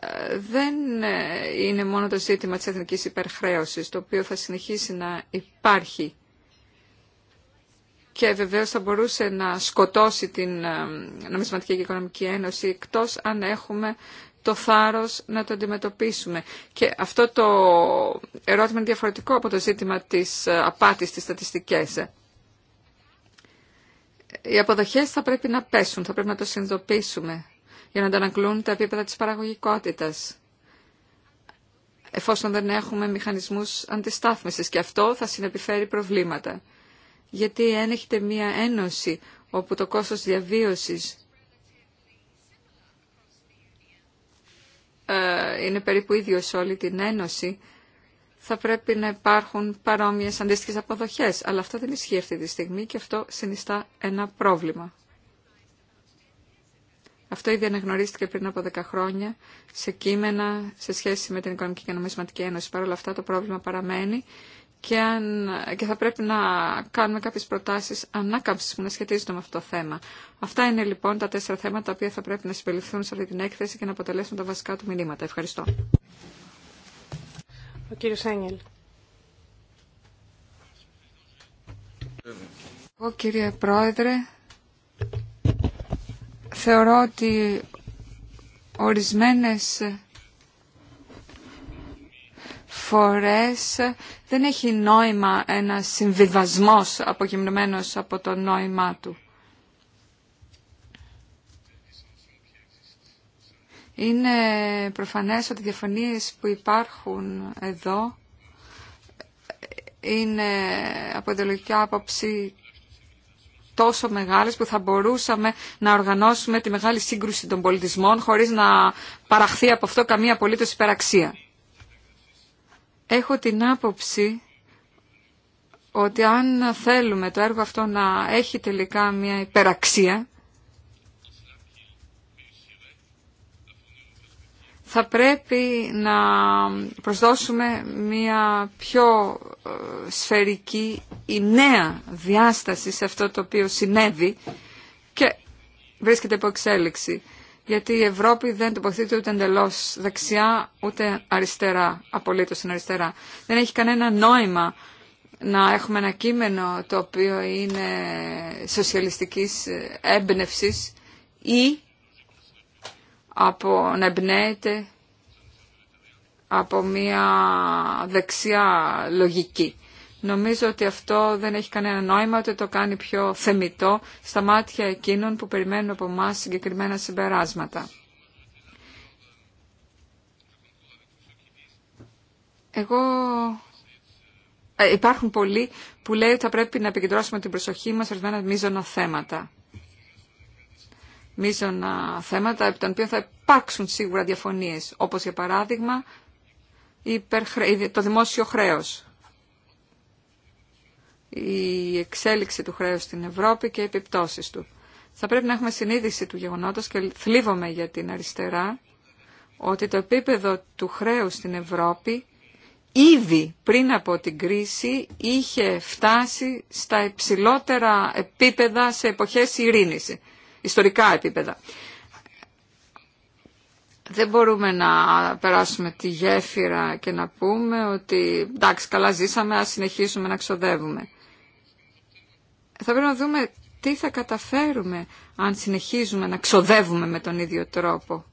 ε, δεν ε, είναι μόνο το ζήτημα της εθνικής υπερχρέωσης, το οποίο θα συνεχίσει να υπάρχει και βεβαίω θα μπορούσε να σκοτώσει την ε, νομισματική και οικονομική ένωση εκτός αν έχουμε το θάρρος να το αντιμετωπίσουμε. Και αυτό το ερώτημα είναι διαφορετικό από το ζήτημα της ε, απάτης της στατιστικέ. Οι αποδοχέ θα πρέπει να πέσουν, θα πρέπει να το συνειδητοποιήσουμε για να αντανακλούν τα επίπεδα τη παραγωγικότητα, εφόσον δεν έχουμε μηχανισμούς αντιστάθμισης και αυτό θα συνεπιφέρει προβλήματα γιατί αν έχετε μία ένωση όπου το κόστος διαβίωσης ε, είναι περίπου ίδιο σε όλη την Ένωση, θα πρέπει να υπάρχουν παρόμοιες αντίστοιχες αποδοχές. Αλλά αυτό δεν ισχύει αυτή τη στιγμή και αυτό συνιστά ένα πρόβλημα. Αυτό ήδη αναγνωρίστηκε πριν από 10 χρόνια σε κείμενα σε σχέση με την Οικονομική και Νομισματική Ένωση. Παρ' όλα αυτά το πρόβλημα παραμένει και, αν, και θα πρέπει να κάνουμε κάποιες προτάσεις ανάκαμψης που να σχετίζονται με αυτό το θέμα. Αυτά είναι λοιπόν τα τέσσερα θέματα τα οποία θα πρέπει να συμπεριληφθούν σε αυτή την έκθεση και να αποτελέσουν τα βασικά του μηνύματα. Ευχαριστώ. Ο κύριος Άγγελ. Εγώ κύριε Πρόεδρε, θεωρώ ότι ορισμένες φορές δεν έχει νόημα ένα συμβιβασμός αποκυμνωμένος από το νόημά του. Είναι προφανές ότι οι διαφωνίες που υπάρχουν εδώ είναι από ιδεολογική άποψη τόσο μεγάλες που θα μπορούσαμε να οργανώσουμε τη μεγάλη σύγκρουση των πολιτισμών χωρίς να παραχθεί από αυτό καμία απολύτως υπεραξία. Έχω την άποψη ότι αν θέλουμε το έργο αυτό να έχει τελικά μια υπεραξία, θα πρέπει να προσδώσουμε μια πιο ε, σφαιρική ή νέα διάσταση σε αυτό το οποίο συνέβη και βρίσκεται υπό εξέλιξη γιατί η Ευρώπη δεν τοποθετείται ούτε εντελώ δεξιά ούτε αριστερά, απολύτω στην αριστερά. Δεν έχει κανένα νόημα να έχουμε ένα κείμενο το οποίο είναι σοσιαλιστικής έμπνευση ή από, να εμπνέεται από μια δεξιά λογική. Νομίζω ότι αυτό δεν έχει κανένα νόημα, ότι το κάνει πιο θεμητό στα μάτια εκείνων που περιμένουν από εμά συγκεκριμένα συμπεράσματα. Εγώ... Ε, υπάρχουν πολλοί που λέει ότι θα πρέπει να επικεντρώσουμε την προσοχή μας σε ορισμένα μείζωνα θέματα. Μίζωνα θέματα από τα οποία θα υπάρξουν σίγουρα διαφωνίες, όπως για παράδειγμα το δημόσιο χρέος η εξέλιξη του χρέους στην Ευρώπη και οι επιπτώσεις του. Θα πρέπει να έχουμε συνείδηση του γεγονότος και θλίβομαι για την αριστερά ότι το επίπεδο του χρέους στην Ευρώπη ήδη πριν από την κρίση είχε φτάσει στα υψηλότερα επίπεδα σε εποχές ειρήνης, ιστορικά επίπεδα. Δεν μπορούμε να περάσουμε τη γέφυρα και να πούμε ότι εντάξει καλά ζήσαμε, ας συνεχίσουμε να ξοδεύουμε θα πρέπει να δούμε τι θα καταφέρουμε αν συνεχίζουμε να ξοδεύουμε με τον ίδιο τρόπο.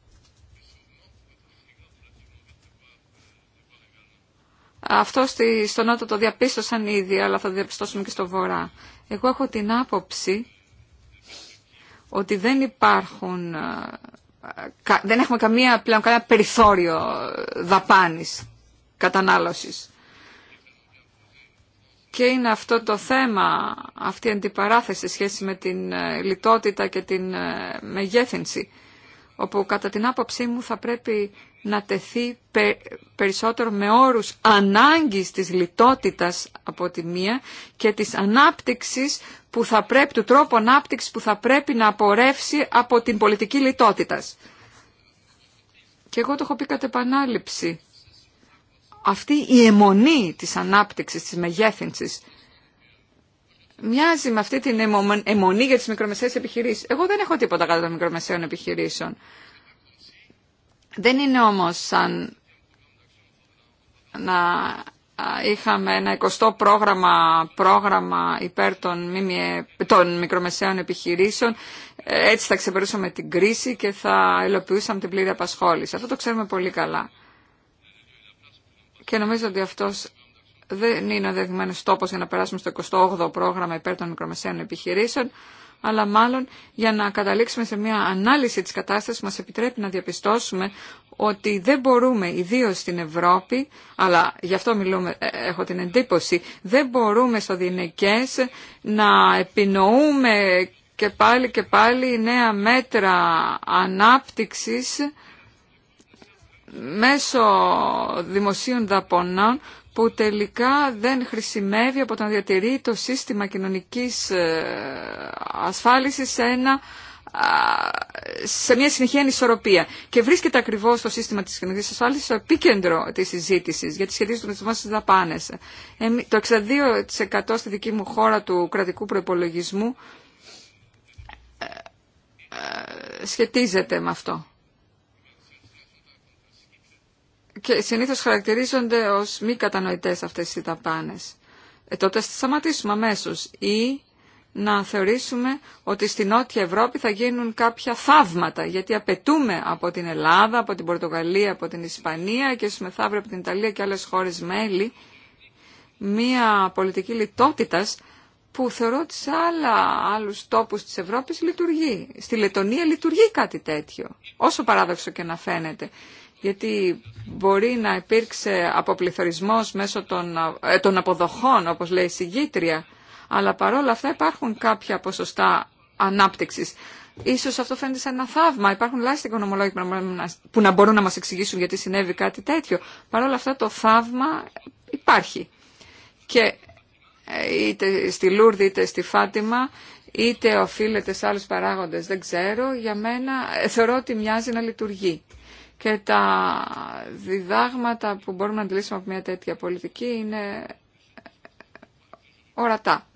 Αυτό στη, στο Νότο το διαπίστωσαν ήδη, αλλά θα το διαπιστώσουμε και στο Βορρά. Εγώ έχω την άποψη ότι δεν υπάρχουν, ε, δεν έχουμε καμία πλέον κανένα περιθώριο ε, δαπάνης, κατανάλωσης και είναι αυτό το θέμα, αυτή η αντιπαράθεση σχέση με την ε, λιτότητα και την ε, μεγέθυνση, όπου κατά την άποψή μου θα πρέπει να τεθεί περισσότερο με όρους ανάγκης της λιτότητας από τη μία και της ανάπτυξης που θα πρέπει, του τρόπου ανάπτυξης που θα πρέπει να απορρεύσει από την πολιτική λιτότητας. Και εγώ το έχω πει κατ' επανάληψη αυτή η αιμονή της ανάπτυξης, της μεγέθυνσης, μοιάζει με αυτή την αιμονή για τις μικρομεσαίες επιχειρήσεις. Εγώ δεν έχω τίποτα κατά των μικρομεσαίων επιχειρήσεων. Δεν είναι όμως σαν να είχαμε ένα εικοστό πρόγραμμα, πρόγραμμα υπέρ των, μικρομεσαίων επιχειρήσεων. Ε, έτσι θα ξεπερούσαμε την κρίση και θα υλοποιούσαμε την πλήρη απασχόληση. Αυτό το ξέρουμε πολύ καλά. Και νομίζω ότι αυτός δεν είναι ο δεδομένος τόπος για να περάσουμε στο 28ο πρόγραμμα υπέρ των μικρομεσαίων επιχειρήσεων, αλλά μάλλον για να καταλήξουμε σε μια ανάλυση της κατάστασης που μας επιτρέπει να διαπιστώσουμε ότι δεν μπορούμε, ιδίω στην Ευρώπη, αλλά γι' αυτό μιλούμε, ε, ε, έχω την εντύπωση, δεν μπορούμε στο δυναικές να επινοούμε και πάλι και πάλι νέα μέτρα ανάπτυξης μέσω δημοσίων δαπονών που τελικά δεν χρησιμεύει από το να διατηρεί το σύστημα κοινωνικής ε, ασφάλισης σε, ένα, σε μια συνεχή ανισορροπία. Και βρίσκεται ακριβώς το σύστημα της κοινωνικής ασφάλισης στο επίκεντρο της συζήτησης, γιατί σχετίζεται με τις μας δαπάνες. Το 62% στη δική μου χώρα του κρατικού προπολογισμού ε, ε, σχετίζεται με αυτό. και συνήθως χαρακτηρίζονται ως μη κατανοητές αυτές οι δαπάνες. Ε, τότε θα σταματήσουμε αμέσω ή να θεωρήσουμε ότι στη Νότια Ευρώπη θα γίνουν κάποια θαύματα, γιατί απαιτούμε από την Ελλάδα, από την Πορτογαλία, από την Ισπανία και στους από την Ιταλία και άλλες χώρες μέλη, μία πολιτική λιτότητα που θεωρώ ότι σε άλλα, άλλους τόπους της Ευρώπης λειτουργεί. Στη Λετωνία λειτουργεί κάτι τέτοιο, όσο παράδοξο και να φαίνεται γιατί μπορεί να υπήρξε αποπληθωρισμός μέσω των, ε, των αποδοχών, όπως λέει η συγκήτρια, αλλά παρόλα αυτά υπάρχουν κάποια ποσοστά ανάπτυξης. Ίσως αυτό φαίνεται σαν ένα θαύμα. Υπάρχουν λάστιοι οικονομολόγοι που να μπορούν να μας εξηγήσουν γιατί συνέβη κάτι τέτοιο. Παρόλα αυτά το θαύμα υπάρχει. Και ε, είτε στη Λούρδη είτε στη Φάτιμα είτε οφείλεται σε άλλους παράγοντες, δεν ξέρω. Για μένα ε, θεωρώ ότι μοιάζει να λειτουργεί. Και τα διδάγματα που μπορούμε να αντιλήσουμε από μια τέτοια πολιτική είναι ορατά.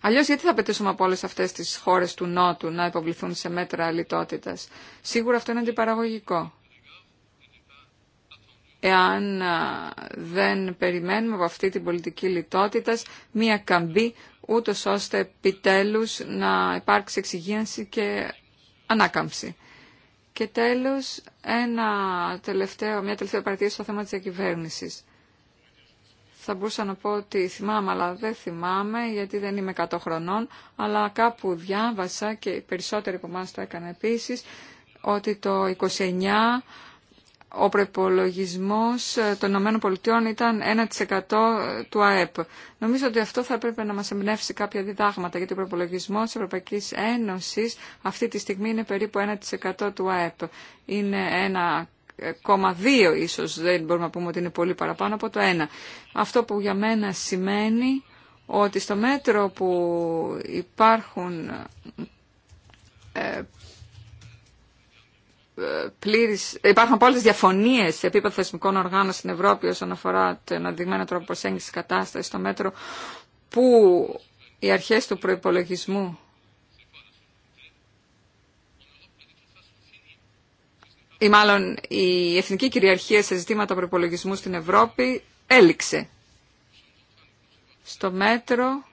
Αλλιώς γιατί θα πετύσουμε από όλε αυτέ τι χώρε του Νότου να υποβληθούν σε μέτρα λιτότητα. Σίγουρα αυτό είναι αντιπαραγωγικό. Εάν δεν περιμένουμε από αυτή την πολιτική λιτότητας μία καμπή, ούτω ώστε επιτέλου να υπάρξει εξυγίανση και ανάκαμψη. Και τέλος, ένα τελευταίο, μια τελευταία παρατήρηση στο θέμα της διακυβέρνηση. Θα μπορούσα να πω ότι θυμάμαι, αλλά δεν θυμάμαι, γιατί δεν είμαι 100 χρονών, αλλά κάπου διάβασα και περισσότεροι από εμάς το έκανα επίσης, ότι το 29 ο προπολογισμό των ΗΠΑ ήταν 1% του ΑΕΠ. Νομίζω ότι αυτό θα έπρεπε να μας εμπνεύσει κάποια διδάγματα, γιατί ο προπολογισμό της Ευρωπαϊκής Ένωσης αυτή τη στιγμή είναι περίπου 1% του ΑΕΠ. Είναι 1,2 ίσως, δεν μπορούμε να πούμε ότι είναι πολύ παραπάνω από το 1. Αυτό που για μένα σημαίνει ότι στο μέτρο που υπάρχουν ε, υπάρχουν πολλές διαφωνίες σε επίπεδο θεσμικών οργάνων στην Ευρώπη όσον αφορά τον αναδειγμένο τρόπο προσέγγισης κατάσταση στο μέτρο που οι αρχές του προϋπολογισμού ή μάλλον η εθνική κυριαρχία σε ζητήματα προπολογισμού στην Ευρώπη έληξε. Στο μέτρο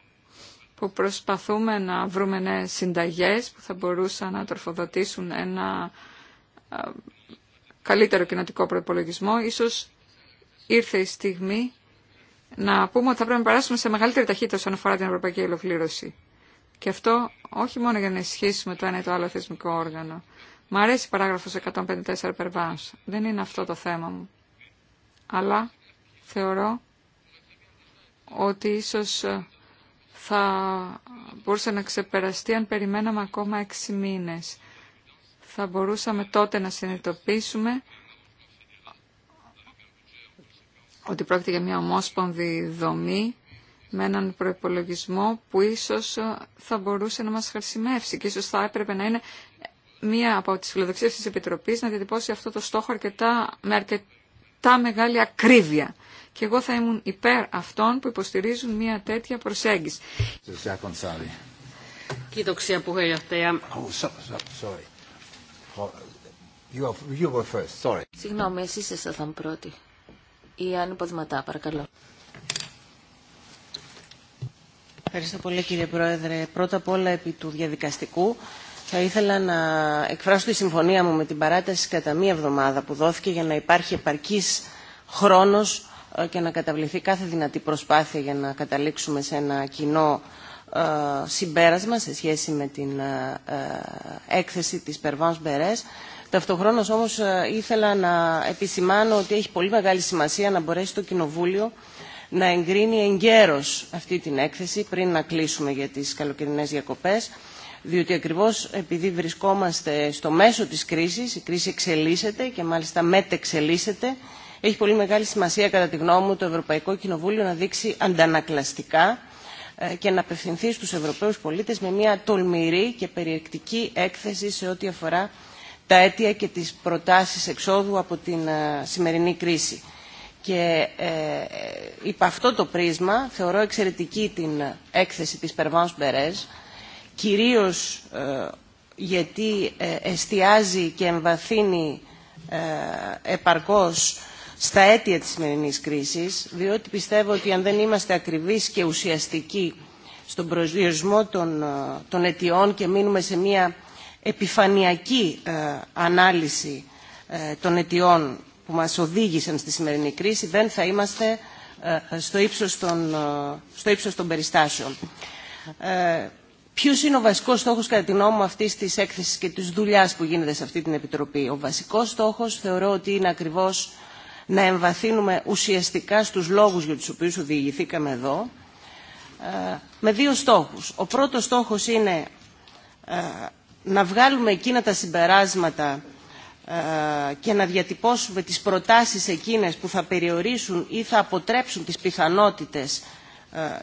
που προσπαθούμε να βρούμε νέες συνταγές που θα μπορούσαν να τροφοδοτήσουν ένα καλύτερο κοινοτικό προπολογισμό, ίσως ήρθε η στιγμή να πούμε ότι θα πρέπει να περάσουμε σε μεγαλύτερη ταχύτητα όσον αφορά την ευρωπαϊκή ολοκλήρωση. Και αυτό όχι μόνο για να ισχύσουμε το ένα ή το άλλο θεσμικό όργανο. Μ' αρέσει η παράγραφος 154 περβάς. Δεν είναι αυτό το θέμα μου. Αλλά θεωρώ ότι ίσως ε, θα μπορούσε να ξεπεραστεί αν περιμέναμε ακόμα έξι μήνες θα μπορούσαμε τότε να συνειδητοποιήσουμε ότι πρόκειται για μια ομόσπονδη δομή με έναν προπολογισμό που ίσως θα μπορούσε να μας χρησιμεύσει και ίσως θα έπρεπε να είναι μία από τις φιλοδοξίες της Επιτροπής να διατυπώσει αυτό το στόχο αρκετά, με αρκετά μεγάλη ακρίβεια. Και εγώ θα ήμουν υπέρ αυτών που υποστηρίζουν μία τέτοια προσέγγιση. Κοίταξε Συγγνώμη, εσείς ήσασταν πρώτοι. Η Άννη Ποδηματά, παρακαλώ. Ευχαριστώ πολύ κύριε Πρόεδρε. Πρώτα απ' όλα επί του διαδικαστικού θα ήθελα να εκφράσω τη συμφωνία μου με την παράταση κατά μία εβδομάδα που δόθηκε για να υπάρχει επαρκής χρόνος ε, και να καταβληθεί κάθε δυνατή προσπάθεια για να καταλήξουμε σε ένα κοινό ε, συμπέρασμα σε σχέση με την ε, ε, έκθεση της Περβάνς Μπερές. Ταυτοχρόνως όμως ήθελα να επισημάνω ότι έχει πολύ μεγάλη σημασία να μπορέσει το Κοινοβούλιο να εγκρίνει εγκαίρως αυτή την έκθεση πριν να κλείσουμε για τις καλοκαιρινές διακοπές διότι ακριβώς επειδή βρισκόμαστε στο μέσο της κρίσης, η κρίση εξελίσσεται και μάλιστα μετεξελίσσεται, έχει πολύ μεγάλη σημασία κατά τη γνώμη μου το Ευρωπαϊκό Κοινοβούλιο να δείξει αντανακλαστικά ε, και να απευθυνθεί στους Ευρωπαίους πολίτες με μια τολμηρή και περιεκτική έκθεση σε ό,τι αφορά τα αίτια και τις προτάσεις εξόδου από την ε, σημερινή κρίση. Και ε, υπ' αυτό το πρίσμα θεωρώ εξαιρετική την έκθεση της Περβάνς Μπερές... κυρίως ε, γιατί εστιάζει και εμβαθύνει ε, επαρκώς στα αίτια της σημερινής κρίσης, διότι πιστεύω ότι αν δεν είμαστε ακριβείς και ουσιαστικοί στον προσδιορισμό των, ε, των αιτιών και μείνουμε σε μια επιφανειακή ε, ανάλυση ε, των αιτιών που μας οδήγησαν στη σημερινή κρίση, δεν θα είμαστε στο, ύψος των, στο των περιστάσεων. Ποιο είναι ο βασικός στόχος κατά τη γνώμη αυτής της τη και της δουλειά που γίνεται σε αυτή την Επιτροπή. Ο βασικός στόχος θεωρώ ότι είναι ακριβώς να εμβαθύνουμε ουσιαστικά στους λόγους για τους οποίους οδηγηθήκαμε εδώ, ε, με δύο στόχους. Ο πρώτος στόχος είναι ε, να βγάλουμε εκείνα τα συμπεράσματα ε, και να διατυπώσουμε τις προτάσεις εκείνες που θα περιορίσουν ή θα αποτρέψουν τις πιθανότητες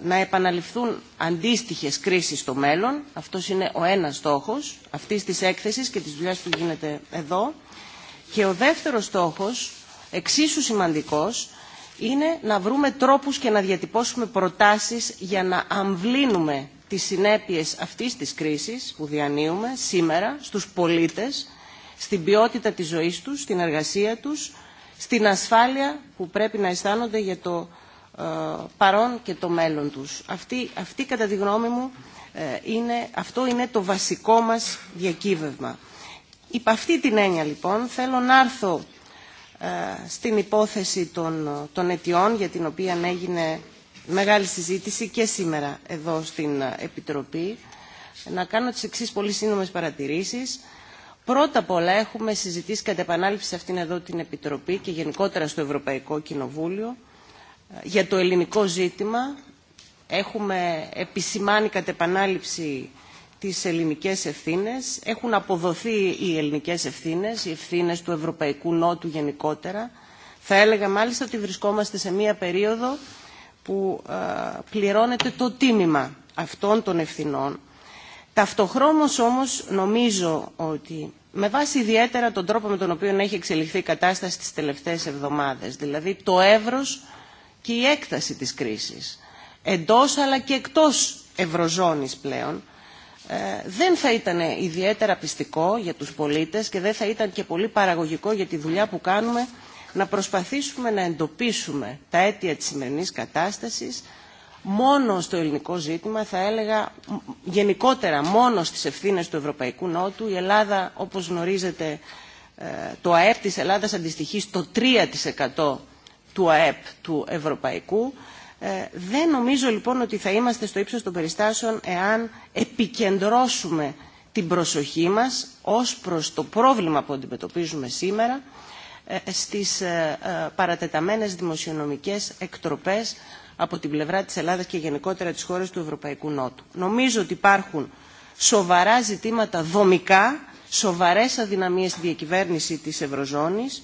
να επαναληφθούν αντίστοιχες κρίσεις στο μέλλον. Αυτός είναι ο ένας στόχος αυτής της έκθεσης και της δουλειάς που γίνεται εδώ. Και ο δεύτερος στόχος Εξίσου σημαντικός είναι να βρούμε τρόπους και να διατυπώσουμε προτάσεις για να αμβλύνουμε τις συνέπειες αυτής της κρίσης που διανύουμε σήμερα στους πολίτες, στην ποιότητα της ζωής τους, στην εργασία τους, στην ασφάλεια που πρέπει να αισθάνονται για το ε, παρόν και το μέλλον τους. Αυτή, αυτή κατά τη γνώμη μου, ε, είναι, αυτό είναι το βασικό μας διακύβευμα. Υπ' αυτή την έννοια λοιπόν θέλω να έρθω ε, στην υπόθεση των, των αιτιών για την οποία έγινε μεγάλη συζήτηση και σήμερα εδώ στην ε, Επιτροπή να κάνω τις εξής πολύ σύντομες παρατηρήσεις. Πρώτα απ' όλα έχουμε συζητήσει κατά επανάληψη αυτήν εδώ την Επιτροπή και γενικότερα στο Ευρωπαϊκό Κοινοβούλιο ε, για το ελληνικό ζήτημα. Έχουμε επισημάνει κατά επανάληψη τις ελληνικές ευθύνες. Έχουν αποδοθεί οι ελληνικές ευθύνες, οι ευθύνες του Ευρωπαϊκού Νότου γενικότερα. Θα έλεγα μάλιστα ότι βρισκόμαστε σε μία περίοδο που ε, πληρώνεται το τίμημα αυτών των ευθυνών. Ταυτοχρόμως όμως νομίζω ότι με βάση ιδιαίτερα τον τρόπο με τον οποίο έχει εξελιχθεί η κατάσταση τις τελευταίες εβδομάδες, δηλαδή το εύρος και η έκταση της κρίσης, εντός αλλά και εκτός ευρωζώνης πλέον, δεν θα ήταν ιδιαίτερα πιστικό για τους πολίτες και δεν θα ήταν και πολύ παραγωγικό για τη δουλειά που κάνουμε να προσπαθήσουμε να εντοπίσουμε τα αίτια της σημερινής κατάστασης μόνο στο ελληνικό ζήτημα, θα έλεγα γενικότερα μόνο στις ευθύνες του Ευρωπαϊκού Νότου. Η Ελλάδα, όπως γνωρίζετε, ε, το ΑΕΠ της Ελλάδας αντιστοιχεί στο 3% του ΑΕΠ του Ευρωπαϊκού. Ε, δεν νομίζω λοιπόν ότι θα είμαστε στο ύψος των περιστάσεων εάν επικεντρώσουμε την προσοχή μας ως προς το πρόβλημα που αντιμετωπίζουμε σήμερα ε, στις ε, παρατεταμένες δημοσιονομικές εκτροπές από την πλευρά της Ελλάδας και γενικότερα της χώρας του Ευρωπαϊκού Νότου. Νομίζω ότι υπάρχουν σοβαρά ζητήματα δομικά, σοβαρές αδυναμίες στη διακυβέρνηση της Ευρωζώνης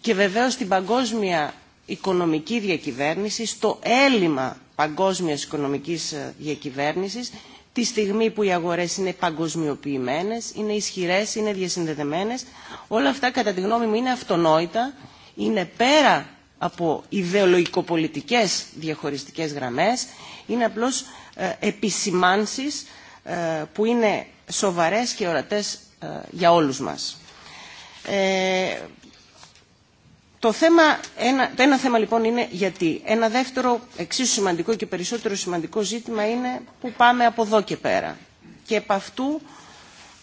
και βεβαίως στην παγκόσμια οικονομική διακυβέρνηση, στο έλλειμμα παγκόσμιας οικονομικής ε, διακυβέρνησης, τη στιγμή που οι αγορές είναι παγκοσμιοποιημένες, είναι ισχυρές, είναι διασυνδεδεμένες. Όλα αυτά, κατά τη γνώμη μου, είναι αυτονόητα, είναι πέρα από ιδεολογικοπολιτικές διαχωριστικές γραμμές, είναι απλώς ε, επισημάνσεις ε, που είναι σοβαρές και ορατές για όλους μας. Το θέμα, ένα, ένα θέμα λοιπόν είναι γιατί. Ένα δεύτερο εξίσου σημαντικό και περισσότερο σημαντικό ζήτημα είναι που πάμε από εδώ και πέρα. Και επ' αυτού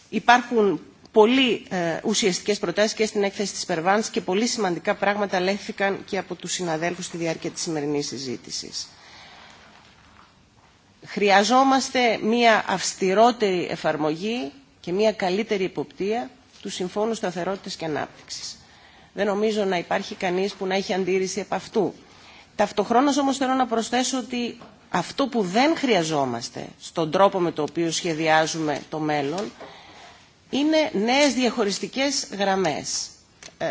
υπάρχουν πολύ ε, ουσιαστικές προτάσεις και στην έκθεση της Περβάνς και πολύ σημαντικά πράγματα λέχθηκαν και από τους συναδέλφους στη διάρκεια της σημερινής συζήτησης. Χρειαζόμαστε μια αυστηρότερη εφαρμογή και μια καλύτερη υποπτία του Συμφώνου Σταθερότητας και Ανάπτυξης. Δεν νομίζω να υπάρχει κανείς που να έχει αντίρρηση επ' αυτού. Ταυτοχρόνως όμως θέλω να προσθέσω ότι αυτό που δεν χρειαζόμαστε στον τρόπο με το οποίο σχεδιάζουμε το μέλλον είναι νέες διαχωριστικές γραμμές. Ε,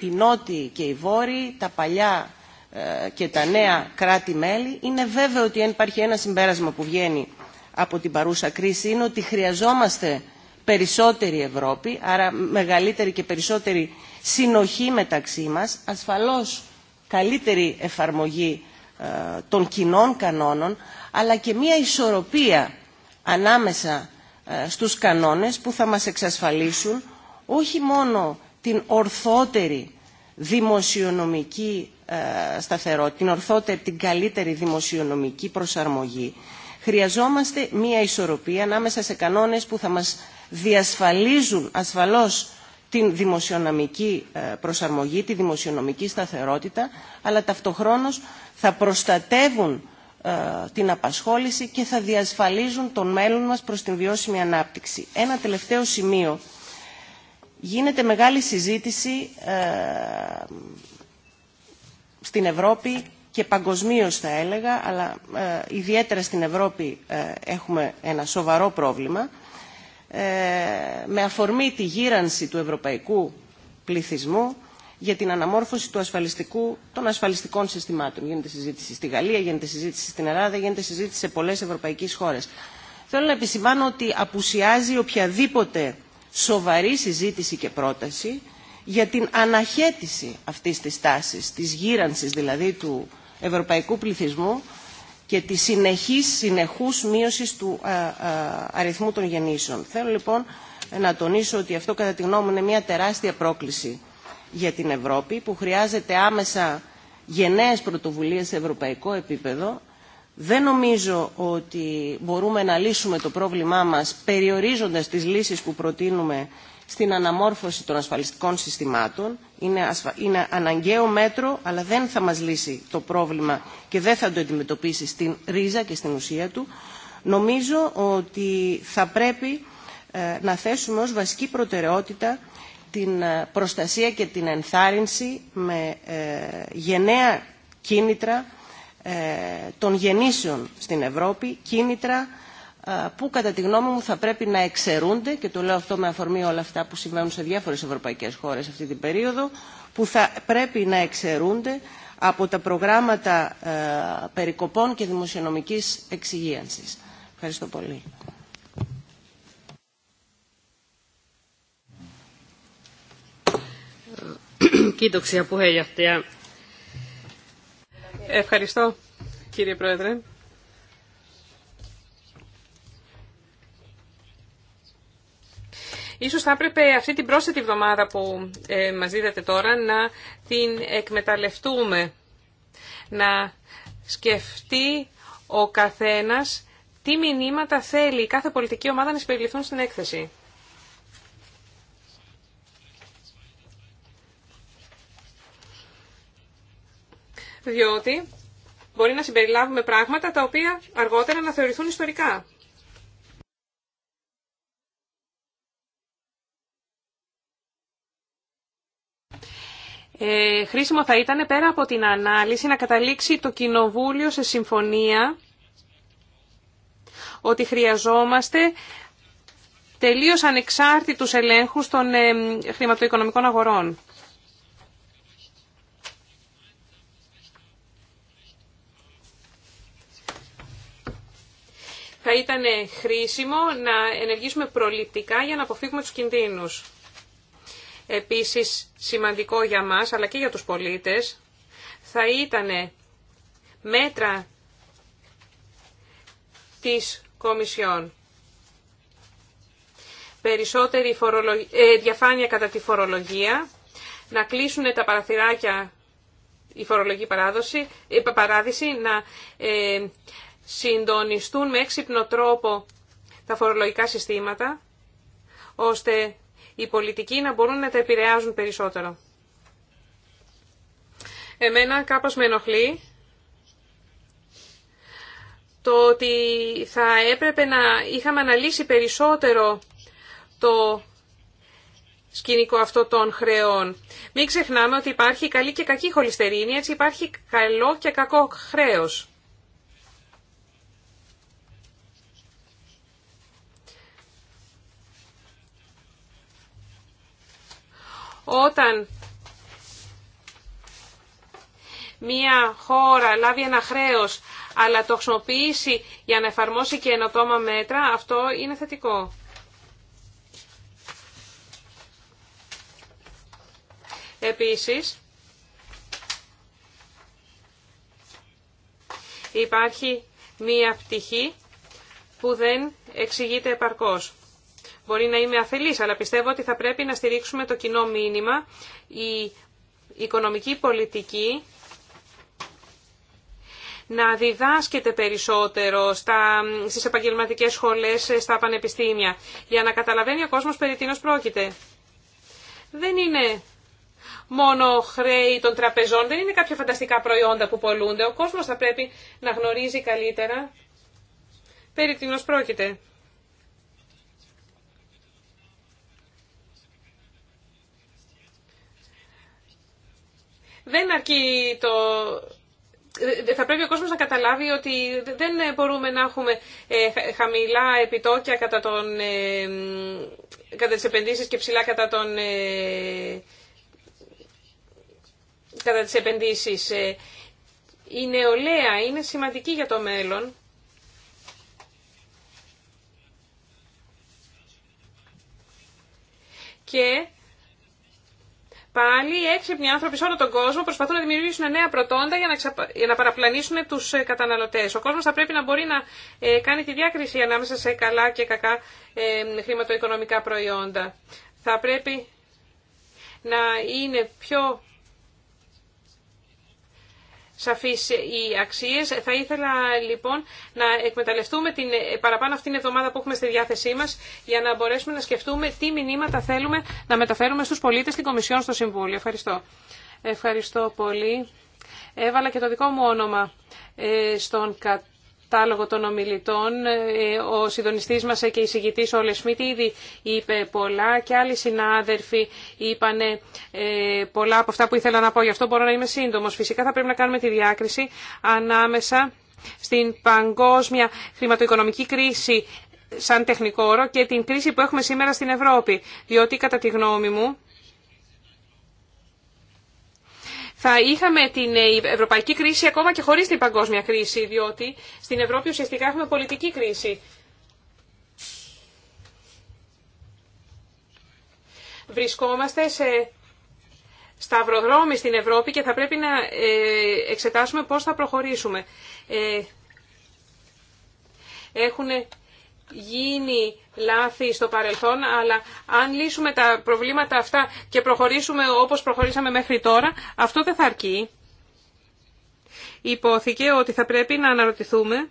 οι νότιοι και οι βόρειοι, τα παλιά ε, και τα νέα κράτη-μέλη. Είναι βέβαιο ότι αν υπάρχει ένα συμπέρασμα που βγαίνει από την παρούσα κρίση είναι ότι χρειαζόμαστε περισσότερη Ευρώπη, άρα μεγαλύτερη και περισσότερη συνοχή μεταξύ μας, ασφαλώς καλύτερη εφαρμογή ε, των κοινών κανόνων, αλλά και μια ισορροπία ανάμεσα ε, στους κανόνες που θα μας εξασφαλίσουν όχι μόνο την ορθότερη δημοσιονομική ε, σταθερότητα, την ορθότερη, την καλύτερη δημοσιονομική προσαρμογή, Χρειαζόμαστε μία ισορροπία ανάμεσα σε κανόνες που θα μας διασφαλίζουν ασφαλώς την δημοσιονομική ε, προσαρμογή, τη δημοσιονομική σταθερότητα, αλλά ταυτοχρόνως θα προστατεύουν ε, την απασχόληση και θα διασφαλίζουν τον μέλλον μας προς την βιώσιμη ανάπτυξη. Ένα τελευταίο σημείο. Γίνεται μεγάλη συζήτηση ε, στην Ευρώπη και παγκοσμίω θα έλεγα, αλλά ε, ιδιαίτερα στην Ευρώπη ε, έχουμε ένα σοβαρό πρόβλημα, ε, με αφορμή τη γύρανση του ευρωπαϊκού πληθυσμού για την αναμόρφωση του ασφαλιστικού, των ασφαλιστικών συστημάτων. Γίνεται συζήτηση στη Γαλλία, γίνεται συζήτηση στην Ελλάδα, γίνεται συζήτηση σε πολλές ευρωπαϊκές χώρες. Θέλω να επισημάνω ότι απουσιάζει οποιαδήποτε σοβαρή συζήτηση και πρόταση για την αναχέτηση αυτής της τάσης, της γύρανσης δηλαδή του ευρωπαϊκού πληθυσμού και τη συνεχής, συνεχούς μείωσης του ε, ε, αριθμού των γεννήσεων. Θέλω λοιπόν να τονίσω ότι αυτό κατά τη γνώμη μου είναι μια τεράστια πρόκληση για την Ευρώπη που χρειάζεται άμεσα γενναίες πρωτοβουλίες σε ευρωπαϊκό επίπεδο. Δεν νομίζω ότι μπορούμε να λύσουμε το πρόβλημά μας περιορίζοντας τις λύσεις που προτείνουμε στην αναμόρφωση των ασφαλιστικών συστημάτων. Είναι, είναι αναγκαίο μέτρο, αλλά δεν θα μας λύσει το πρόβλημα και δεν θα το αντιμετωπίσει στην ρίζα και στην ουσία του. Νομίζω ότι θα πρέπει ε, να θέσουμε ως βασική προτεραιότητα την ε, προστασία και την ενθάρρυνση με ε, γενναία κίνητρα των γεννήσεων στην Ευρώπη, κίνητρα που κατά τη γνώμη μου θα πρέπει να εξαιρούνται και το λέω αυτό με αφορμή όλα αυτά που συμβαίνουν σε διάφορες ευρωπαϊκές χώρες αυτή την περίοδο που θα πρέπει να εξαιρούνται από τα προγράμματα ε, περικοπών και δημοσιονομικής εξυγίανσης. Ευχαριστώ πολύ. Ευχαριστώ κύριε Πρόεδρε. Ίσως θα έπρεπε αυτή την πρόσθετη εβδομάδα που ε, μας δίδατε τώρα να την εκμεταλλευτούμε. Να σκεφτεί ο καθένας τι μηνύματα θέλει κάθε πολιτική ομάδα να συμπεριληφθούν στην έκθεση. Διότι μπορεί να συμπεριλάβουμε πράγματα τα οποία αργότερα να θεωρηθούν ιστορικά. Ε, χρήσιμο θα ήταν πέρα από την ανάλυση να καταλήξει το Κοινοβούλιο σε συμφωνία ότι χρειαζόμαστε τελείως ανεξάρτητους ελέγχους των ε, χρηματοοικονομικών αγορών. Θα ήταν χρήσιμο να ενεργήσουμε προληπτικά για να αποφύγουμε τους κινδύνους επίσης σημαντικό για μας αλλά και για τους πολίτες θα ήταν μέτρα της Κομισιόν. Περισσότερη ε, διαφάνεια κατά τη φορολογία, να κλείσουν τα παραθυράκια η φορολογική παράδοση, η ε, παράδειση, να ε, συντονιστούν με έξυπνο τρόπο τα φορολογικά συστήματα, ώστε οι πολιτικοί να μπορούν να τα επηρεάζουν περισσότερο. Εμένα κάπως με ενοχλεί το ότι θα έπρεπε να είχαμε αναλύσει περισσότερο το σκηνικό αυτό των χρεών. Μην ξεχνάμε ότι υπάρχει καλή και κακή χολυστερίνη, έτσι υπάρχει καλό και κακό χρέος. Όταν μια χώρα λάβει ένα χρέος αλλά το χρησιμοποιήσει για να εφαρμόσει και ενωτόμα μέτρα, αυτό είναι θετικό. Επίσης, υπάρχει μία πτυχή που δεν εξηγείται επαρκώς. Μπορεί να είμαι αφελής, αλλά πιστεύω ότι θα πρέπει να στηρίξουμε το κοινό μήνυμα. Η οικονομική πολιτική να διδάσκεται περισσότερο στα, στις επαγγελματικές σχολές, στα πανεπιστήμια, για να καταλαβαίνει ο κόσμος περί τίνος πρόκειται. Δεν είναι μόνο χρέη των τραπεζών, δεν είναι κάποια φανταστικά προϊόντα που πολλούνται. Ο κόσμος θα πρέπει να γνωρίζει καλύτερα περί τίνος πρόκειται. δεν αρκεί το... Θα πρέπει ο κόσμος να καταλάβει ότι δεν μπορούμε να έχουμε ε, χαμηλά επιτόκια κατά, τον, ε, κατά τις επενδύσεις και ψηλά κατά, τον, ε, κατά τις επενδύσεις. Η νεολαία είναι σημαντική για το μέλλον. Και πάλι έξυπνοι άνθρωποι σε όλο τον κόσμο προσπαθούν να δημιουργήσουν νέα προτόντα για να, για να παραπλανήσουν του ε, καταναλωτέ. Ο κόσμο θα πρέπει να μπορεί να ε, κάνει τη διάκριση ανάμεσα σε καλά και κακά ε, χρηματοοικονομικά προϊόντα. Θα πρέπει να είναι πιο σαφείς οι αξίες. Θα ήθελα λοιπόν να εκμεταλλευτούμε την παραπάνω αυτήν την εβδομάδα που έχουμε στη διάθεσή μας για να μπορέσουμε να σκεφτούμε τι μηνύματα θέλουμε να μεταφέρουμε στους πολίτες, στην Κομισιόν, στο Συμβούλιο. Ευχαριστώ. Ευχαριστώ πολύ. Έβαλα και το δικό μου όνομα ε, στον κατ κατάλογο των ομιλητών. Ε, ο συντονιστή μας και η συγητή Όλε ήδη είπε πολλά και άλλοι συνάδελφοι είπαν ε, πολλά από αυτά που ήθελα να πω. Γι' αυτό μπορώ να είμαι σύντομο. Φυσικά θα πρέπει να κάνουμε τη διάκριση ανάμεσα στην παγκόσμια χρηματοοικονομική κρίση σαν τεχνικό όρο και την κρίση που έχουμε σήμερα στην Ευρώπη. Διότι κατά τη γνώμη μου θα είχαμε την ε, ευρωπαϊκή κρίση ακόμα και χωρίς την παγκόσμια κρίση, διότι στην Ευρώπη ουσιαστικά έχουμε πολιτική κρίση. Βρισκόμαστε σε σταυροδρόμοι στην Ευρώπη και θα πρέπει να ε, εξετάσουμε πώς θα προχωρήσουμε. Ε, Έχουν γίνει λάθη στο παρελθόν, αλλά αν λύσουμε τα προβλήματα αυτά και προχωρήσουμε όπως προχωρήσαμε μέχρι τώρα, αυτό δεν θα αρκεί. Υπόθηκε ότι θα πρέπει να αναρωτηθούμε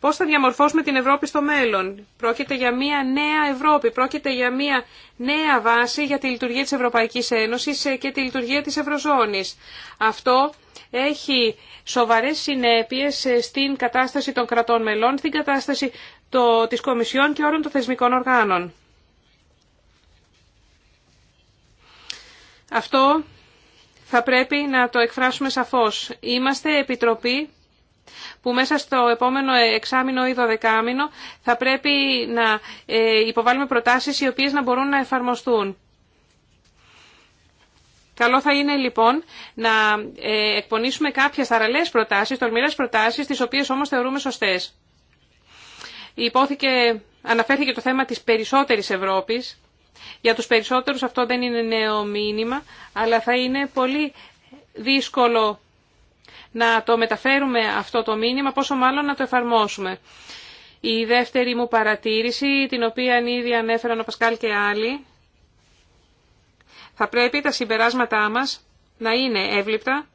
πώς θα διαμορφώσουμε την Ευρώπη στο μέλλον. Πρόκειται για μια νέα Ευρώπη, πρόκειται για μια νέα βάση για τη λειτουργία της Ευρωπαϊκής Ένωσης και τη λειτουργία της Ευρωζώνης. Αυτό έχει σοβαρές συνέπειες στην κατάσταση των κρατών μελών, στην κατάσταση το, της Κομισιόν και όλων των θεσμικών οργάνων. Αυτό θα πρέπει να το εκφράσουμε σαφώς. Είμαστε επιτροπή που μέσα στο επόμενο εξάμηνο ή δωδεκάμηνο θα πρέπει να ε, υποβάλουμε προτάσεις οι οποίες να μπορούν να εφαρμοστούν. Καλό θα είναι λοιπόν να ε, εκπονήσουμε κάποιες θαραλέ προτάσεις, τολμηρές προτάσεις, τι οποίες όμως θεωρούμε σωστές. Υπόθηκε, αναφέρθηκε το θέμα της περισσότερη Ευρώπης. Για τους περισσότερους αυτό δεν είναι νέο μήνυμα, αλλά θα είναι πολύ δύσκολο να το μεταφέρουμε αυτό το μήνυμα, πόσο μάλλον να το εφαρμόσουμε. Η δεύτερη μου παρατήρηση, την οποία ήδη ανέφεραν ο Πασκάλ και άλλοι, θα πρέπει τα συμπεράσματά μας να είναι εύληπτα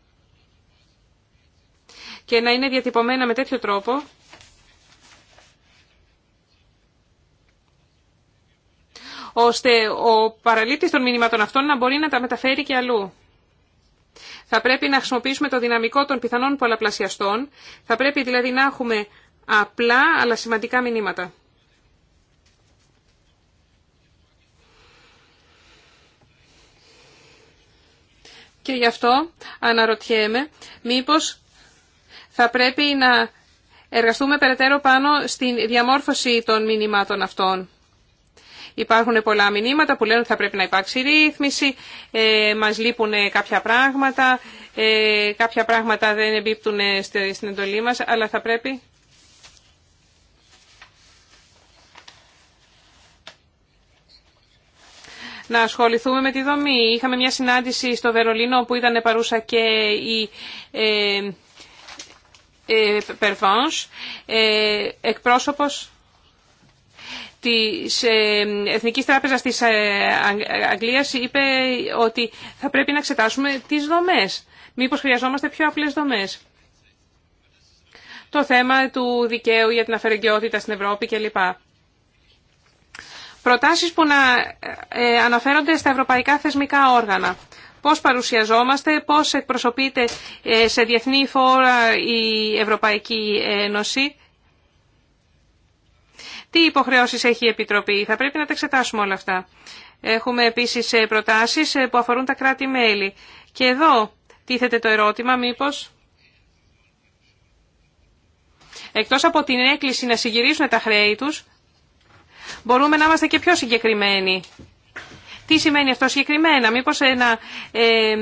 και να είναι διατυπωμένα με τέτοιο τρόπο ώστε ο παραλήπτης των μηνύματων αυτών να μπορεί να τα μεταφέρει και αλλού. Θα πρέπει να χρησιμοποιήσουμε το δυναμικό των πιθανών πολλαπλασιαστών. Θα πρέπει δηλαδή να έχουμε απλά αλλά σημαντικά μηνύματα. Και γι' αυτό αναρωτιέμαι μήπως θα πρέπει να εργαστούμε περαιτέρω πάνω στη διαμόρφωση των μηνυμάτων αυτών. Υπάρχουν πολλά μηνύματα που λένε ότι θα πρέπει να υπάρξει ρύθμιση, ε, μας λείπουν κάποια πράγματα, ε, κάποια πράγματα δεν εμπίπτουν στην εντολή μας, αλλά θα πρέπει να ασχοληθούμε με τη δομή. Είχαμε μια συνάντηση στο Βερολίνο που ήταν παρούσα και η ε, ε, Περβάνς, ε, εκπρόσωπος της ε, Εθνικής Τράπεζας της ε, Αγγλίας είπε ότι θα πρέπει να εξετάσουμε τις δομές. Μήπως χρειαζόμαστε πιο απλές δομές. Το θέμα του δικαίου για την αφαιρεγκαιότητα στην Ευρώπη κλπ. Προτάσεις που να ε, ε, αναφέρονται στα ευρωπαϊκά θεσμικά όργανα. Πώς παρουσιαζόμαστε, πώς εκπροσωπείται ε, σε διεθνή φόρα η Ευρωπαϊκή Ένωση. Τι υποχρεώσεις έχει η Επιτροπή. Θα πρέπει να τα εξετάσουμε όλα αυτά. Έχουμε επίσης προτάσεις που αφορούν τα κράτη-μέλη. Και εδώ τίθεται το ερώτημα μήπως... Εκτός από την έκκληση να συγκυρίσουν τα χρέη τους, Μπορούμε να είμαστε και πιο συγκεκριμένοι. Τι σημαίνει αυτό συγκεκριμένα, μήπως ένα, ε, ε,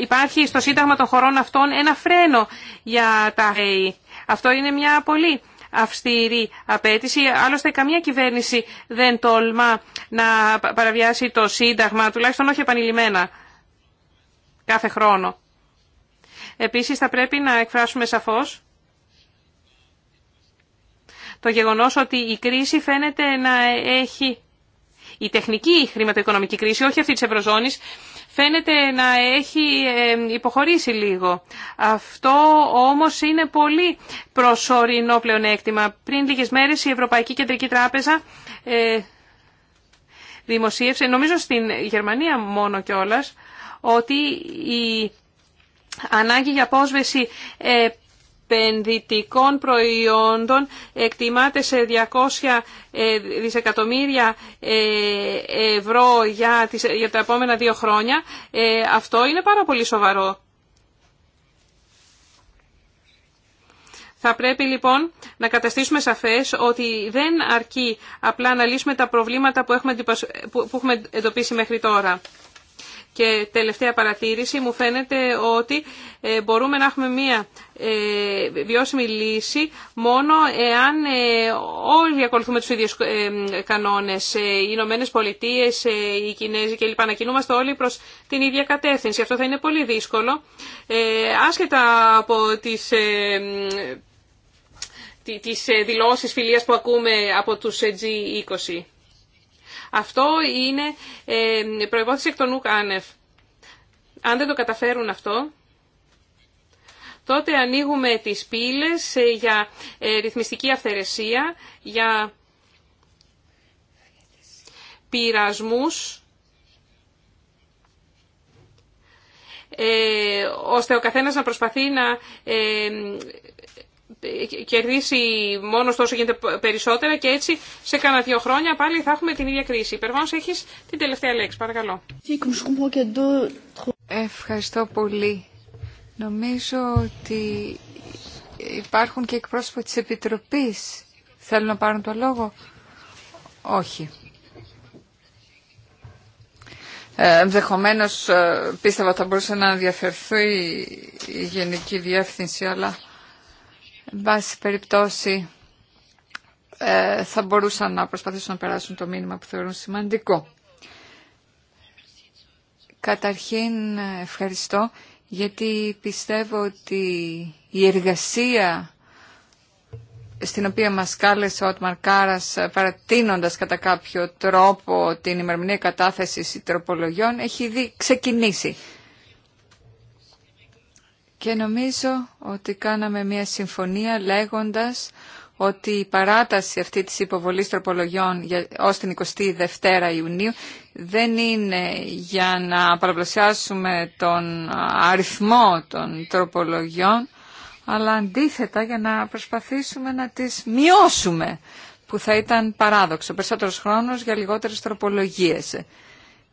υπάρχει στο Σύνταγμα των χωρών αυτών ένα φρένο για τα ΑΕΗ. Αυτό είναι μια πολύ αυστηρή απέτηση. Άλλωστε καμία κυβέρνηση δεν τολμά να παραβιάσει το Σύνταγμα, τουλάχιστον όχι επανειλημμένα, κάθε χρόνο. Επίσης θα πρέπει να εκφράσουμε σαφώς το γεγονός ότι η κρίση φαίνεται να έχει... Η τεχνική χρηματοοικονομική κρίση, όχι αυτή της Ευρωζώνης, φαίνεται να έχει υποχωρήσει λίγο. Αυτό όμως είναι πολύ προσωρινό πλεονέκτημα. Πριν λίγες μέρες η Ευρωπαϊκή Κεντρική Τράπεζα ε, δημοσίευσε, νομίζω στην Γερμανία μόνο κιόλας, ότι η ανάγκη για απόσβεση ε, επενδυτικών προϊόντων εκτιμάται σε 200 ε, δισεκατομμύρια ε, ευρώ για, τις, για τα επόμενα δύο χρόνια. Ε, αυτό είναι πάρα πολύ σοβαρό. Θα πρέπει λοιπόν να καταστήσουμε σαφές ότι δεν αρκεί απλά να λύσουμε τα προβλήματα που έχουμε εντοπίσει μέχρι τώρα. Και τελευταία παρατήρηση, μου φαίνεται ότι ε, μπορούμε να έχουμε μία ε, βιώσιμη λύση μόνο εάν ε, όλοι ακολουθούμε τους ίδιους κανόνες. Οι Ηνωμένε Πολιτείε, οι Κινέζοι κλπ. Να κινούμαστε όλοι προς την ίδια κατεύθυνση. Αυτό θα είναι πολύ δύσκολο. Άσχετα από τις τις δηλώσεις φιλίας που ακούμε από τους G20. Αυτό είναι ε, προϋπόθεση εκ των ουκ Αν δεν το καταφέρουν αυτό, τότε ανοίγουμε τις πύλες ε, για ε, ρυθμιστική αυθαιρεσία, για πειρασμούς, ώστε ο καθένας να προσπαθεί να κερδίσει μόνο τόσο γίνεται περισσότερα και έτσι σε κανένα δύο χρόνια πάλι θα έχουμε την ίδια κρίση. Υπερβάνω, έχει την τελευταία λέξη. Παρακαλώ. Ευχαριστώ πολύ. Νομίζω ότι υπάρχουν και εκπρόσωποι της Επιτροπής. Θέλουν να πάρουν το λόγο. Όχι. Ε, Ενδεχομένω ε, πίστευα θα μπορούσε να ενδιαφερθεί η Γενική Διεύθυνση, αλλά Εν πάση περιπτώσει ε, θα μπορούσαν να προσπαθήσουν να περάσουν το μήνυμα που θεωρούν σημαντικό. Καταρχήν ευχαριστώ γιατί πιστεύω ότι η εργασία στην οποία μας κάλεσε ο Ατμαρ Κάρας παρατείνοντας κατά κάποιο τρόπο την ημερομηνία κατάθεση τροπολογιών έχει ήδη ξεκινήσει. Και νομίζω ότι κάναμε μια συμφωνία λέγοντας ότι η παράταση αυτή της υποβολής τροπολογιών για, ως την 22 Ιουνίου δεν είναι για να παραπλασιάσουμε τον αριθμό των τροπολογιών, αλλά αντίθετα για να προσπαθήσουμε να τις μειώσουμε, που θα ήταν παράδοξο, περισσότερος χρόνος για λιγότερες τροπολογίες.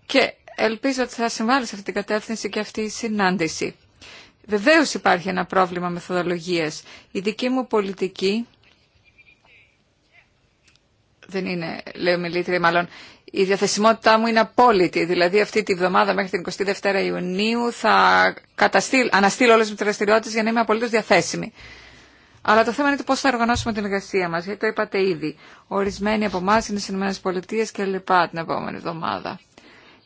Και ελπίζω ότι θα συμβάλλει σε αυτή την κατεύθυνση και αυτή η συνάντηση. Βεβαίως υπάρχει ένα πρόβλημα μεθοδολογίας. Η δική μου πολιτική δεν είναι, λέω μιλήτρια, μάλλον η διαθεσιμότητά μου είναι απόλυτη. Δηλαδή αυτή τη βδομάδα μέχρι την 22 Ιουνίου θα καταστήλ, αναστείλω όλες τις δραστηριότητες για να είμαι απολύτως διαθέσιμη. Αλλά το θέμα είναι το πώς θα οργανώσουμε την εργασία μας, γιατί το είπατε ήδη. Ορισμένοι από εμά είναι στις ΗΠΑ και λοιπά την επόμενη εβδομάδα.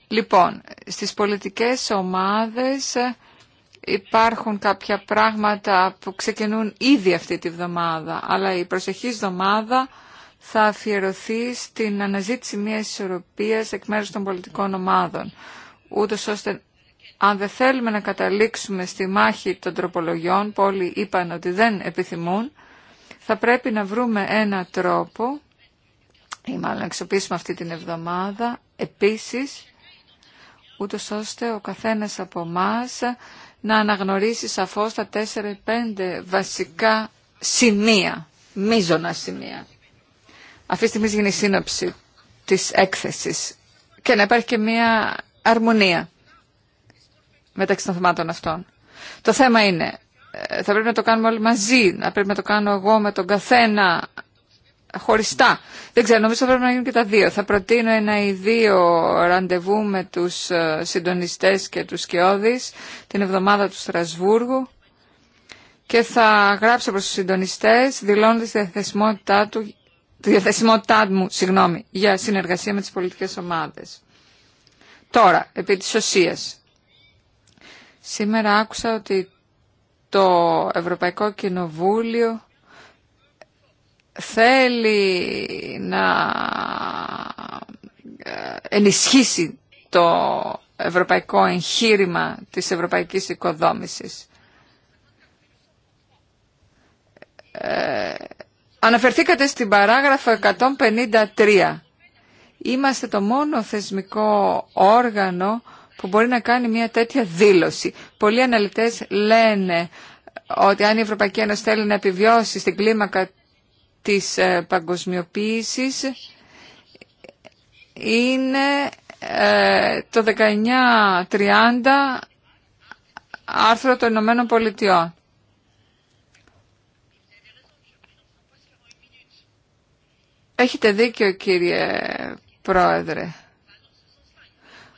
Λοιπόν, στις πολιτικές ομάδες υπάρχουν κάποια πράγματα που ξεκινούν ήδη αυτή τη βδομάδα, αλλά η προσεχής βδομάδα θα αφιερωθεί στην αναζήτηση μιας ισορροπίας εκ μέρους των πολιτικών ομάδων, ούτως ώστε αν δεν θέλουμε να καταλήξουμε στη μάχη των τροπολογιών που όλοι είπαν ότι δεν επιθυμούν, θα πρέπει να βρούμε ένα τρόπο, ή μάλλον να εξοπλίσουμε αυτή την εβδομάδα, επίσης, ούτως ώστε ο καθένας από εμά να αναγνωρίσει σαφώς τα τέσσερα πεντε βασικά σημεία, μίζωνα σημεία. Αυτή τη στιγμή γίνει η σύνοψη της έκθεσης και να υπάρχει και μία αρμονία μεταξύ των θεμάτων αυτών. Το θέμα είναι, ε, θα πρέπει να το κάνουμε όλοι μαζί, να πρέπει να το κάνω εγώ με τον καθένα χωριστά. Δεν ξέρω, νομίζω πρέπει να γίνουν και τα δύο. Θα προτείνω ένα ή δύο ραντεβού με τους ε, συντονιστές και τους σκιώδεις την εβδομάδα του Στρασβούργου και θα γράψω προς τους συντονιστές δηλώνοντας τη διαθεσιμότητά, του, τη διαθεσιμότητά μου συγγνώμη, για συνεργασία με τις πολιτικές ομάδες. Τώρα, επί της ουσίας. Σήμερα άκουσα ότι το Ευρωπαϊκό Κοινοβούλιο θέλει να ε, ενισχύσει το ευρωπαϊκό εγχείρημα της ευρωπαϊκής οικοδόμησης. Ε, αναφερθήκατε στην παράγραφο 153. Είμαστε το μόνο θεσμικό όργανο που μπορεί να κάνει μια τέτοια δήλωση. Πολλοί αναλυτές λένε ότι αν η Ευρωπαϊκή Ένωση θέλει να επιβιώσει στην κλίμακα της ε, παγκοσμιοποίησης είναι ε, το 1930 άρθρο των Ηνωμένων Πολιτειών. Έχετε δίκιο κύριε Πρόεδρε.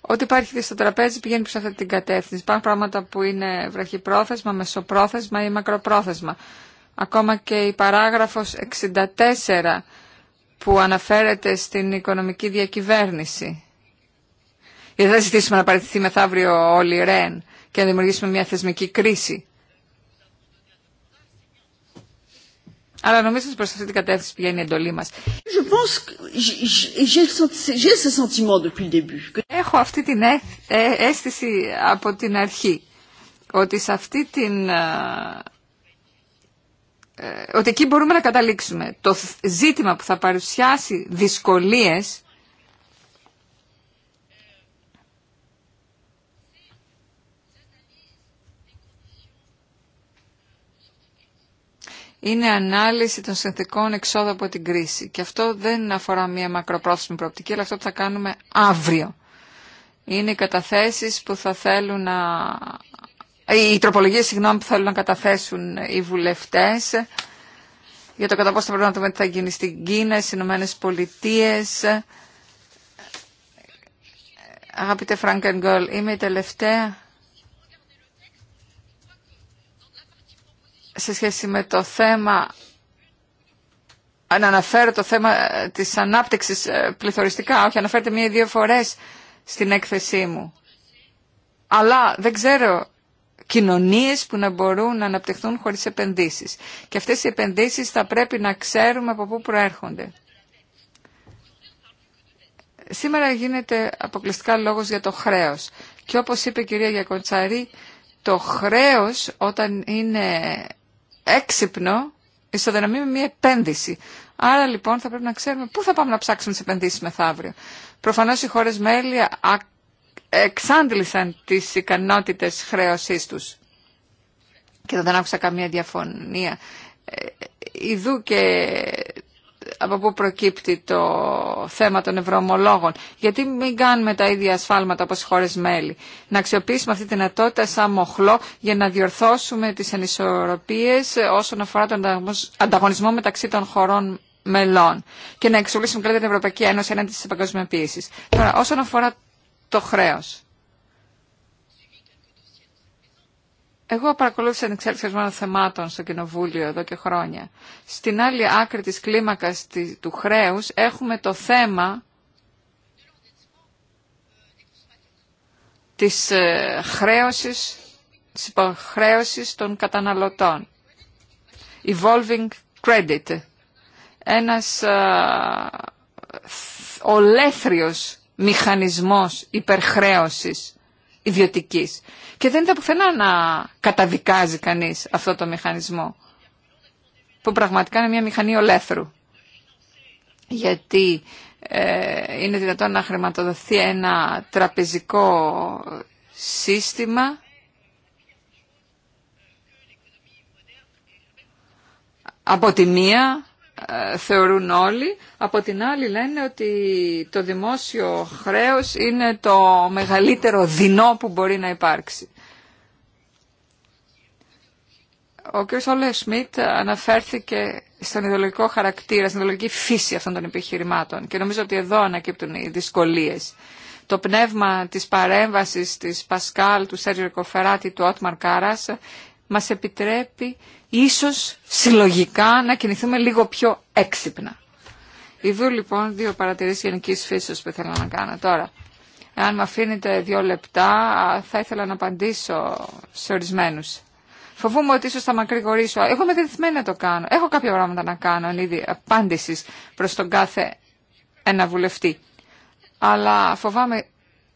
Ό,τι υπάρχει στο τραπέζι πηγαίνει προς αυτή την κατεύθυνση. Υπάρχουν πράγματα που είναι βραχυπρόθεσμα, μεσοπρόθεσμα ή μακροπρόθεσμα. Ακόμα και η παράγραφος 64 που αναφέρεται στην οικονομική διακυβέρνηση. Γιατί δεν ζητήσουμε να παραιτηθεί μεθαύριο όλοι η ΡΕΝ και να δημιουργήσουμε μια θεσμική κρίση. Αλλά νομίζω ότι προ αυτή την κατεύθυνση πηγαίνει η εντολή μα. Έχω αυτή την αίσθηση από την αρχή ότι σε αυτή την ε, ε, ότι εκεί μπορούμε να καταλήξουμε. Το ζήτημα που θα παρουσιάσει δυσκολίες είναι ανάλυση των συνθηκών εξόδου από την κρίση. Και αυτό δεν αφορά μία μακροπρόθεσμη προοπτική, αλλά αυτό που θα κάνουμε αύριο. Είναι οι καταθέσεις που θα θέλουν να οι τροπολογίες συγγνώμη, που θέλουν να καταθέσουν οι βουλευτές για το κατά πόσο θα πρέπει να δούμε τι θα γίνει στην Κίνα, στι Ηνωμένε Πολιτείε. Αγαπητέ Φραγκενγκόλ, είμαι η τελευταία. Σε σχέση με το θέμα, να αναφέρω το θέμα της ανάπτυξης ε, πληθωριστικά, όχι αναφέρεται μία ή δύο φορές στην έκθεσή μου. Αλλά δεν ξέρω κοινωνίες που να μπορούν να αναπτυχθούν χωρίς επενδύσεις. Και αυτές οι επενδύσεις θα πρέπει να ξέρουμε από πού προέρχονται. Σήμερα γίνεται αποκλειστικά λόγος για το χρέος. Και όπως είπε η κυρία Γιακοντσαρή, το χρέος όταν είναι έξυπνο ισοδυναμεί με μια επένδυση. Άρα λοιπόν θα πρέπει να ξέρουμε πού θα πάμε να ψάξουμε τις επενδύσεις μεθαύριο. Προφανώς οι χώρες μέλη εξάντλησαν τις ικανότητες χρέωσής τους. Και δεν άκουσα καμία διαφωνία. Ε, ιδού και από πού προκύπτει το θέμα των ευρωομολόγων. Γιατί μην κάνουμε τα ίδια ασφάλματα όπως οι χώρες μέλη. Να αξιοποιήσουμε αυτή τη δυνατότητα σαν μοχλό για να διορθώσουμε τις ανισορροπίες όσον αφορά τον ανταγωνισμό μεταξύ των χωρών μελών και να εξοπλίσουμε καλύτερα την Ευρωπαϊκή Ένωση έναντι τη παγκοσμιοποίηση. Τώρα, το χρέος. Εγώ παρακολούθησα την εξέλιξη ορισμένων θεμάτων στο Κοινοβούλιο εδώ και χρόνια. Στην άλλη άκρη της κλίμακας του χρέους έχουμε το θέμα της ε, χρέωσης, της υποχρέωσης των καταναλωτών. Evolving Credit. Ένας ε, ολέθριος μηχανισμός υπερχρέωσης ιδιωτικής. Και δεν τα πουθενά να καταδικάζει κανείς αυτό το μηχανισμό, που πραγματικά είναι μια μηχανή ολέθρου. Γιατί ε, είναι δυνατόν να χρηματοδοθεί ένα τραπεζικό σύστημα από τη μία ε, θεωρούν όλοι. Από την άλλη λένε ότι το δημόσιο χρέος είναι το μεγαλύτερο δεινό που μπορεί να υπάρξει. Ο κ. Όλε Σμιτ αναφέρθηκε στον ιδεολογικό χαρακτήρα, στην ιδεολογική φύση αυτών των επιχειρημάτων και νομίζω ότι εδώ ανακύπτουν οι δυσκολίες. Το πνεύμα της παρέμβασης της Πασκάλ, του Σέργιο Κοφεράτη, του Ότμαρ Κάρας μας επιτρέπει ίσως συλλογικά να κινηθούμε λίγο πιο έξυπνα. Ιδού λοιπόν δύο παρατηρήσεις γενική φύσεως που ήθελα να κάνω τώρα. Αν με αφήνετε δύο λεπτά θα ήθελα να απαντήσω σε ορισμένου. Φοβούμαι ότι ίσως θα μακρηγορήσω. Εγώ είμαι δεδεθμένη να το κάνω. Έχω κάποια πράγματα να κάνω ήδη απάντηση προς τον κάθε ένα βουλευτή. Αλλά φοβάμαι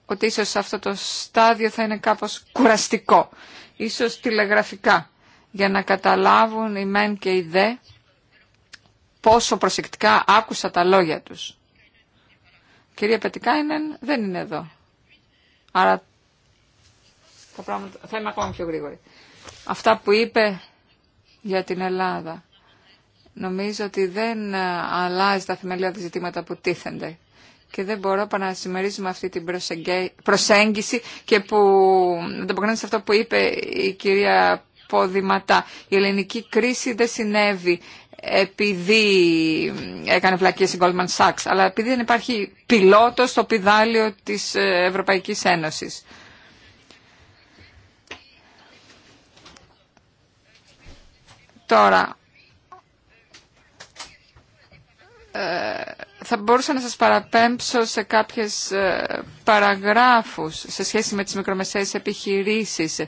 ότι ίσως αυτό το στάδιο θα είναι κάπως κουραστικό ίσως τηλεγραφικά, για να καταλάβουν οι μεν και οι δε πόσο προσεκτικά άκουσα τα λόγια τους. Κυρία Πετικάινεν δεν είναι εδώ. Άρα τα πράγματα θα είμαι ακόμα πιο γρήγορη. Αυτά που είπε για την Ελλάδα. Νομίζω ότι δεν αλλάζει τα θεμελιώδη ζητήματα που τίθενται και δεν μπορώ παρά να με αυτή την προσέγγιση και που ανταποκρίνεται σε αυτό που είπε η κυρία Ποδηματά. Η ελληνική κρίση δεν συνέβη επειδή έκανε βλακίες η Goldman Sachs, αλλά επειδή δεν υπάρχει πιλότος στο πιδάλιο της ε, Ευρωπαϊκής Ένωσης. Τώρα, θα μπορούσα να σας παραπέμψω σε κάποιες ε, παραγράφους σε σχέση με τις μικρομεσαίες επιχειρήσεις,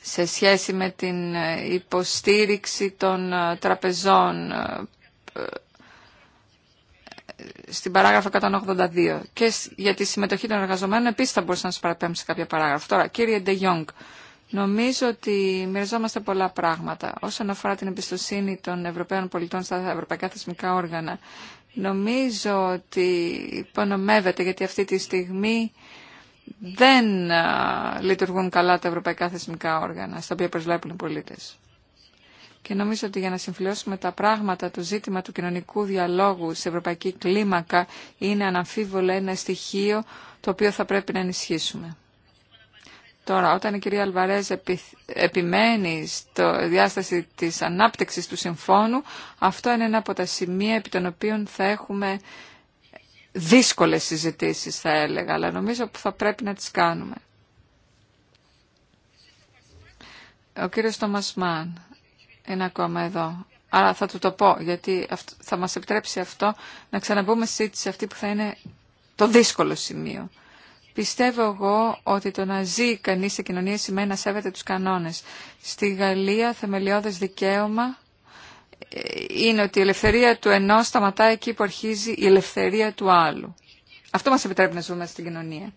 σε σχέση με την ε, υποστήριξη των ε, τραπεζών στην παράγραφο 182 και για τη συμμετοχή των εργαζομένων επίσης θα μπορούσα να σας παραπέμψω σε κάποια παράγραφο. Τώρα, κύριε Ντε Νομίζω ότι μοιραζόμαστε πολλά πράγματα όσον αφορά την εμπιστοσύνη των Ευρωπαίων πολιτών στα ευρωπαϊκά θεσμικά όργανα. Νομίζω ότι υπονομεύεται γιατί αυτή τη στιγμή δεν λειτουργούν καλά τα ευρωπαϊκά θεσμικά όργανα στα οποία προσβλέπουν οι πολίτες. Και νομίζω ότι για να συμφιλώσουμε τα πράγματα, το ζήτημα του κοινωνικού διαλόγου σε ευρωπαϊκή κλίμακα είναι αναμφίβολα ένα στοιχείο το οποίο θα πρέπει να ενισχύσουμε. Τώρα, όταν η κυρία Αλβαρέζ επιμένει στο διάσταση της ανάπτυξης του συμφώνου, αυτό είναι ένα από τα σημεία επί των οποίων θα έχουμε δύσκολες συζητήσεις, θα έλεγα, αλλά νομίζω που θα πρέπει να τις κάνουμε. Ο κύριος Τόμασμάν είναι ακόμα εδώ. Άρα θα του το πω, γιατί θα μας επιτρέψει αυτό να ξαναμπούμε σε αυτή που θα είναι το δύσκολο σημείο. Πιστεύω εγώ ότι το να ζει κανείς σε κοινωνία σημαίνει να σέβεται τους κανόνες. Στη Γαλλία θεμελιώδες δικαίωμα ε, είναι ότι η ελευθερία του ενός σταματάει εκεί που αρχίζει η ελευθερία του άλλου. Αυτό μας επιτρέπει να ζούμε στην κοινωνία.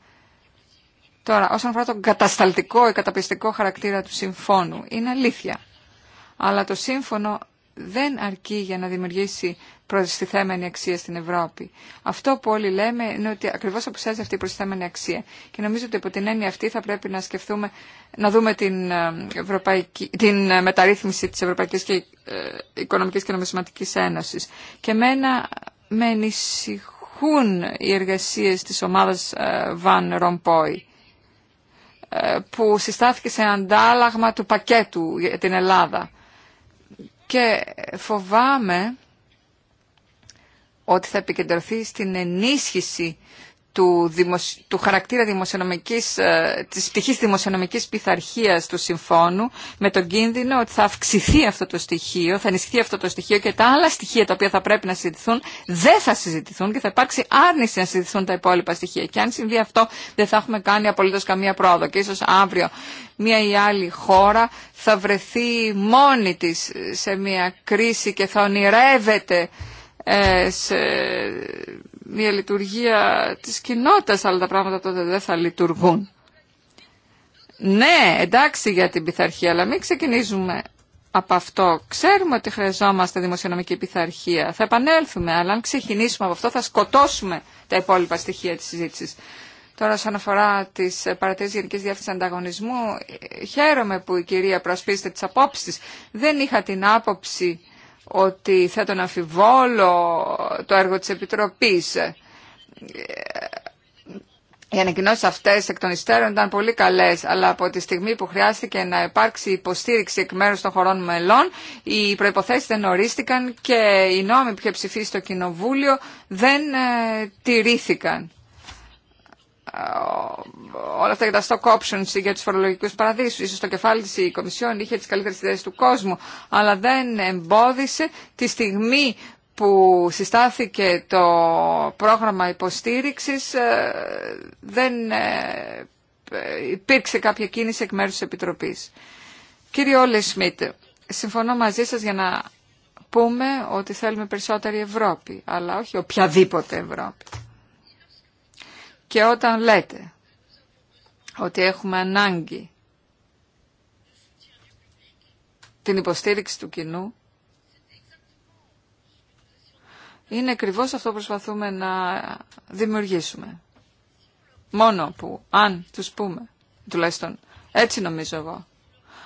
Τώρα, όσον αφορά τον κατασταλτικό ή καταπιστικό χαρακτήρα του συμφώνου, είναι αλήθεια. Αλλά το σύμφωνο δεν αρκεί για να δημιουργήσει προστιθέμενη αξία στην Ευρώπη. Αυτό που όλοι λέμε είναι ότι ακριβώς αποσέζει αυτή η προστιθέμενη αξία. Και νομίζω ότι από την έννοια αυτή θα πρέπει να σκεφτούμε, να δούμε την, ε, ευρωπαϊκή, την ε, μεταρρύθμιση της Ευρωπαϊκής και ε, Οικονομικής και Νομισματικής Ένωσης. Και μένα με ανησυχούν οι εργασίες της ομάδας Βαν Ρομπόι που συστάθηκε σε αντάλλαγμα του πακέτου για την Ελλάδα και φοβάμαι ότι θα επικεντρωθεί στην ενίσχυση του, του χαρακτήρα δημοσιονομικής, ε, της πτυχής δημοσιονομικής πειθαρχία του συμφώνου με τον κίνδυνο ότι θα αυξηθεί αυτό το στοιχείο, θα ενισχυθεί αυτό το στοιχείο και τα άλλα στοιχεία τα οποία θα πρέπει να συζητηθούν δεν θα συζητηθούν και θα υπάρξει άρνηση να συζητηθούν τα υπόλοιπα στοιχεία. Και αν συμβεί αυτό δεν θα έχουμε κάνει απολύτως καμία πρόοδο και ίσως αύριο μία ή άλλη χώρα θα βρεθεί μόνη της σε μία κρίση και θα ονειρεύεται ε, σε μια λειτουργία της κοινότητας, αλλά τα πράγματα τότε δεν θα λειτουργούν. Ναι, εντάξει για την πειθαρχία, αλλά μην ξεκινήσουμε από αυτό. Ξέρουμε ότι χρειαζόμαστε δημοσιονομική πειθαρχία. Θα επανέλθουμε, αλλά αν ξεκινήσουμε από αυτό θα σκοτώσουμε τα υπόλοιπα στοιχεία της συζήτησης. Τώρα, σαν αφορά τι παρατηρήσει Γενική Διεύθυνση Ανταγωνισμού, χαίρομαι που η κυρία προσπίστε τι απόψει. Δεν είχα την άποψη ότι θα τον αφιβόλω το έργο της Επιτροπής. Ε, οι ανακοινώσει αυτέ εκ των υστέρων ήταν πολύ καλέ, αλλά από τη στιγμή που χρειάστηκε να υπάρξει υποστήριξη εκ μέρου των χωρών μελών, οι προποθέσει δεν ορίστηκαν και οι νόμοι που είχε ψηφίσει το Κοινοβούλιο δεν ε, τηρήθηκαν. Ε, όλα αυτά για τα stock options για τους φορολογικούς παραδείσους. Ίσως το κεφάλι της Κομισιόν είχε τις καλύτερες ιδέες του κόσμου, αλλά δεν εμπόδισε τη στιγμή που συστάθηκε το πρόγραμμα υποστήριξης ε, δεν ε, υπήρξε κάποια κίνηση εκ μέρους της Επιτροπής. Κύριε Όλε Σμιτ, συμφωνώ μαζί σας για να πούμε ότι θέλουμε περισσότερη Ευρώπη, αλλά όχι οποιαδήποτε Ευρώπη. Και όταν λέτε ότι έχουμε ανάγκη την υποστήριξη του κοινού, είναι ακριβώ αυτό που προσπαθούμε να δημιουργήσουμε. Μόνο που αν τους πούμε, τουλάχιστον έτσι νομίζω εγώ,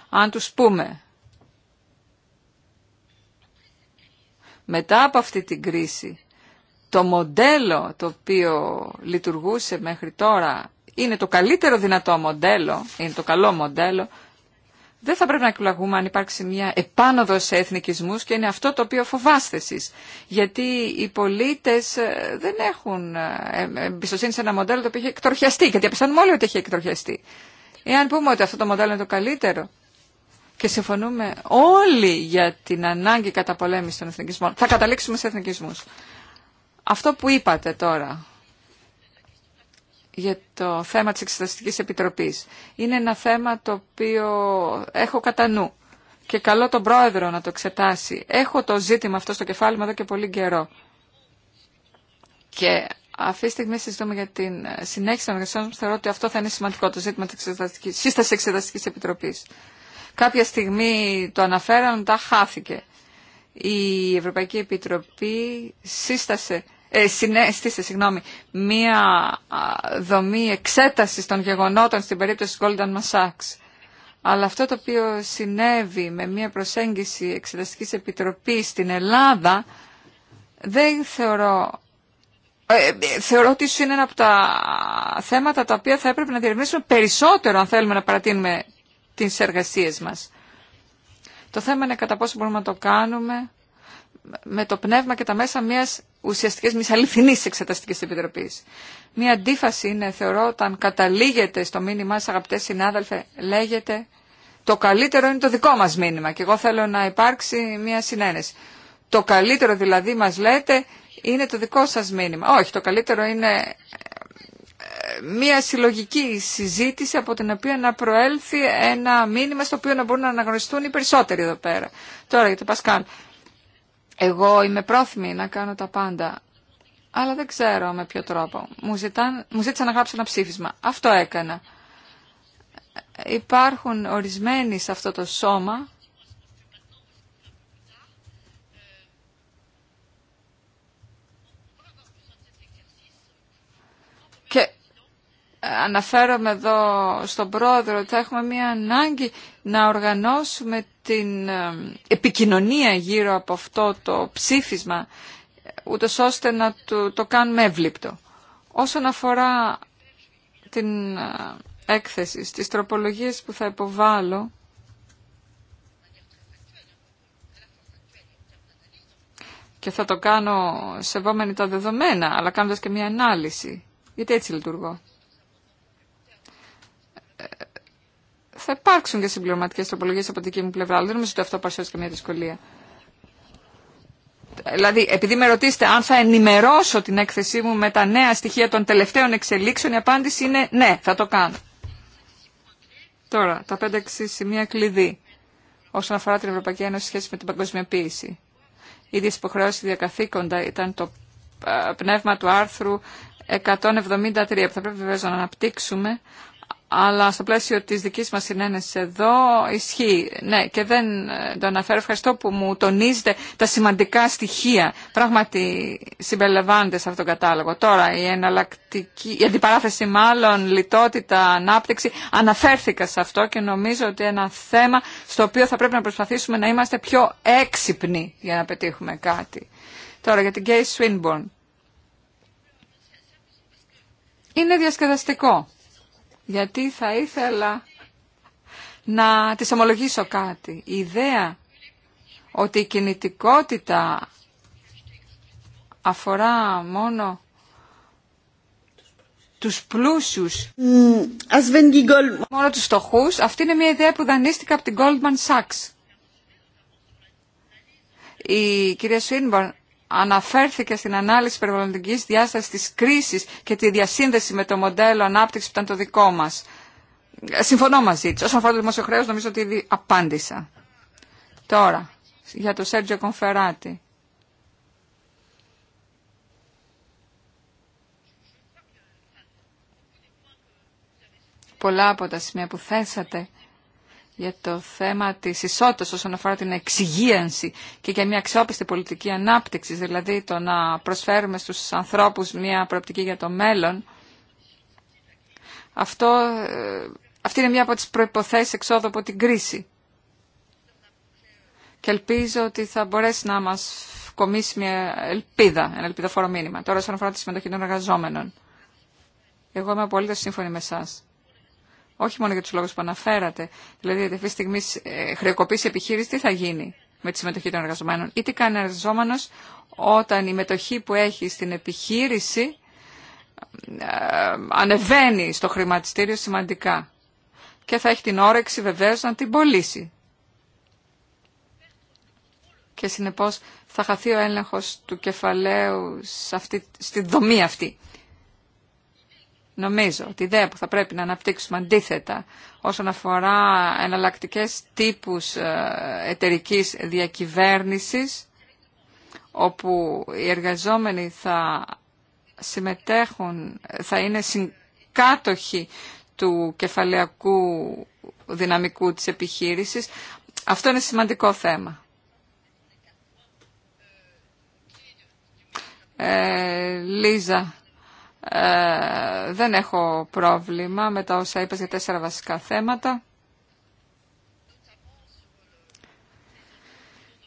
αν τους πούμε μετά από αυτή την κρίση το μοντέλο το οποίο λειτουργούσε μέχρι τώρα είναι το καλύτερο δυνατό μοντέλο, είναι το καλό μοντέλο, δεν θα πρέπει να εκπλαγούμε αν υπάρξει μια επάνωδος σε εθνικισμούς και είναι αυτό το οποίο φοβάστε εσείς. Γιατί οι πολίτες ε, δεν έχουν ε, ε, εμπιστοσύνη σε ένα μοντέλο το οποίο έχει εκτροχιαστεί και διαπιστώνουμε όλοι ότι έχει εκτροχιαστεί. Εάν πούμε ότι αυτό το μοντέλο είναι το καλύτερο και συμφωνούμε όλοι για την ανάγκη καταπολέμηση των εθνικισμών, θα καταλήξουμε σε εθνικισμούς. Αυτό που είπατε τώρα για το θέμα της Εξεταστικής Επιτροπής είναι ένα θέμα το οποίο έχω κατά νου και καλό τον πρόεδρο να το εξετάσει. Έχω το ζήτημα αυτό στο κεφάλι μου εδώ και πολύ καιρό. Και αυτή τη στιγμή συζητούμε για την συνέχιση των εργασιών μου. Θεωρώ ότι αυτό θα είναι σημαντικό το ζήτημα της σύσταση Εξεταστικής επιτροπή. Κάποια στιγμή το αναφέραν, τα χάθηκε η Ευρωπαϊκή Επιτροπή σύστασε, ε, συνέστησε συγγνώμη, μία δομή εξέτασης των γεγονότων στην περίπτωση Golden Sachs. Αλλά αυτό το οποίο συνέβη με μία προσέγγιση εξεταστικής επιτροπής στην Ελλάδα δεν θεωρώ ε, θεωρώ ότι ίσως είναι ένα από τα θέματα τα οποία θα έπρεπε να διερευνήσουμε περισσότερο αν θέλουμε να παρατείνουμε τις εργασίες μας. Το θέμα είναι κατά πόσο μπορούμε να το κάνουμε με το πνεύμα και τα μέσα μιας ουσιαστικής, μια αληθινής εξεταστικής επιτροπής. Μια αντίφαση είναι, θεωρώ, όταν καταλήγεται στο μήνυμά σα αγαπητέ συνάδελφε, λέγεται το καλύτερο είναι το δικό μας μήνυμα και εγώ θέλω να υπάρξει μια συνένεση. Το καλύτερο δηλαδή μας λέτε είναι το δικό σας μήνυμα. Όχι, το καλύτερο είναι μια συλλογική συζήτηση από την οποία να προέλθει ένα μήνυμα στο οποίο να μπορούν να αναγνωριστούν οι περισσότεροι εδώ πέρα. Τώρα για το Πασκάλ. Εγώ είμαι πρόθυμη να κάνω τα πάντα, αλλά δεν ξέρω με ποιο τρόπο. Μου, ζητάν, μου ζήτησαν να γράψω ένα ψήφισμα. Αυτό έκανα. Υπάρχουν ορισμένοι σε αυτό το σώμα αναφέρομαι εδώ στον πρόεδρο ότι έχουμε μια ανάγκη να οργανώσουμε την ε, επικοινωνία γύρω από αυτό το ψήφισμα ούτω ώστε να το, κάνουμε εύληπτο. Όσον αφορά την ε, έκθεση, στις τροπολογίες που θα υποβάλω, και θα το κάνω σεβόμενοι τα δεδομένα, αλλά κάνοντας και μια ανάλυση, γιατί έτσι λειτουργώ θα υπάρξουν και συμπληρωματικέ τροπολογίες από την δική μου πλευρά, αλλά δεν νομίζω ότι αυτό παρουσιάζει καμία δυσκολία. Δηλαδή, επειδή με ρωτήσετε αν θα ενημερώσω την έκθεσή μου με τα νέα στοιχεία των τελευταίων εξελίξεων, η απάντηση είναι ναι, θα το κάνω. Τώρα, τα 5-6 σημεία κλειδί όσον αφορά την Ευρωπαϊκή Ένωση σχέση με την παγκοσμιοποίηση. Η υποχρεώσει διακαθήκοντα ήταν το ε, πνεύμα του άρθρου 173 που θα πρέπει βεβαίω να αναπτύξουμε αλλά στο πλαίσιο της δικής μας συνένεσης εδώ ισχύει. Ναι, και δεν ε, το αναφέρω. Ευχαριστώ που μου τονίζετε τα σημαντικά στοιχεία. Πράγματι συμπεριλαμβάνονται σε αυτόν τον κατάλογο. Τώρα η εναλλακτική, η αντιπαράθεση μάλλον, λιτότητα, ανάπτυξη. Αναφέρθηκα σε αυτό και νομίζω ότι ένα θέμα στο οποίο θα πρέπει να προσπαθήσουμε να είμαστε πιο έξυπνοι για να πετύχουμε κάτι. Τώρα για την Κέι Σουίνμπορν. Είναι διασκεδαστικό γιατί θα ήθελα να της ομολογήσω κάτι. Η ιδέα ότι η κινητικότητα αφορά μόνο τους πλούσιους, mm, μόνο τους στοχούς, αυτή είναι μια ιδέα που δανείστηκα από την Goldman Sachs. Η κυρία Σουίνμπορν αναφέρθηκε στην ανάλυση περιβαλλοντικής διάστασης της κρίσης και τη διασύνδεση με το μοντέλο ανάπτυξης που ήταν το δικό μας. Συμφωνώ μαζί της. Όσον αφορά το δημόσιο νομίζω ότι ήδη απάντησα. Τώρα, για το Σέρτζιο Κονφεράτη. Πολλά από τα σημεία που θέσατε για το θέμα της ισότητας όσον αφορά την εξυγίανση και για μια αξιόπιστη πολιτική ανάπτυξη, δηλαδή το να προσφέρουμε στους ανθρώπους μια προοπτική για το μέλλον. Αυτό, ε, αυτή είναι μια από τις προϋποθέσεις εξόδου από την κρίση. Και ελπίζω ότι θα μπορέσει να μας κομίσει μια ελπίδα, ένα ελπιδοφόρο μήνυμα. Τώρα όσον αφορά τη συμμετοχή των εργαζόμενων. Εγώ είμαι απολύτως σύμφωνη με εσάς όχι μόνο για τους λόγους που αναφέρατε, δηλαδή αυτή τη στιγμή ε, χρεοκοπήσει επιχείρηση, τι θα γίνει με τη συμμετοχή των εργαζομένων ή τι κάνει εργαζόμενος όταν η μετοχή που έχει στην επιχείρηση ε, ανεβαίνει στο χρηματιστήριο σημαντικά και θα έχει την όρεξη βεβαίως να την πωλήσει. Και συνεπώς θα χαθεί ο έλεγχος του κεφαλαίου σε αυτή, στη δομή αυτή. Νομίζω ότι η ιδέα που θα πρέπει να αναπτύξουμε αντίθετα όσον αφορά εναλλακτικέ τύπους ε, εταιρική διακυβέρνησης όπου οι εργαζόμενοι θα συμμετέχουν, θα είναι συγκάτοχοι του κεφαλαιακού δυναμικού της επιχείρησης. Αυτό είναι σημαντικό θέμα. Ε, Λίζα, ε, δεν έχω πρόβλημα με τα όσα είπες για τέσσερα βασικά θέματα.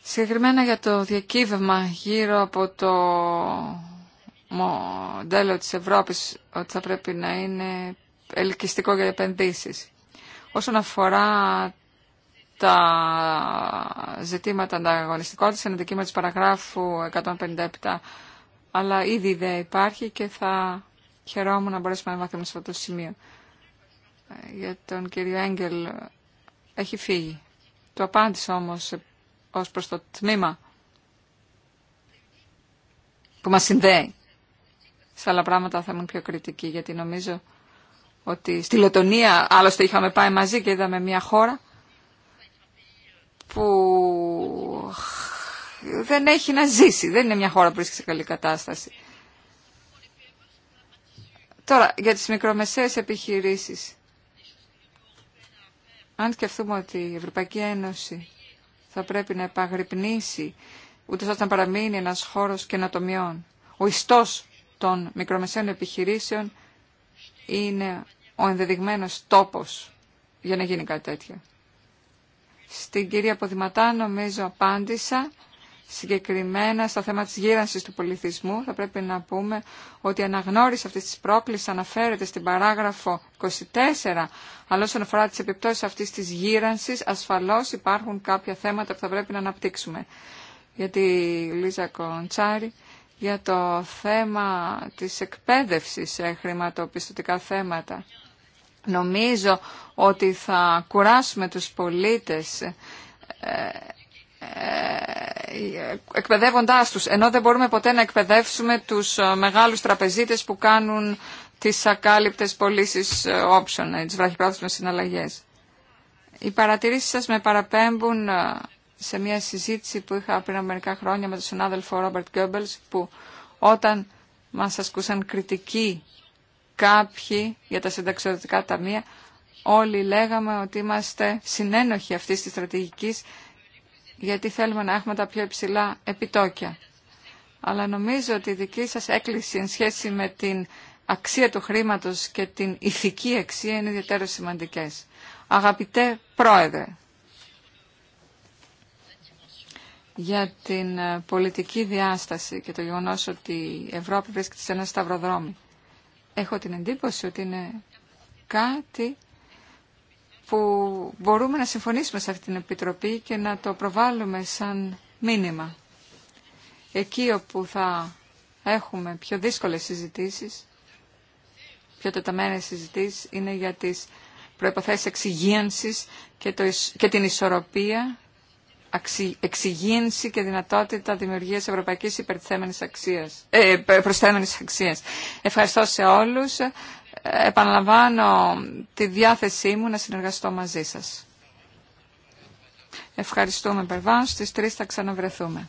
Συγκεκριμένα για το διακύβευμα γύρω από το μοντέλο της Ευρώπης ότι θα πρέπει να είναι ελκυστικό για επενδύσεις. Όσον αφορά τα ζητήματα ανταγωνιστικότητας, είναι αντικείμενο της παραγράφου 157 αλλά ήδη η ιδέα υπάρχει και θα χαιρόμουν να μπορέσουμε να μάθουμε σε αυτό το σημείο. Ε, για τον κύριο Έγγελ ε, έχει φύγει. Το απάντησα όμως ε, ως προς το τμήμα που μας συνδέει. Σε άλλα πράγματα θα ήμουν πιο κριτική γιατί νομίζω ότι στη Λετωνία άλλωστε είχαμε πάει μαζί και είδαμε μια χώρα που δεν έχει να ζήσει. Δεν είναι μια χώρα που βρίσκεται σε καλή κατάσταση. Τώρα, για τις μικρομεσαίες επιχειρήσεις. Αν σκεφτούμε ότι η Ευρωπαϊκή Ένωση θα πρέπει να επαγρυπνήσει ούτε ώστε να παραμείνει ένας χώρος καινοτομιών. Ο ιστός των μικρομεσαίων επιχειρήσεων είναι ο ενδεδειγμένος τόπος για να γίνει κάτι τέτοιο. Στην κυρία Ποδηματά νομίζω απάντησα Συγκεκριμένα στο θέμα της γύρανσης του πολιτισμού θα πρέπει να πούμε ότι η αναγνώριση αυτής της πρόκλησης αναφέρεται στην παράγραφο 24, αλλά όσον αφορά τις επιπτώσεις αυτής της γύρανσης ασφαλώς υπάρχουν κάποια θέματα που θα πρέπει να αναπτύξουμε. Γιατί, τη Λίζα Κοντσάρη, για το θέμα της εκπαίδευσης σε χρηματοπιστωτικά θέματα. Νομίζω ότι θα κουράσουμε τους πολίτες ε, ε, εκπαιδεύοντάς τους, ενώ δεν μπορούμε ποτέ να εκπαιδεύσουμε τους ε, μεγάλους τραπεζίτες που κάνουν τις ακάλυπτες πωλήσει ε, option, τις με συναλλαγές. Οι παρατηρήσεις σας με παραπέμπουν σε μια συζήτηση που είχα πριν από μερικά χρόνια με τον συνάδελφο Ρόμπερτ Γκέμπελς που όταν μας ασκούσαν κριτική κάποιοι για τα συνταξιοδοτικά ταμεία όλοι λέγαμε ότι είμαστε συνένοχοι αυτής της στρατηγικής γιατί θέλουμε να έχουμε τα πιο υψηλά επιτόκια. Αλλά νομίζω ότι η δική σας έκκληση εν σχέση με την αξία του χρήματος και την ηθική αξία είναι ιδιαίτερα σημαντικές. Αγαπητέ Πρόεδρε, για την ε, πολιτική διάσταση και το γεγονός ότι η Ευρώπη βρίσκεται σε ένα σταυροδρόμι. Έχω την εντύπωση ότι είναι κάτι που μπορούμε να συμφωνήσουμε σε αυτή την Επιτροπή και να το προβάλλουμε σαν μήνυμα. Εκεί όπου θα έχουμε πιο δύσκολες συζητήσεις, πιο τεταμένες συζητήσεις, είναι για τις προϋποθέσεις εξυγίανσης και, το, και την ισορροπία, εξυγίανση και δυνατότητα δημιουργίας ευρωπαϊκής ε, προσθέμενης αξίας. Ευχαριστώ σε όλους επαναλαμβάνω τη διάθεσή μου να συνεργαστώ μαζί σας. Ευχαριστούμε, Περβάν. Στις 3 θα ξαναβρεθούμε.